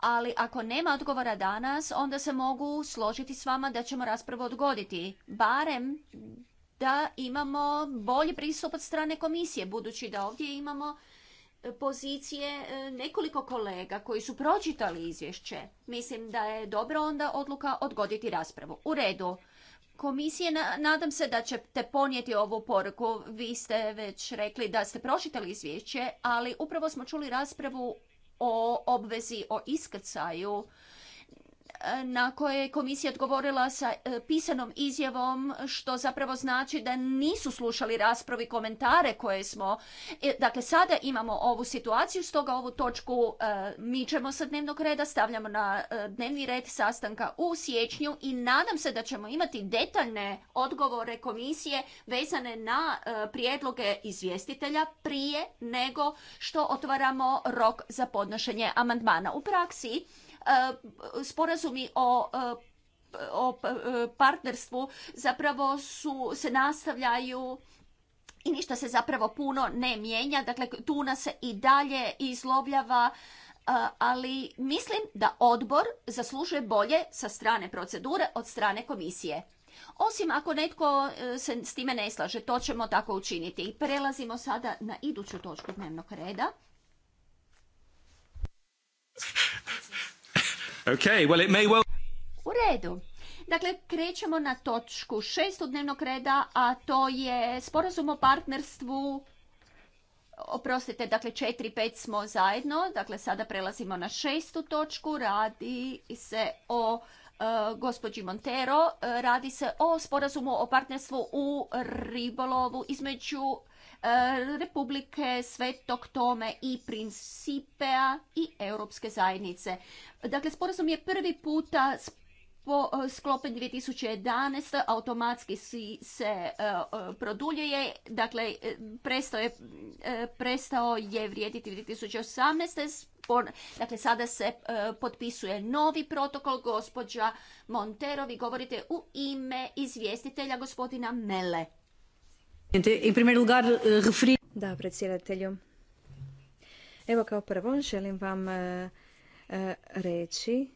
ali ako nema odgovora danas, onda se mogu složiti s vama da ćemo raspravu odgoditi. Barem da imamo bolji pristup od strane komisije, budući da ovdje imamo e, pozicije e, nekoliko kolega koji su pročitali izvješće. Mislim da je dobro onda odluka odgoditi raspravu. U redu. Komisije, nadam se da ćete ponijeti ovu poruku. Vi ste već rekli da ste pročitali izvješće, ali upravo smo čuli raspravu o obvezi o iskrcaju na koje je komisija odgovorila sa e, pisanom izjavom što zapravo znači da nisu slušali raspravi komentare koje smo. E, dakle, sada imamo ovu situaciju, stoga ovu točku e, mičemo sa dnevnog reda, stavljamo na dnevni red sastanka u siječnju i nadam se da ćemo imati detaljne odgovore komisije vezane na prijedloge izvjestitelja prije nego što otvaramo rok za podnošenje amandmana. U praksi E, sporazumi o e, o e, partnerstvu zapravo su, se nastavljaju i ništa se zapravo puno ne mijenja. Dakle, tuna se i dalje izlovljava, ali mislim da odbor zaslužuje bolje sa strane procedure od strane komisije. Osim ako netko se s time ne slaže, to ćemo tako učiniti. I prelazimo sada na iduću točku dnevnog reda. Okay, well it may well... U redu. Dakle, krećemo na točku šest dnevnog reda, a to je sporazum o partnerstvu Oprostite, dakle četiri pet smo zajedno, dakle sada prelazimo na šestu točku, radi se o e, gospođi Montero, e, radi se o sporazumu o partnerstvu u ribolovu između Eh, Republike Svetog Tome i Principea i Europske zajednice. Dakle, sporazum je prvi puta po eh, sklopen 2011. automatski se eh, produljuje, dakle prestao je, prestao je vrijediti 2018. dakle, sada se potpisuje novi protokol, gospođa Montero, vi govorite u ime izvjestitelja gospodina Mele. Eh, da, predsjedatelju. Evo kao prvo želim vam eh, eh, reći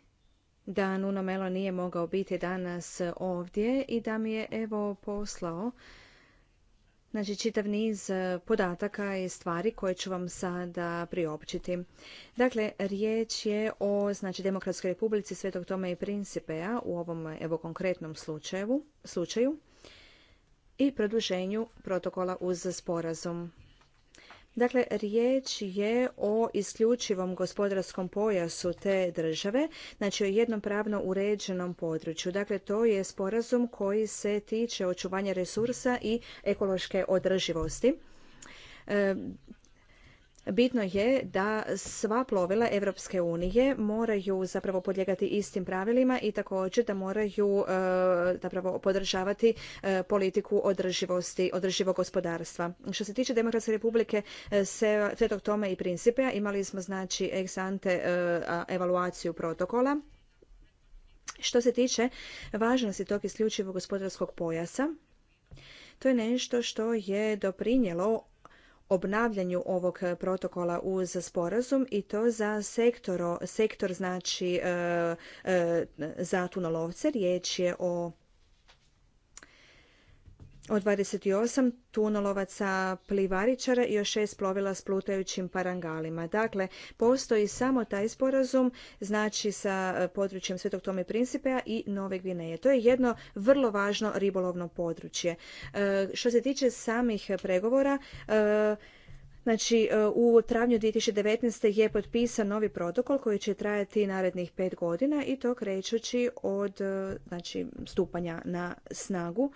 da Nuno Melo nije mogao biti danas ovdje i da mi je evo poslao znači čitav niz podataka i stvari koje ću vam sada priopćiti. Dakle, riječ je o znači, Demokratskoj republici Svetog Tome i Principea u ovom evo konkretnom slučaju. slučaju i produženju protokola uz sporazum. Dakle, riječ je o isključivom gospodarskom pojasu te države, znači o jednom pravno uređenom području. Dakle, to je sporazum koji se tiče očuvanja resursa i ekološke održivosti. E, Bitno je da sva plovila Europske unije moraju zapravo podlijegati istim pravilima i također da moraju e, zapravo podržavati e, politiku održivosti, održivog gospodarstva. Što se tiče Demokratske republike e, Svetog Tome i principe, imali smo znači ex ante evaluaciju protokola. Što se tiče važnosti tog isključivog gospodarskog pojasa, to je nešto što je doprinjelo obnavljanju ovog e, protokola uz sporazum i to za sektor znači e, e, za tunolovce. Riječ je o od 28 tunolovaca plivaričara i još šest plovila s plutajućim parangalima. Dakle, postoji samo taj sporazum, znači sa e, područjem Svetog Tome Principea i Nove Gvineje. To je jedno vrlo važno ribolovno područje. E, što se tiče samih pregovora, e, Znači, u travnju 2019. je potpisan novi protokol koji će trajati narednih pet godina i to krećući od znači, stupanja na snagu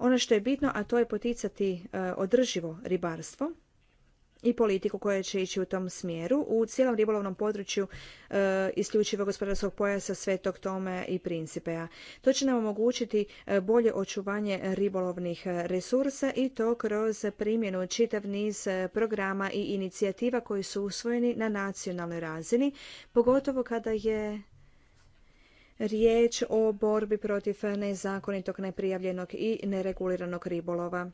ono što je bitno, a to je poticati e, održivo ribarstvo i politiku koja će ići u tom smjeru u cijelom ribolovnom području e, isključivo gospodarskog pojasa svetog tome i principeja. To će nam omogućiti e, bolje očuvanje ribolovnih resursa i to kroz primjenu čitav niz programa i inicijativa koji su usvojeni na nacionalnoj razini, pogotovo kada je riječ o borbi protiv nezakonitog, neprijavljenog i nereguliranog ribolova.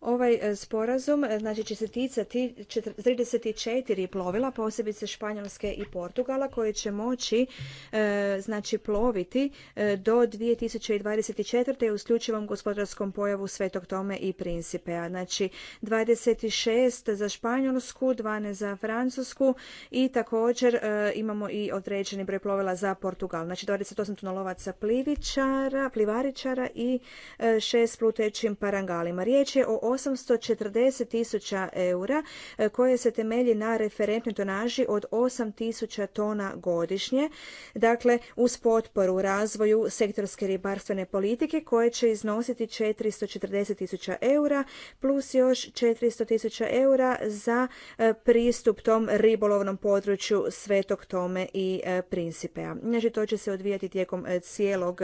Ovaj e, sporazum e, znači, će se ticati 34 plovila, posebice Španjolske i Portugala, koje će moći e, znači, ploviti do 2024. u isključivom gospodarskom pojavu Svetog Tome i Principea. Znači 26 za Španjolsku, 12 za Francusku i također imamo i određeni broj plovila za Portugal. Znači 28 tunolovaca plivičara, plivaričara i 6 plutećim parangalima. Riječ je o 840 tisuća eura e, koje se temelji na referentnoj tonaži od 8 tisuća tona godišnje, dakle uz potporu razvoju sektorske ribarstvene politike koje će iznositi 440 tisuća eura plus još 400 tisuća eura za e, pristup tom ribolovnom području Svetog Tome i e, Principea. Znači to će se odvijati tijekom cijelog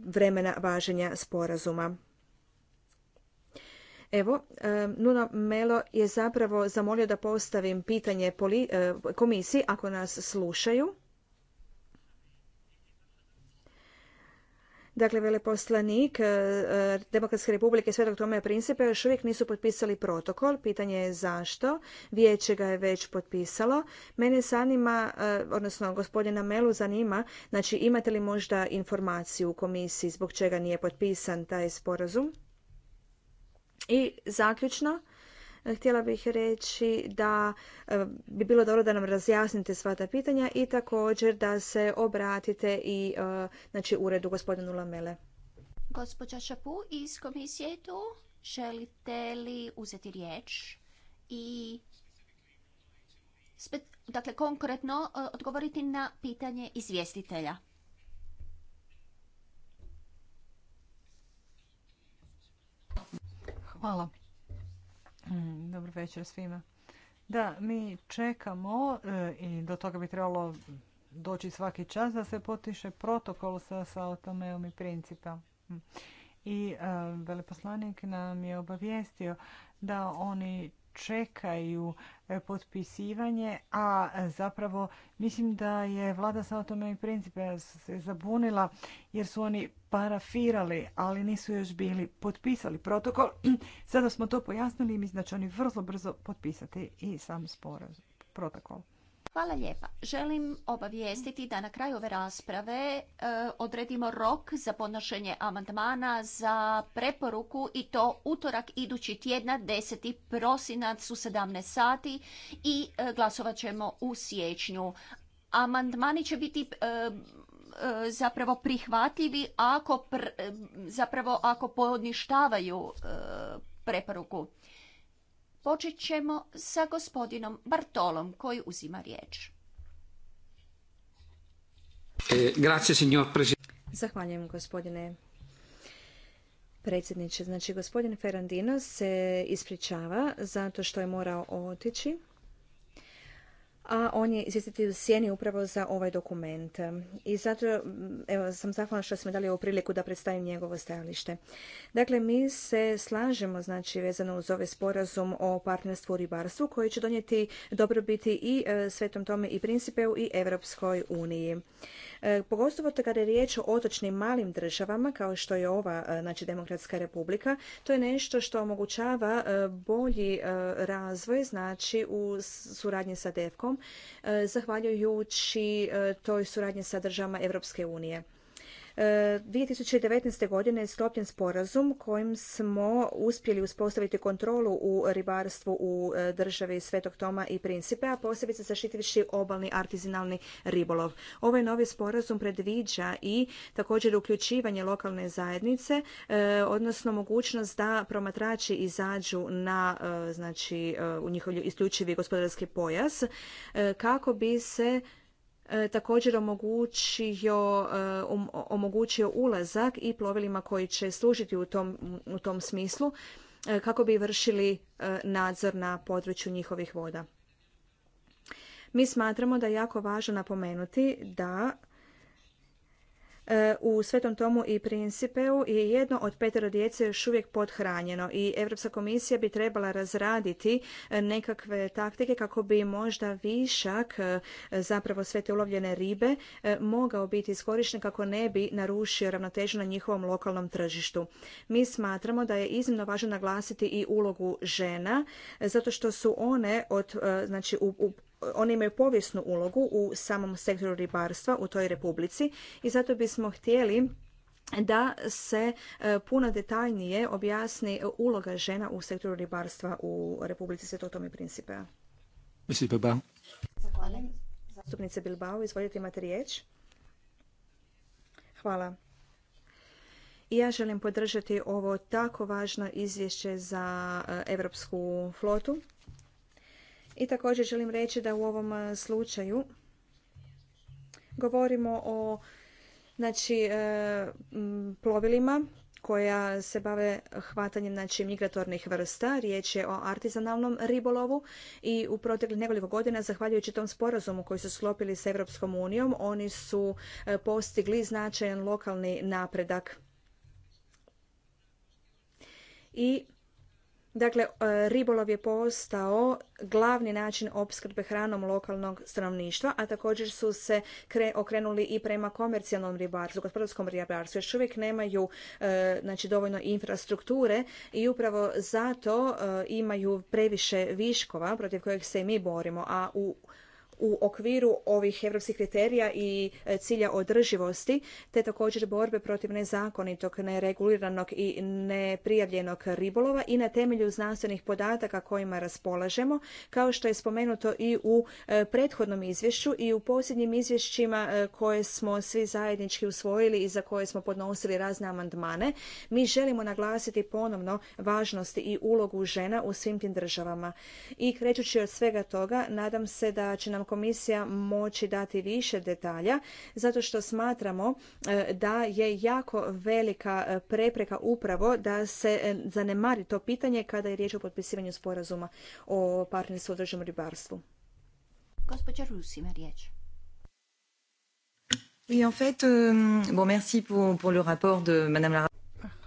vremena važenja sporazuma. Evo, Nuno Melo je zapravo zamolio da postavim pitanje e, komisiji ako nas slušaju. Dakle, veleposlanik e, e, Demokratske republike Svetog Tome Principe još uvijek nisu potpisali protokol. Pitanje je zašto. Vijeće ga je već potpisalo. Mene zanima, odnosno gospodina Melu zanima, znači imate li možda informaciju u komisiji zbog čega nije potpisan taj sporazum? I zaključno, e, Htjela bih reći da e, bi bilo dobro da nam razjasnite sva ta pitanja i također da se obratite i e, znači, uredu gospodinu Lamele. Gospođa Šapu iz komisije tu, želite li uzeti riječ i dakle, konkretno odgovoriti na pitanje izvjestitelja? Hvala. Mm, Dobro večer svima. Da, mi čekamo e, i do toga bi trebalo doći svaki čas da se potiše protokol sa automeom i principa. Mm. I e, veleposlanik nam je obavijestio da oni čekaju e, potpisivanje, a zapravo mislim da je vlada sa o tome i principe se zabunila jer su oni parafirali, ali nisu još bili potpisali protokol. Sada smo to pojasnili i mislim da će oni vrlo brzo potpisati i sam sporazum protokol. Hvala lijepa. Želim obavijestiti da na kraju ove rasprave e, odredimo rok za podnošenje amandmana za preporuku i to utorak idući tjedna 10. prosinac u 17 sati i e, glasovat ćemo u siječnju. Amandmani će biti e, zapravo prihvatljivi ako pr, zapravo ako poništavaju preporuku. Počet ćemo sa gospodinom Bartolom koji uzima riječ. E, Zahvaljujem gospodine predsjedniče. Znači gospodin Ferrandino se ispričava zato što je morao otići a on je izvjestitelj u sjeni upravo za ovaj dokument. I zato evo, sam zahvalna što smo dali ovu priliku da predstavim njegovo stajalište. Dakle, mi se slažemo znači, vezano uz ovaj sporazum o partnerstvu u ribarstvu koji će donijeti dobrobiti i e, svetom tome i principeu i Europskoj uniji. E, pogotovo kada je riječ o otočnim malim državama kao što je ova e, znači, Demokratska republika, to je nešto što omogućava e, bolji razvoj znači, u suradnji sa DEFKOM zahvaljujući e, toj suradnji sa državama Europske unije. 2019. E, godine je sklopljen sporazum kojim smo uspjeli uspostaviti kontrolu u ribarstvu u e, državi Svetog Toma i Principe, a posebice zaštitivši obalni artizinalni ribolov. Ovaj novi sporazum predviđa i također uključivanje lokalne zajednice, e, odnosno mogućnost da promatrači izađu na znači, u njihov isključivi gospodarski pojas kako bi se E, također omogućio, e, omogućio ulazak i plovilima koji će služiti u tom, u tom smislu e, kako bi vršili nadzor na području njihovih voda. Mi smatramo da je jako važno napomenuti da E, u Svetom Tomu i Principeu je jedno od petero djece još uvijek podhranjeno i Europska komisija bi trebala razraditi e, nekakve taktike kako bi možda višak e, zapravo sve te ulovljene ribe mogao biti iskorišten kako ne bi narušio ravnotežu na njihovom lokalnom tržištu. Mi smatramo da je iznimno važno naglasiti i ulogu žena zato što su one od, znači, u, u oni imaju povijesnu ulogu u samom sektoru ribarstva u toj republici i zato bismo htjeli da se e, puno detaljnije objasni uloga žena u sektoru ribarstva u Republici se Tome Principea. Zahvaljujem. Zastupnice Bilbao, izvolite imate riječ. Hvala. I ja želim podržati ovo tako važno izvješće za europsku flotu. I također želim reći da u ovom e, slučaju govorimo o znači, e, plovilima koja se bave hvatanjem znači, migratornih vrsta. Riječ je o artizanalnom ribolovu i u proteklih nekoliko godina, zahvaljujući tom sporazumu koji su sklopili s Europskom unijom, oni su e, postigli značajan lokalni napredak. I Dakle, e, ribolov je postao glavni način opskrbe hranom lokalnog stanovništva, a također su se kre, okrenuli i prema komercijalnom ribarstvu, gospodarskom ribarstvu. Još uvijek nemaju e, znači, dovoljno infrastrukture i upravo zato e, imaju previše viškova protiv kojih se i mi borimo, a u u okviru ovih europskih kriterija i e, cilja održivosti, te također borbe protiv nezakonitog, nereguliranog i neprijavljenog ribolova i na temelju znanstvenih podataka kojima raspolažemo, kao što je spomenuto i u e, prethodnom izvješću i u posljednjim izvješćima e, koje smo svi zajednički usvojili i za koje smo podnosili razne amandmane, mi želimo naglasiti ponovno važnost i ulogu žena u svim tim državama. I krećući od svega toga, nadam se da će nam komisija moći dati više detalja zato što smatramo e, da je jako velika e, prepreka upravo da se e, zanemari to pitanje kada je riječ o potpisivanju sporazuma o partnerstvu u ribarstvu. Gospođa Rusi, riječ. Oui, en fait, euh, bon, merci pour, pour le rapport de Madame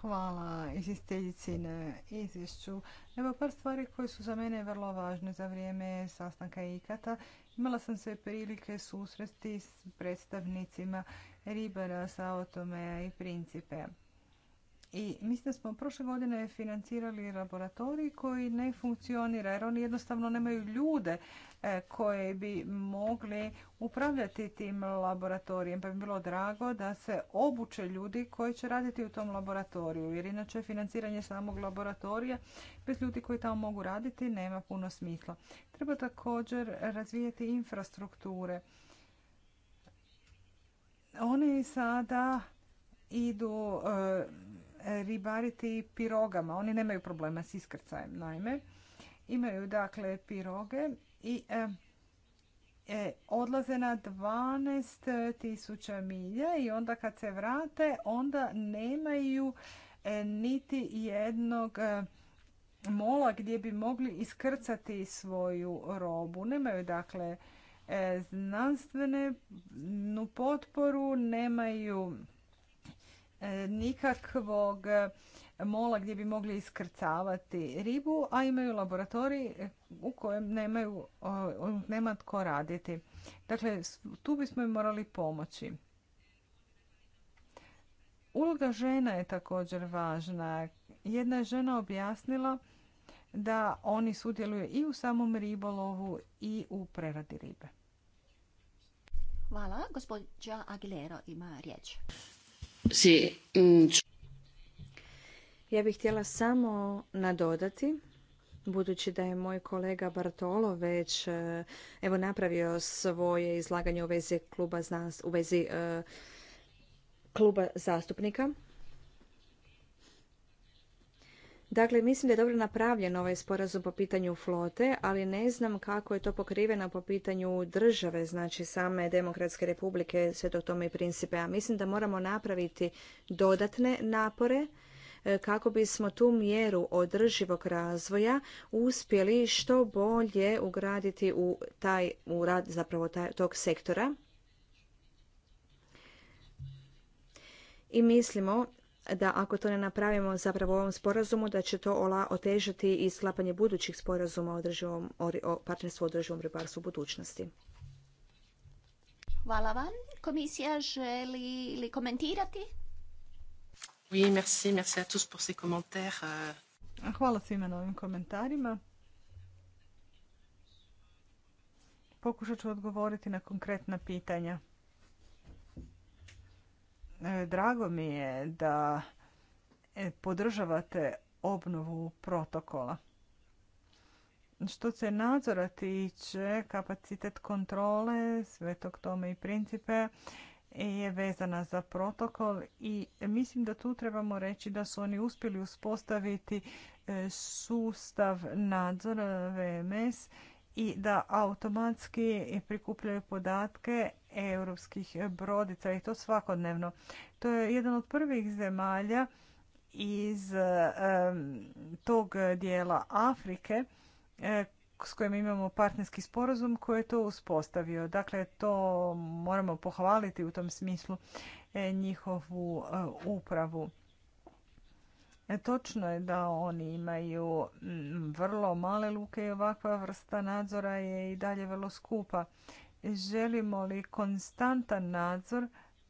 Hvala izvjestiteljici na izvješću. Evo par stvari koje su za mene vrlo važne za vrijeme sastanka IKATA. Imala sam se prilike susresti s predstavnicima ribara sa Otomea i Principe. I mislim smo prošle godine financirali laboratorij koji ne funkcionira jer oni jednostavno nemaju ljude E, koje bi mogli upravljati tim laboratorijem. Pa bi bilo drago da se obuče ljudi koji će raditi u tom laboratoriju, jer inače financiranje samog laboratorija bez ljudi koji tamo mogu raditi nema puno smisla. Treba također razvijati infrastrukture. Oni sada idu e, ribariti pirogama. Oni nemaju problema s iskrcajem, naime. Imaju dakle piroge i e, e, odlaze na 12.000 tisuća milja i onda kad se vrate onda nemaju e, niti jednog e, mola gdje bi mogli iskrcati svoju robu. Nemaju dakle znanstvenu potporu, nemaju nikakvog mola gdje bi mogli iskrcavati ribu, a imaju laboratorij u kojem nemaju, nema tko raditi. Dakle, tu bismo im morali pomoći. Uloga žena je također važna. Jedna je žena objasnila da oni sudjeluju i u samom ribolovu i u preradi ribe. Hvala. Gospođa Aguilera ima riječ. Si, mm, ja bih htjela samo nadodati budući da je moj kolega Bartolo već e, evo napravio svoje izlaganje u vezi kluba u vezi e, kluba zastupnika. Dakle, mislim da je dobro napravljen ovaj sporazum po pitanju flote, ali ne znam kako je to pokriveno po pitanju države, znači same Demokratske republike, sve to tome i principe. A mislim da moramo napraviti dodatne napore E, kako bismo tu mjeru održivog razvoja uspjeli što bolje ugraditi u taj u rad zapravo tog sektora. I mislimo da ako to ne napravimo zapravo u ovom sporazumu, da će to otežati i sklapanje budućih sporazuma o, održivom, o partnerstvu održivom ribarstvu u budućnosti. Hvala vam. Komisija želi li komentirati? Oui, merci, euh. Hvala svima na ovim komentarima. Pokušat ću odgovoriti na konkretna pitanja. E, drago mi je da e, podržavate obnovu protokola. Što se nadzora tiče, kapacitet kontrole, sve tog tome i principe, je vezana za protokol i mislim da tu trebamo reći da su oni uspjeli uspostaviti e, sustav nadzora VMS i da automatski prikupljaju podatke europskih brodica i to svakodnevno. To je jedan od prvih zemalja iz e, tog dijela Afrike e, s kojim imamo partnerski sporazum koji je to uspostavio. Dakle, to moramo pohvaliti u tom smislu e, njihovu e, upravu. E, točno je da oni imaju vrlo male luke i ovakva vrsta nadzora je i dalje vrlo skupa. Želimo li konstantan nadzor,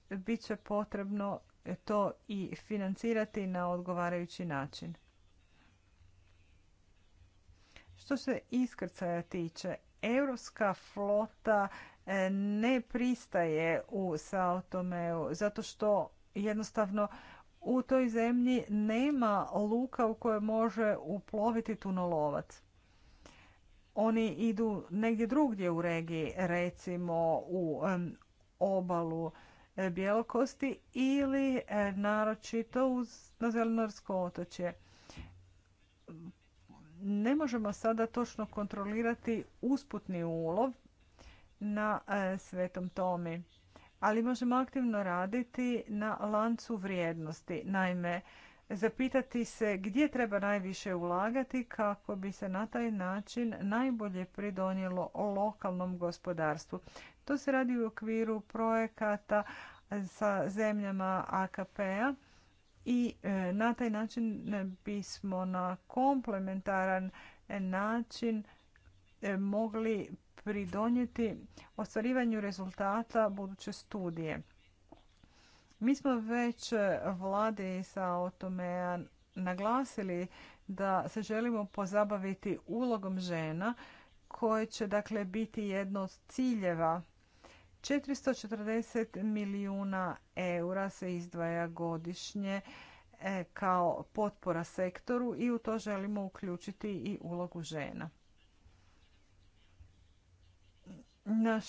bit će potrebno to i financirati na odgovarajući način. Što se iskrcaja tiče, europska flota e, ne pristaje u Sao Tomeu zato što jednostavno u toj zemlji nema luka u kojoj može uploviti tunolovac. Oni idu negdje drugdje u regiji, recimo u obalu e, Bjelokosti ili e, naročito uz, na Zelenarsko otočje ne možemo sada točno kontrolirati usputni ulov na e, svetom tomi, ali možemo aktivno raditi na lancu vrijednosti. Naime, zapitati se gdje treba najviše ulagati kako bi se na taj način najbolje pridonijelo lokalnom gospodarstvu. To se radi u okviru projekata sa zemljama AKP-a i e, na taj način bismo na komplementaran način e, mogli pridonijeti ostvarivanju rezultata buduće studije. Mi smo već vladi sa o naglasili da se želimo pozabaviti ulogom žena koje će dakle biti jedno od ciljeva 440 milijuna eura se izdvaja godišnje e, kao potpora sektoru i u to želimo uključiti i ulogu žena. Naš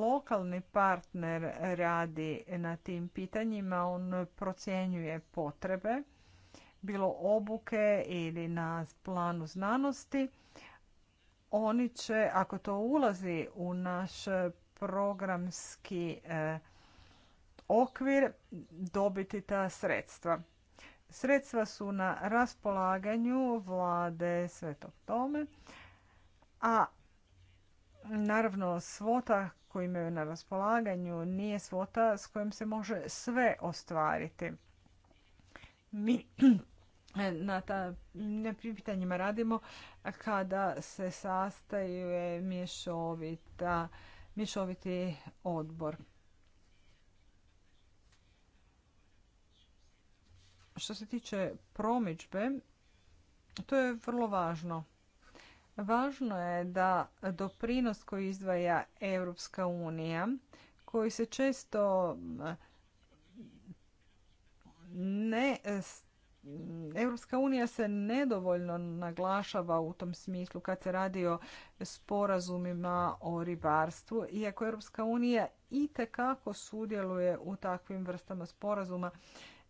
lokalni partner radi na tim pitanjima, on procjenjuje potrebe, bilo obuke ili na planu znanosti. Oni će, ako to ulazi u naš programski e, okvir dobiti ta sredstva. Sredstva su na raspolaganju vlade Svetog Tome, a naravno svota koju imaju na raspolaganju nije svota s kojom se može sve ostvariti. Mi na, ta, na pitanjima radimo kada se sastaju mješovita mješoviti odbor. Što se tiče promičbe, to je vrlo važno. Važno je da doprinos koji izdvaja Europska unija, koji se često mm, ne Europska unija se nedovoljno naglašava u tom smislu kad se radi o sporazumima o ribarstvu, iako Europska unija itekako sudjeluje u takvim vrstama sporazuma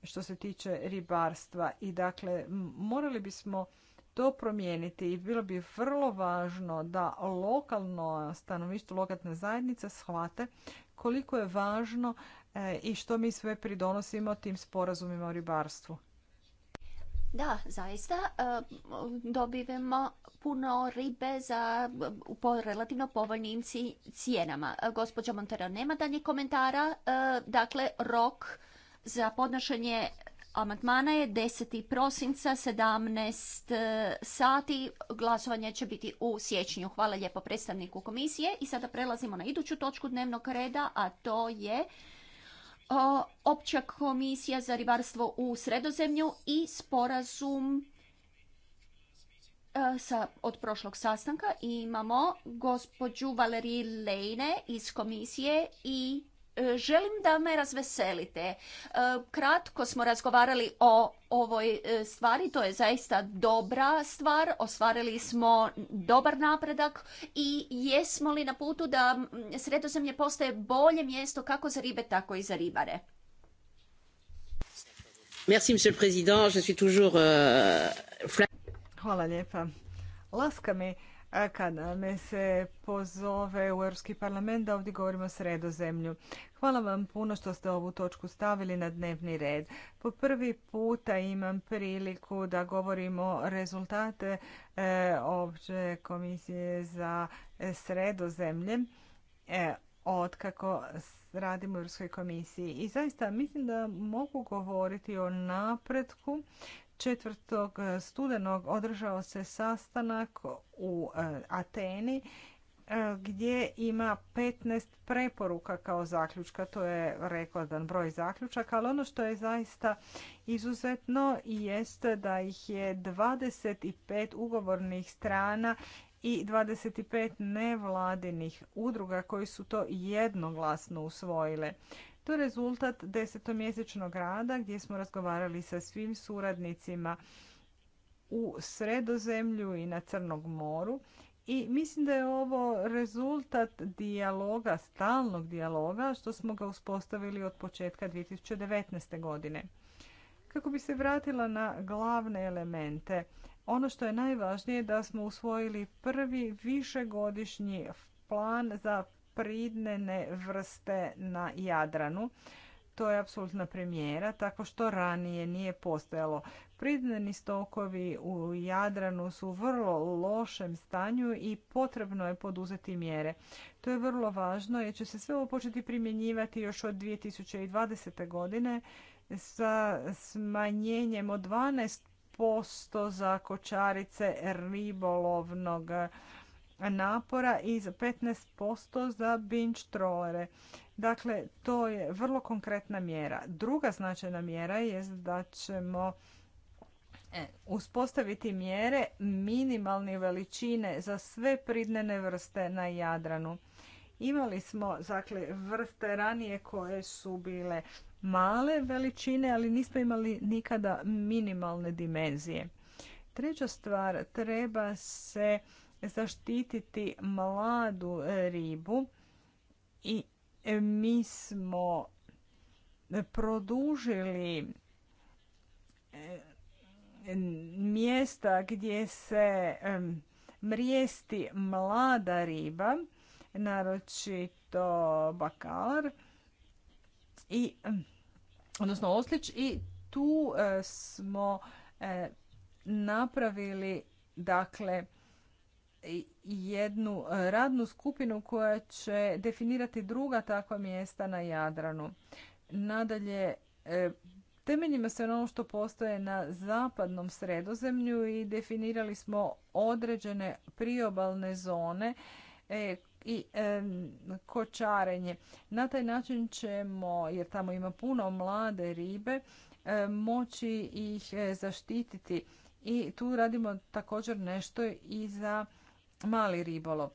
što se tiče ribarstva i dakle morali bismo to promijeniti i bilo bi vrlo važno da lokalno stanovništvo, lokalne zajednice shvate koliko je važno e, i što mi sve pridonosimo tim sporazumima o ribarstvu. Da, zaista e, dobivamo puno ribe za, relativno povoljnim cijenama. E, gospođa Montero, nema daljnjih komentara. E, dakle, rok za podnošenje amandmana je 10. prosinca, 17 sati. Glasovanje će biti u siječnju. Hvala lijepo predstavniku komisije. I sada prelazimo na iduću točku dnevnog reda, a to je opća komisija za ribarstvo u sredozemlju i sporazum e, sa, od prošlog sastanka imamo gospođu Valeriju Lejne iz komisije i E, želim da me razveselite. E, kratko smo razgovarali o ovoj e, stvari, to je zaista dobra stvar, ostvarili smo dobar napredak i jesmo li na putu da sredozemlje postaje bolje mjesto kako za ribe, tako i za ribare. Euh, Hvala lijepa. Laska mi kada me se pozove u Europski parlament da ovdje govorimo o sredozemlju. Hvala vam puno što ste ovu točku stavili na dnevni red. Po prvi puta imam priliku da govorimo rezultate e, opće komisije za sredozemlje e, otkako radimo u Europskoj komisiji. I zaista mislim da mogu govoriti o napretku 4. E, studenog održao se sastanak u e, Ateni e, gdje ima 15 preporuka kao zaključka. To je rekordan broj zaključaka, ali ono što je zaista izuzetno jeste da ih je 25 ugovornih strana i 25 nevladinih udruga koji su to jednoglasno usvojile. To je rezultat desetomjesečnog rada gdje smo razgovarali sa svim suradnicima u Sredozemlju i na Crnog moru i mislim da je ovo rezultat dijaloga, stalnog dijaloga, što smo ga uspostavili od početka 2019. godine. Kako bi se vratila na glavne elemente, ono što je najvažnije je da smo usvojili prvi višegodišnji plan za pridnene vrste na Jadranu. To je apsolutna premijera, tako što ranije nije postojalo. Pridneni stokovi u Jadranu su u vrlo lošem stanju i potrebno je poduzeti mjere. To je vrlo važno jer će se sve ovo početi primjenjivati još od 2020. godine sa smanjenjem od 12% za kočarice ribolovnog napora i za 15% za binge trolere. Dakle, to je vrlo konkretna mjera. Druga značajna mjera je da ćemo e, uspostaviti mjere minimalne veličine za sve pridnene vrste na Jadranu. Imali smo dakle, vrste ranije koje su bile male veličine, ali nismo imali nikada minimalne dimenzije. Treća stvar, treba se zaštititi mladu ribu i mi smo produžili eh, mjesta gdje se mrijesti mlada riba, naročito bakalar, i, odnosno oslič i tu eh, smo eh, napravili dakle jednu radnu skupinu koja će definirati druga takva mjesta na Jadranu. Nadalje, e, temeljimo se na ono što postoje na zapadnom sredozemlju i definirali smo određene priobalne zone e, i e, kočarenje. Na taj način ćemo, jer tamo ima puno mlade ribe, moći ih zaštititi i tu radimo također nešto i za mali ribolov.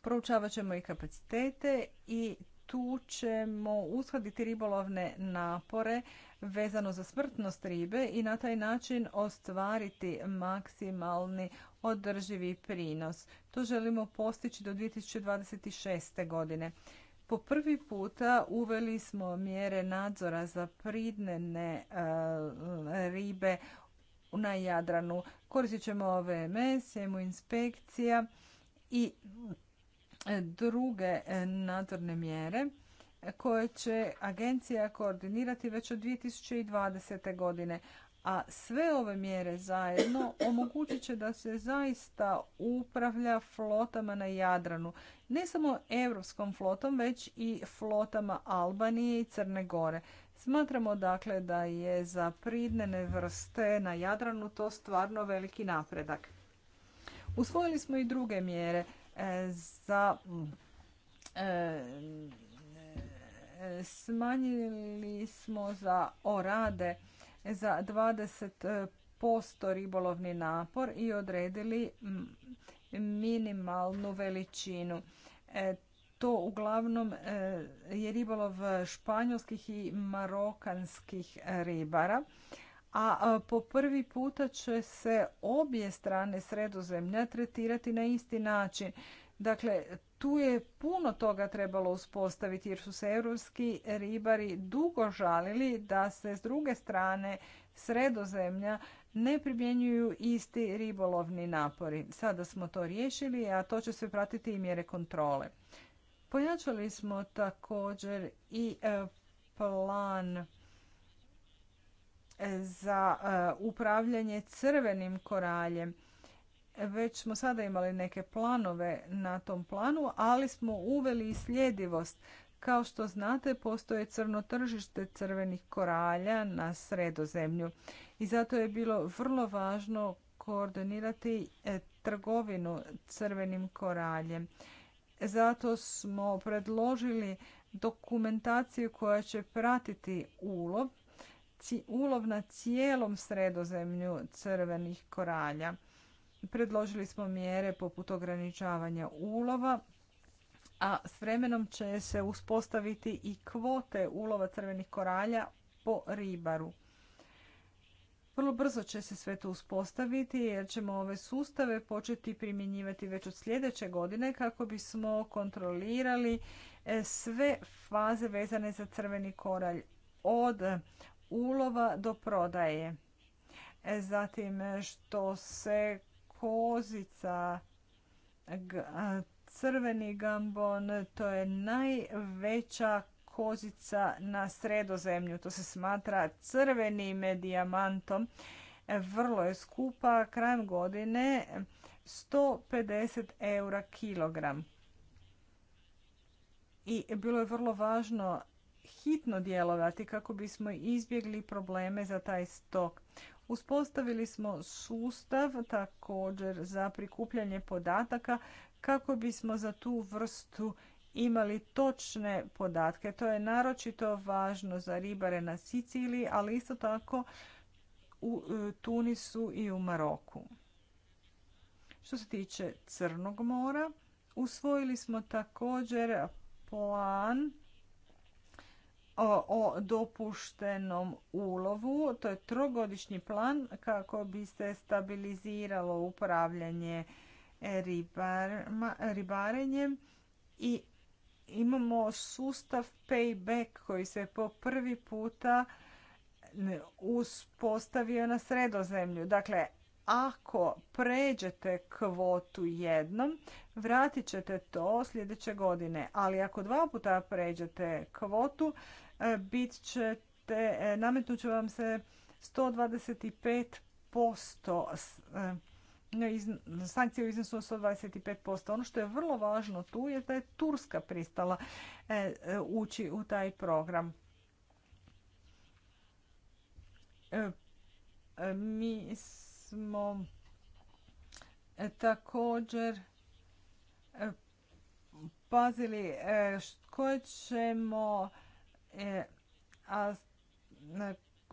Proučavat ćemo i kapacitete i tu ćemo uskladiti ribolovne napore vezano za smrtnost ribe i na taj način ostvariti maksimalni održivi prinos. To želimo postići do 2026. godine. Po prvi puta uveli smo mjere nadzora za pridnene e, ribe na Jadranu. Koristit ćemo VMS, EMU inspekcija i e, druge e, nadzorne mjere koje će agencija koordinirati već od 2020. godine. A sve ove mjere zajedno omogućit će da se zaista upravlja flotama na Jadranu. Ne samo europskom flotom, već i flotama Albanije i Crne Gore. Smatramo dakle da je za pridnene vrste na Jadranu to stvarno veliki napredak. Usvojili smo i druge mjere e, za e, smanjili smo za orade za 20% ribolovni napor i odredili minimalnu veličinu. E, to uglavnom e, je ribolov španjolskih i marokanskih ribara. A po prvi puta će se obje strane sredozemlja tretirati na isti način. Dakle, tu je puno toga trebalo uspostaviti jer su se europski ribari dugo žalili da se s druge strane sredozemlja ne primjenjuju isti ribolovni napori. Sada smo to riješili, a to će se pratiti i mjere kontrole. Pojačali smo također i e, plan e, za e, upravljanje crvenim koraljem. Već smo sada imali neke planove na tom planu, ali smo uveli i sljedivost. Kao što znate, postoje crno tržište crvenih koralja na sredozemlju i zato je bilo vrlo važno koordinirati trgovinu crvenim koraljem. Zato smo predložili dokumentaciju koja će pratiti ulov, ulov na cijelom sredozemlju crvenih koralja. Predložili smo mjere poput ograničavanja ulova, a s vremenom će se uspostaviti i kvote ulova crvenih koralja po ribaru. Vrlo brzo će se sve to uspostaviti jer ćemo ove sustave početi primjenjivati već od sljedeće godine kako bismo kontrolirali e, sve faze vezane za crveni koralj od ulova do prodaje. E, zatim što se kozica crveni gambon, to je najveća kozica na sredozemlju. To se smatra crvenim dijamantom. Vrlo je skupa, krajem godine 150 eura kilogram. I bilo je vrlo važno hitno djelovati kako bismo izbjegli probleme za taj stok. Uspostavili smo sustav također za prikupljanje podataka kako bismo za tu vrstu imali točne podatke. To je naročito važno za ribare na Siciliji, ali isto tako u e, Tunisu i u Maroku. Što se tiče Crnog mora, usvojili smo također plan o dopuštenom ulovu. To je trogodišnji plan kako bi se stabiliziralo upravljanje ribarenjem i imamo sustav payback koji se po prvi puta uspostavio na sredozemlju. Dakle, ako pređete kvotu jednom, vratit ćete to sljedeće godine. Ali ako dva puta pređete kvotu, e, bit ćete, e, nametnut će vam se 125% sankcije u iznosu od 125%. Ono što je vrlo važno tu je da je Turska pristala e, e, ući u taj program. E, mi smo također pazili koje ćemo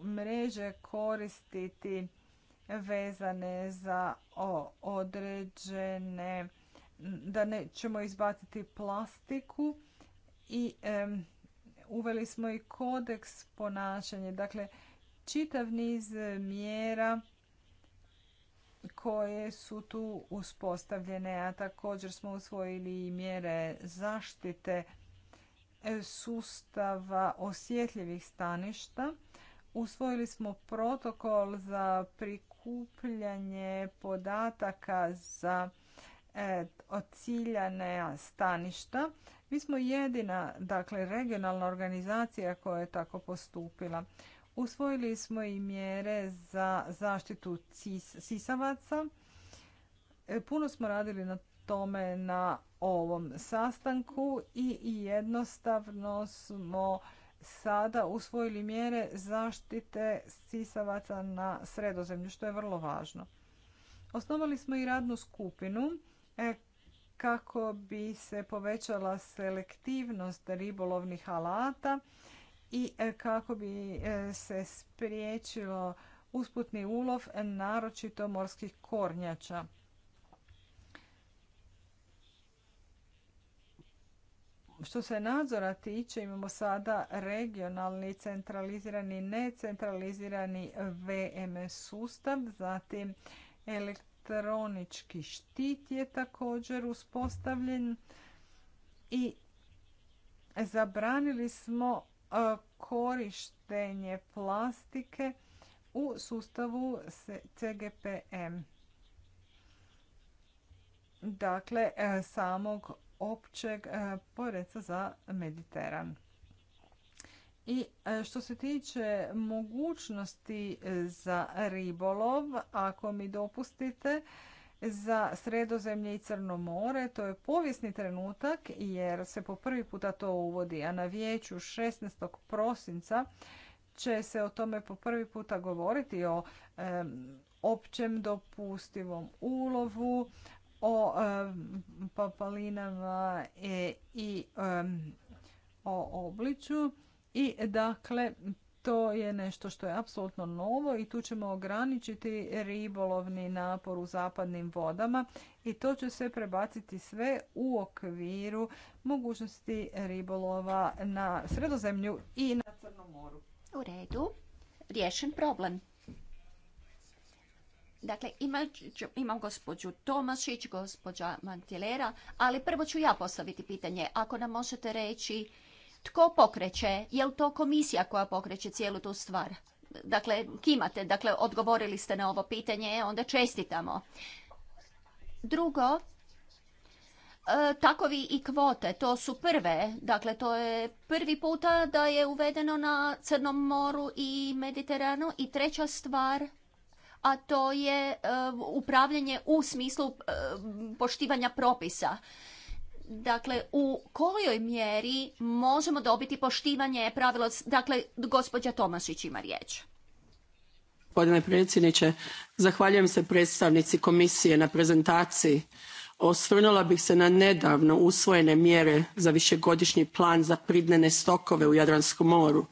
mreže koristiti vezane za određene, da nećemo izbaciti plastiku i uveli smo i kodeks ponašanja. Dakle, čitav niz mjera koje su tu uspostavljene, a također smo usvojili i mjere zaštite e, sustava osjetljivih staništa. Usvojili smo protokol za prikupnje prikupljanje podataka za e, staništa. Mi smo jedina dakle, regionalna organizacija koja je tako postupila. Usvojili smo i mjere za zaštitu sisavaca. E, puno smo radili na tome na ovom sastanku i jednostavno smo sada usvojili mjere zaštite sisavaca na sredozemlju, što je vrlo važno. Osnovali smo i radnu skupinu e, kako bi se povećala selektivnost ribolovnih alata i e, kako bi e, se spriječilo usputni ulov naročito morskih kornjača. Što se nadzora tiče, imamo sada regionalni, centralizirani, necentralizirani VMS sustav, zatim elektronički štit je također uspostavljen i zabranili smo e, korištenje plastike u sustavu CGPM. Dakle, e, samog općeg e, poreca za Mediteran. I e, što se tiče mogućnosti e, za ribolov, ako mi dopustite, za Sredozemlje i Crno more, to je povijesni trenutak jer se po prvi puta to uvodi, a na vijeću 16. prosinca će se o tome po prvi puta govoriti o općem dopustivom ulovu, o papalinama e, i o obliču i dakle to je nešto što je apsolutno novo i tu ćemo ograničiti ribolovni napor u zapadnim vodama i to će se prebaciti sve u okviru mogućnosti ribolova na Sredozemlju i na Crnom moru. U redu, riješen problem. Dakle, imam gospođu Tomašić, gospođa Mantilera, ali prvo ću ja postaviti pitanje. Ako nam možete reći tko pokreće, je li to komisija koja pokreće cijelu tu stvar? Dakle, kimate, dakle, odgovorili ste na ovo pitanje, onda čestitamo. Drugo, e, takovi i kvote, to su prve, dakle to je prvi puta da je uvedeno na Crnom moru i Mediteranu i treća stvar, a to je eh, upravljanje u smislu eh, poštivanja propisa. Dakle, u kojoj mjeri možemo dobiti poštivanje pravila? Dakle, gospođa Tomašić ima riječ. Gospodine predsjedniče, zahvaljujem se predstavnici komisije na prezentaciji. Osvrnula bih se na nedavno usvojene mjere za višegodišnji plan za pridnene stokove u Jadranskom moru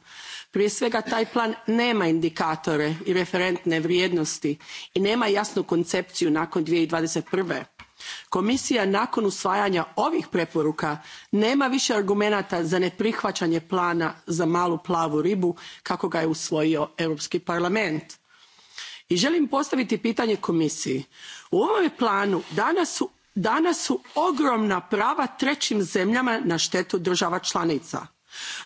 prije svega taj plan nema indikatore i referentne vrijednosti i nema jasnu koncepciju nakon. two thousand and twenty komisija nakon usvajanja ovih preporuka nema više argumenata za neprihvaćanje plana za malu plavu ribu kako ga je usvojio europski parlament i želim postaviti pitanje komisiji u ovome planu danas su, su ogromna prava trećim zemljama na štetu država članica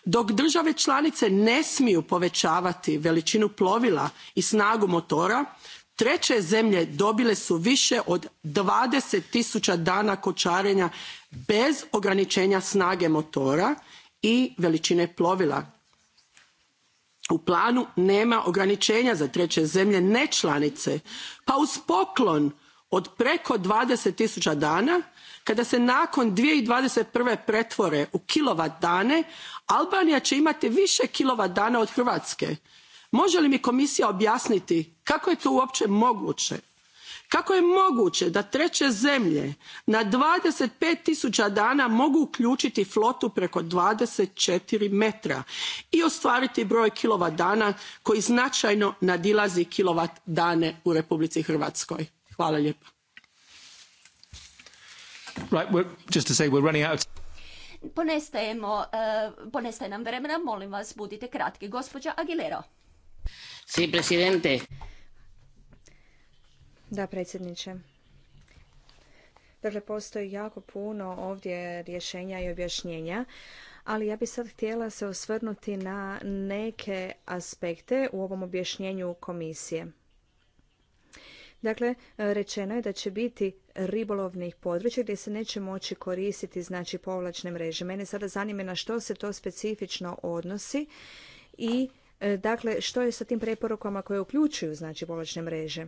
dok države članice ne smiju povećavati veličinu plovila i snagu motora treće zemlje dobile su više od dvadeset tisuća dana kočarenja bez ograničenja snage motora i veličine plovila. u planu nema ograničenja za treće zemlje nečlanice pa uz poklon od preko dvadeset tisuća dana kada se nakon. two thousand and twenty pretvore u kilovat dane albanija će imati više kilovat dana od hrvatske. može li mi komisija objasniti kako je to uopće moguće? kako je moguće da treće zemlje na twenty five tisuća dana mogu uključiti flotu preko twenty four metra i ostvariti broj kilovat dana koji značajno nadilazi kilovat dane u republici hrvatskoj? hvala lijepa. Right, we're, just to say we're running out. Ponestajemo, e, ponestaje nam vremena, molim vas budite kratki. Gospođa Aguilera. Si, presidente. Da, predsjedniče. Dakle, postoji jako puno ovdje rješenja i objašnjenja, ali ja bi sad htjela se osvrnuti na neke aspekte u ovom objašnjenju komisije. Dakle, rečeno je da će biti ribolovnih područja gdje se neće moći koristiti znači povlačne mreže. Mene sada zanima na što se to specifično odnosi i e, dakle što je sa tim preporukama koje uključuju znači povlačne mreže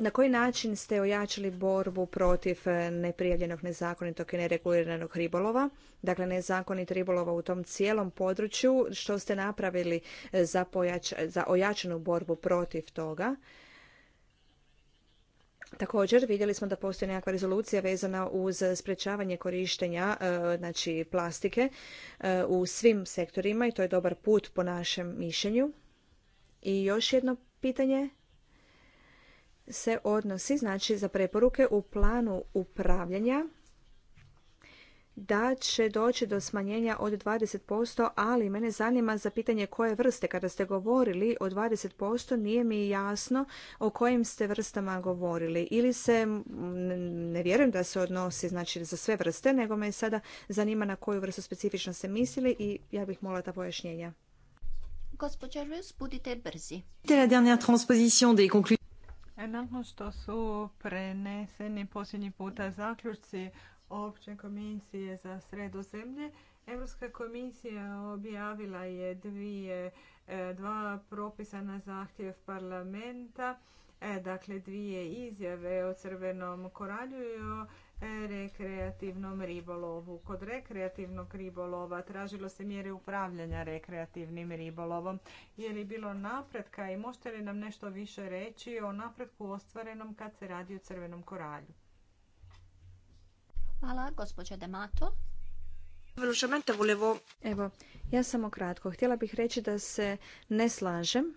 na koji način ste ojačali borbu protiv e, neprijavljenog, nezakonitog i nereguliranog ribolova, dakle nezakonit ribolova u tom cijelom području, što ste napravili e, za, pojač, za ojačanu borbu protiv toga? Također vidjeli smo da postoji nekakva rezolucija vezana uz sprečavanje korištenja e, znači plastike u svim sektorima i to je dobar put po našem mišljenju. I još jedno pitanje se odnosi, znači za preporuke u planu upravljanja, da će doći do smanjenja od 20%, ali mene zanima za pitanje koje vrste. Kada ste govorili o 20%, nije mi jasno o kojim ste vrstama govorili. Ili se, ne vjerujem da se odnosi znači, za sve vrste, nego me sada zanima na koju vrstu specifično ste mislili i ja bih molila ta pojašnjenja. budite brzi. E, nakon što su preneseni posljednji puta zaključci Opće komisije za sredozemlje, Europska komisija objavila je e, dva propisa na zahtjev parlamenta, e, dakle dvije izjave o crvenom koralju i o rekreativnom ribolovu. Kod rekreativnog ribolova tražilo se mjere upravljanja rekreativnim ribolovom. Je li bilo napretka i možete li nam nešto više reći o napretku ostvarenom kad se radi o crvenom koralju? Hvala, gospođa Demato. Evo, ja samo kratko. Htjela bih reći da se ne slažem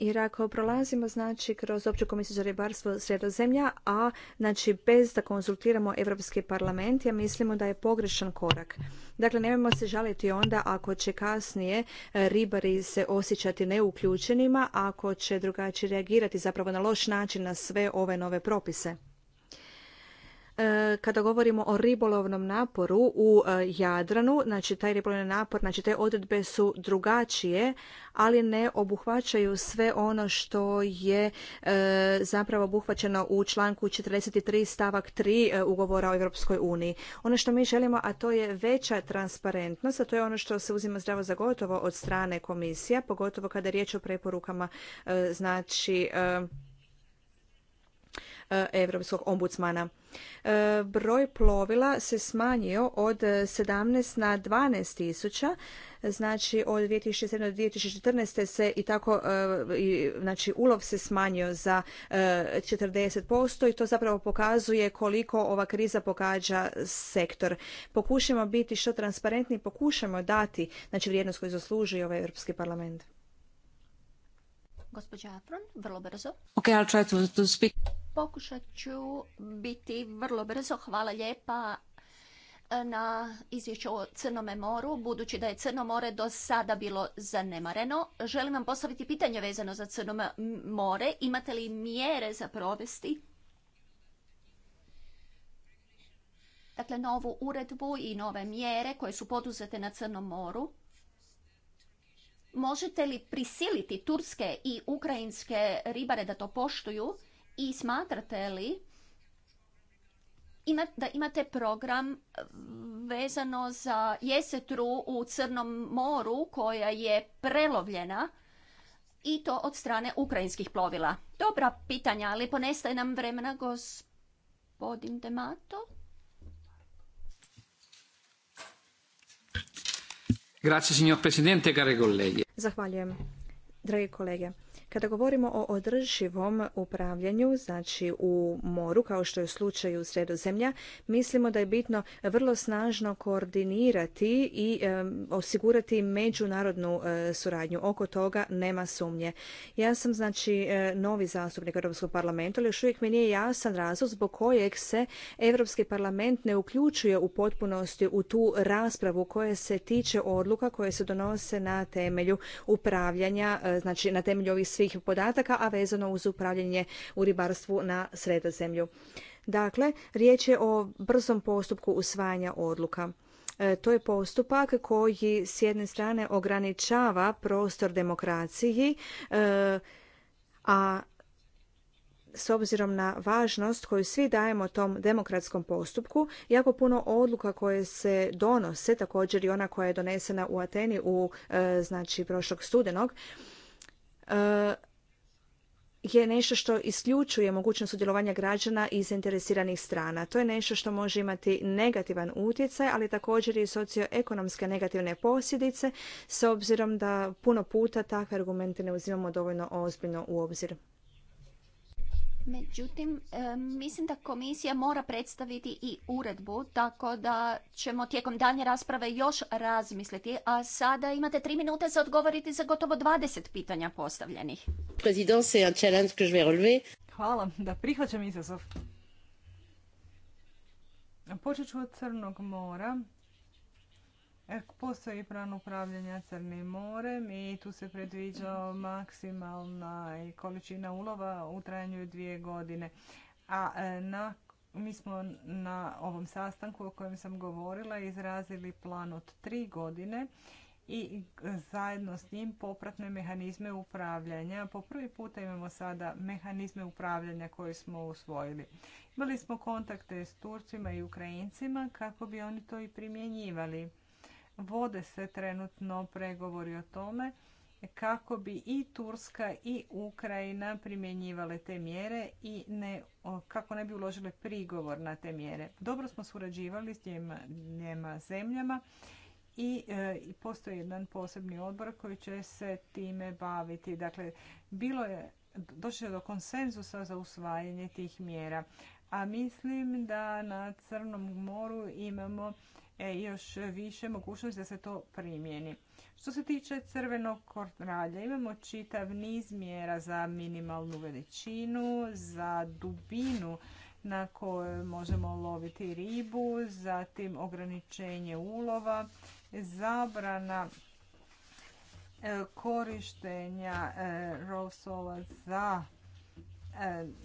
jer ako prolazimo znači kroz opću komisiju za ribarstvo sredozemlja, a znači bez da konzultiramo Europski parlament, ja mislimo da je pogrešan korak. Dakle, nemojmo se žaliti onda ako će kasnije e, ribari se osjećati neuključenima, ako će drugačije reagirati zapravo na loš način na sve ove nove propise. E, kada govorimo o ribolovnom naporu u e, Jadranu, znači taj ribolovni napor, znači te odredbe su drugačije, ali ne obuhvaćaju sve ono što je e, zapravo obuhvaćeno u članku 43 stavak 3 ugovora o Europskoj uniji. Ono što mi želimo, a to je veća transparentnost, a to je ono što se uzima zdravo za gotovo od strane komisija, pogotovo kada je riječ o preporukama znači E, europskog ombudsmana. E, broj plovila se smanjio od 17 na 12 tisuća, znači od 2007. do 2014. se i tako, e, znači ulov se smanjio za 40% i to zapravo pokazuje koliko ova kriza pogađa sektor. Pokušamo biti što transparentni, pokušajmo dati znači, vrijednost koju zaslužuje ovaj Europski parlament. Gospođa Afron, vrlo brzo. Okay, I'll try to, speak. Pokušat ću biti vrlo brzo. Hvala lijepa e, na izvješću o Crnome moru, budući da je Crno more do sada bilo zanemareno. Želim vam postaviti pitanje vezano za Crno more. Imate li mjere za provesti? Dakle, novu uredbu i nove mjere koje su poduzete na Crnom moru. Možete li prisiliti turske i ukrajinske ribare da to poštuju i smatrate li da imate program vezano za jesetru u Crnom moru koja je prelovljena i to od strane ukrajinskih plovila? Dobra pitanja, ali ponestaje nam vremena, gospodin Demato. Grazie, signor presidente, care Zahvaljujem, dragi kolege. Kada govorimo o održivom upravljanju, znači u moru, kao što je u slučaju sredozemlja, mislimo da je bitno vrlo snažno koordinirati i osigurati međunarodnu e, suradnju. Oko toga nema sumnje. Ja sam znači e, novi zastupnik Europskog parlamenta, ali još uvijek mi nije jasan razlog zbog kojeg se Europski parlament ne uključuje u potpunosti u tu raspravu koja se tiče odluka koje se donose na temelju upravljanja, e, znači na temelju ovih svih podataka, a vezano uz upravljanje u ribarstvu na sredozemlju. Dakle, riječ je o brzom postupku usvajanja odluka. E, to je postupak koji s jedne strane ograničava prostor demokraciji, e, a s obzirom na važnost koju svi dajemo tom demokratskom postupku, jako puno odluka koje se donose, također i ona koja je donesena u Ateni u e, znači prošlog studenog, E, je nešto što isključuje mogućnost sudjelovanja građana i zainteresiranih strana. To je nešto što može imati negativan utjecaj, ali također i socioekonomske negativne posljedice, s obzirom da puno puta takve argumente ne uzimamo dovoljno ozbiljno u obzir. Međutim, e, mislim da komisija mora predstaviti i uredbu, tako da ćemo tijekom danje rasprave još razmisliti. A sada imate tri minute za odgovoriti za gotovo 20 pitanja postavljenih. Hvala, da prihvaćam izazov. Počet ću od Crnog mora E, postoji plan upravljanja Crnim morem i tu se predviđa maksimalna količina ulova u trajanju dvije godine. A e, mi smo na ovom sastanku o kojem sam govorila izrazili plan od tri godine i zajedno s njim popratne mehanizme upravljanja. Po prvi puta imamo sada mehanizme upravljanja koje smo usvojili. Imali smo kontakte s Turcima i Ukrajincima kako bi oni to i primjenjivali. Vode se trenutno pregovori o tome kako bi i Turska i Ukrajina primjenjivale te mjere i kako ne bi uložile prigovor na te mjere. Dobro smo surađivali s njema zemljama e, i postoji jedan posebni odbor koji će se time baviti. Dakle, bilo je došlo do konsenzusa za usvajanje tih mjera. A mislim da na Crnom moru imamo E, još više mogućnosti da se to primjeni. Što se tiče crvenog kornalja, imamo čitav niz mjera za minimalnu veličinu, za dubinu na kojoj možemo loviti ribu, zatim ograničenje ulova, zabrana e, korištenja e, rosola za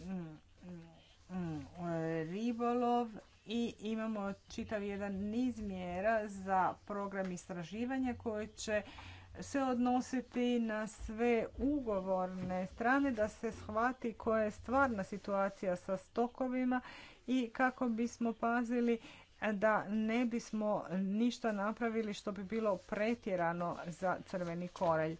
mm, mm, mm, ribolov i imamo čitav jedan niz mjera za program istraživanja koji će se odnositi na sve ugovorne strane da se shvati koja je stvarna situacija sa stokovima i kako bismo pazili da ne bismo ništa napravili što bi bilo pretjerano za crveni korelj.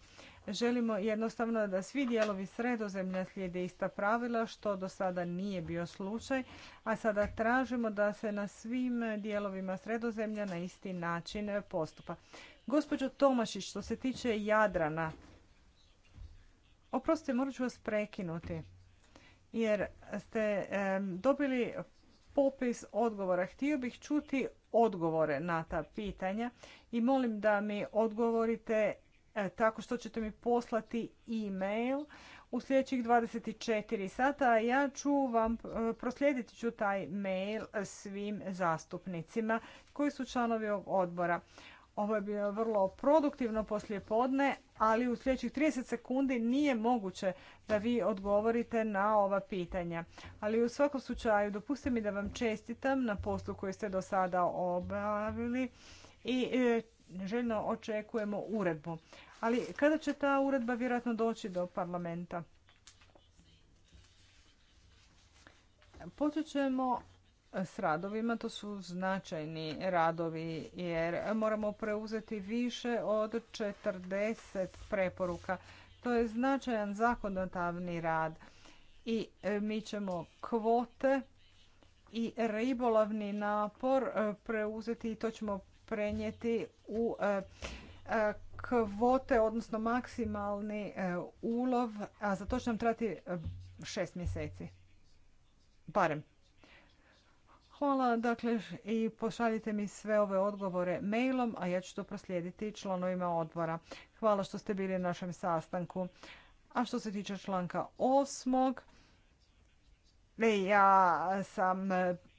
Želimo jednostavno da svi dijelovi sredozemlja slijede ista pravila, što do sada nije bio slučaj, a sada tražimo da se na svim dijelovima sredozemlja na isti način postupa. Gospođo Tomašić, što se tiče Jadrana, oprostite, morat ću vas prekinuti, jer ste dobili popis odgovora. Htio bih čuti odgovore na ta pitanja i molim da mi odgovorite E, tako što ćete mi poslati e-mail u sljedećih 24 sata, ja ću vam e, proslijediti ću taj mail svim zastupnicima koji su članovi ovog odbora. Ovo je bilo vrlo produktivno podne, ali u sljedećih 30 sekundi nije moguće da vi odgovorite na ova pitanja. Ali u svakom slučaju dopustite mi da vam čestitam na poslu koji ste do sada obavili i e, željno očekujemo uredbu. Ali kada će ta uredba vjerojatno doći do parlamenta? Počet ćemo s radovima, to su značajni radovi jer moramo preuzeti više od 40 preporuka. To je značajan zakonodavni rad i e, mi ćemo kvote i ribolovni napor e, preuzeti i to ćemo prenijeti u e, E, kvote, odnosno maksimalni e, ulov, a za to će nam trati e, šest mjeseci. Barem. Hvala, dakle, i pošaljite mi sve ove odgovore mailom, a ja ću to proslijediti članovima odbora. Hvala što ste bili na našem sastanku. A što se tiče članka osmog, ja sam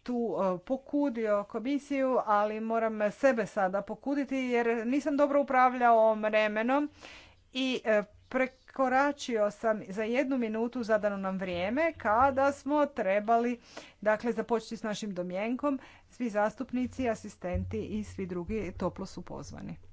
tu e, pokudio komisiju, ali moram sebe sada pokuditi jer nisam dobro upravljao vremenom i e, prekoračio sam za jednu minutu zadano nam vrijeme kada smo trebali dakle, započeti s našim domjenkom. Svi zastupnici, asistenti i svi drugi toplo su pozvani.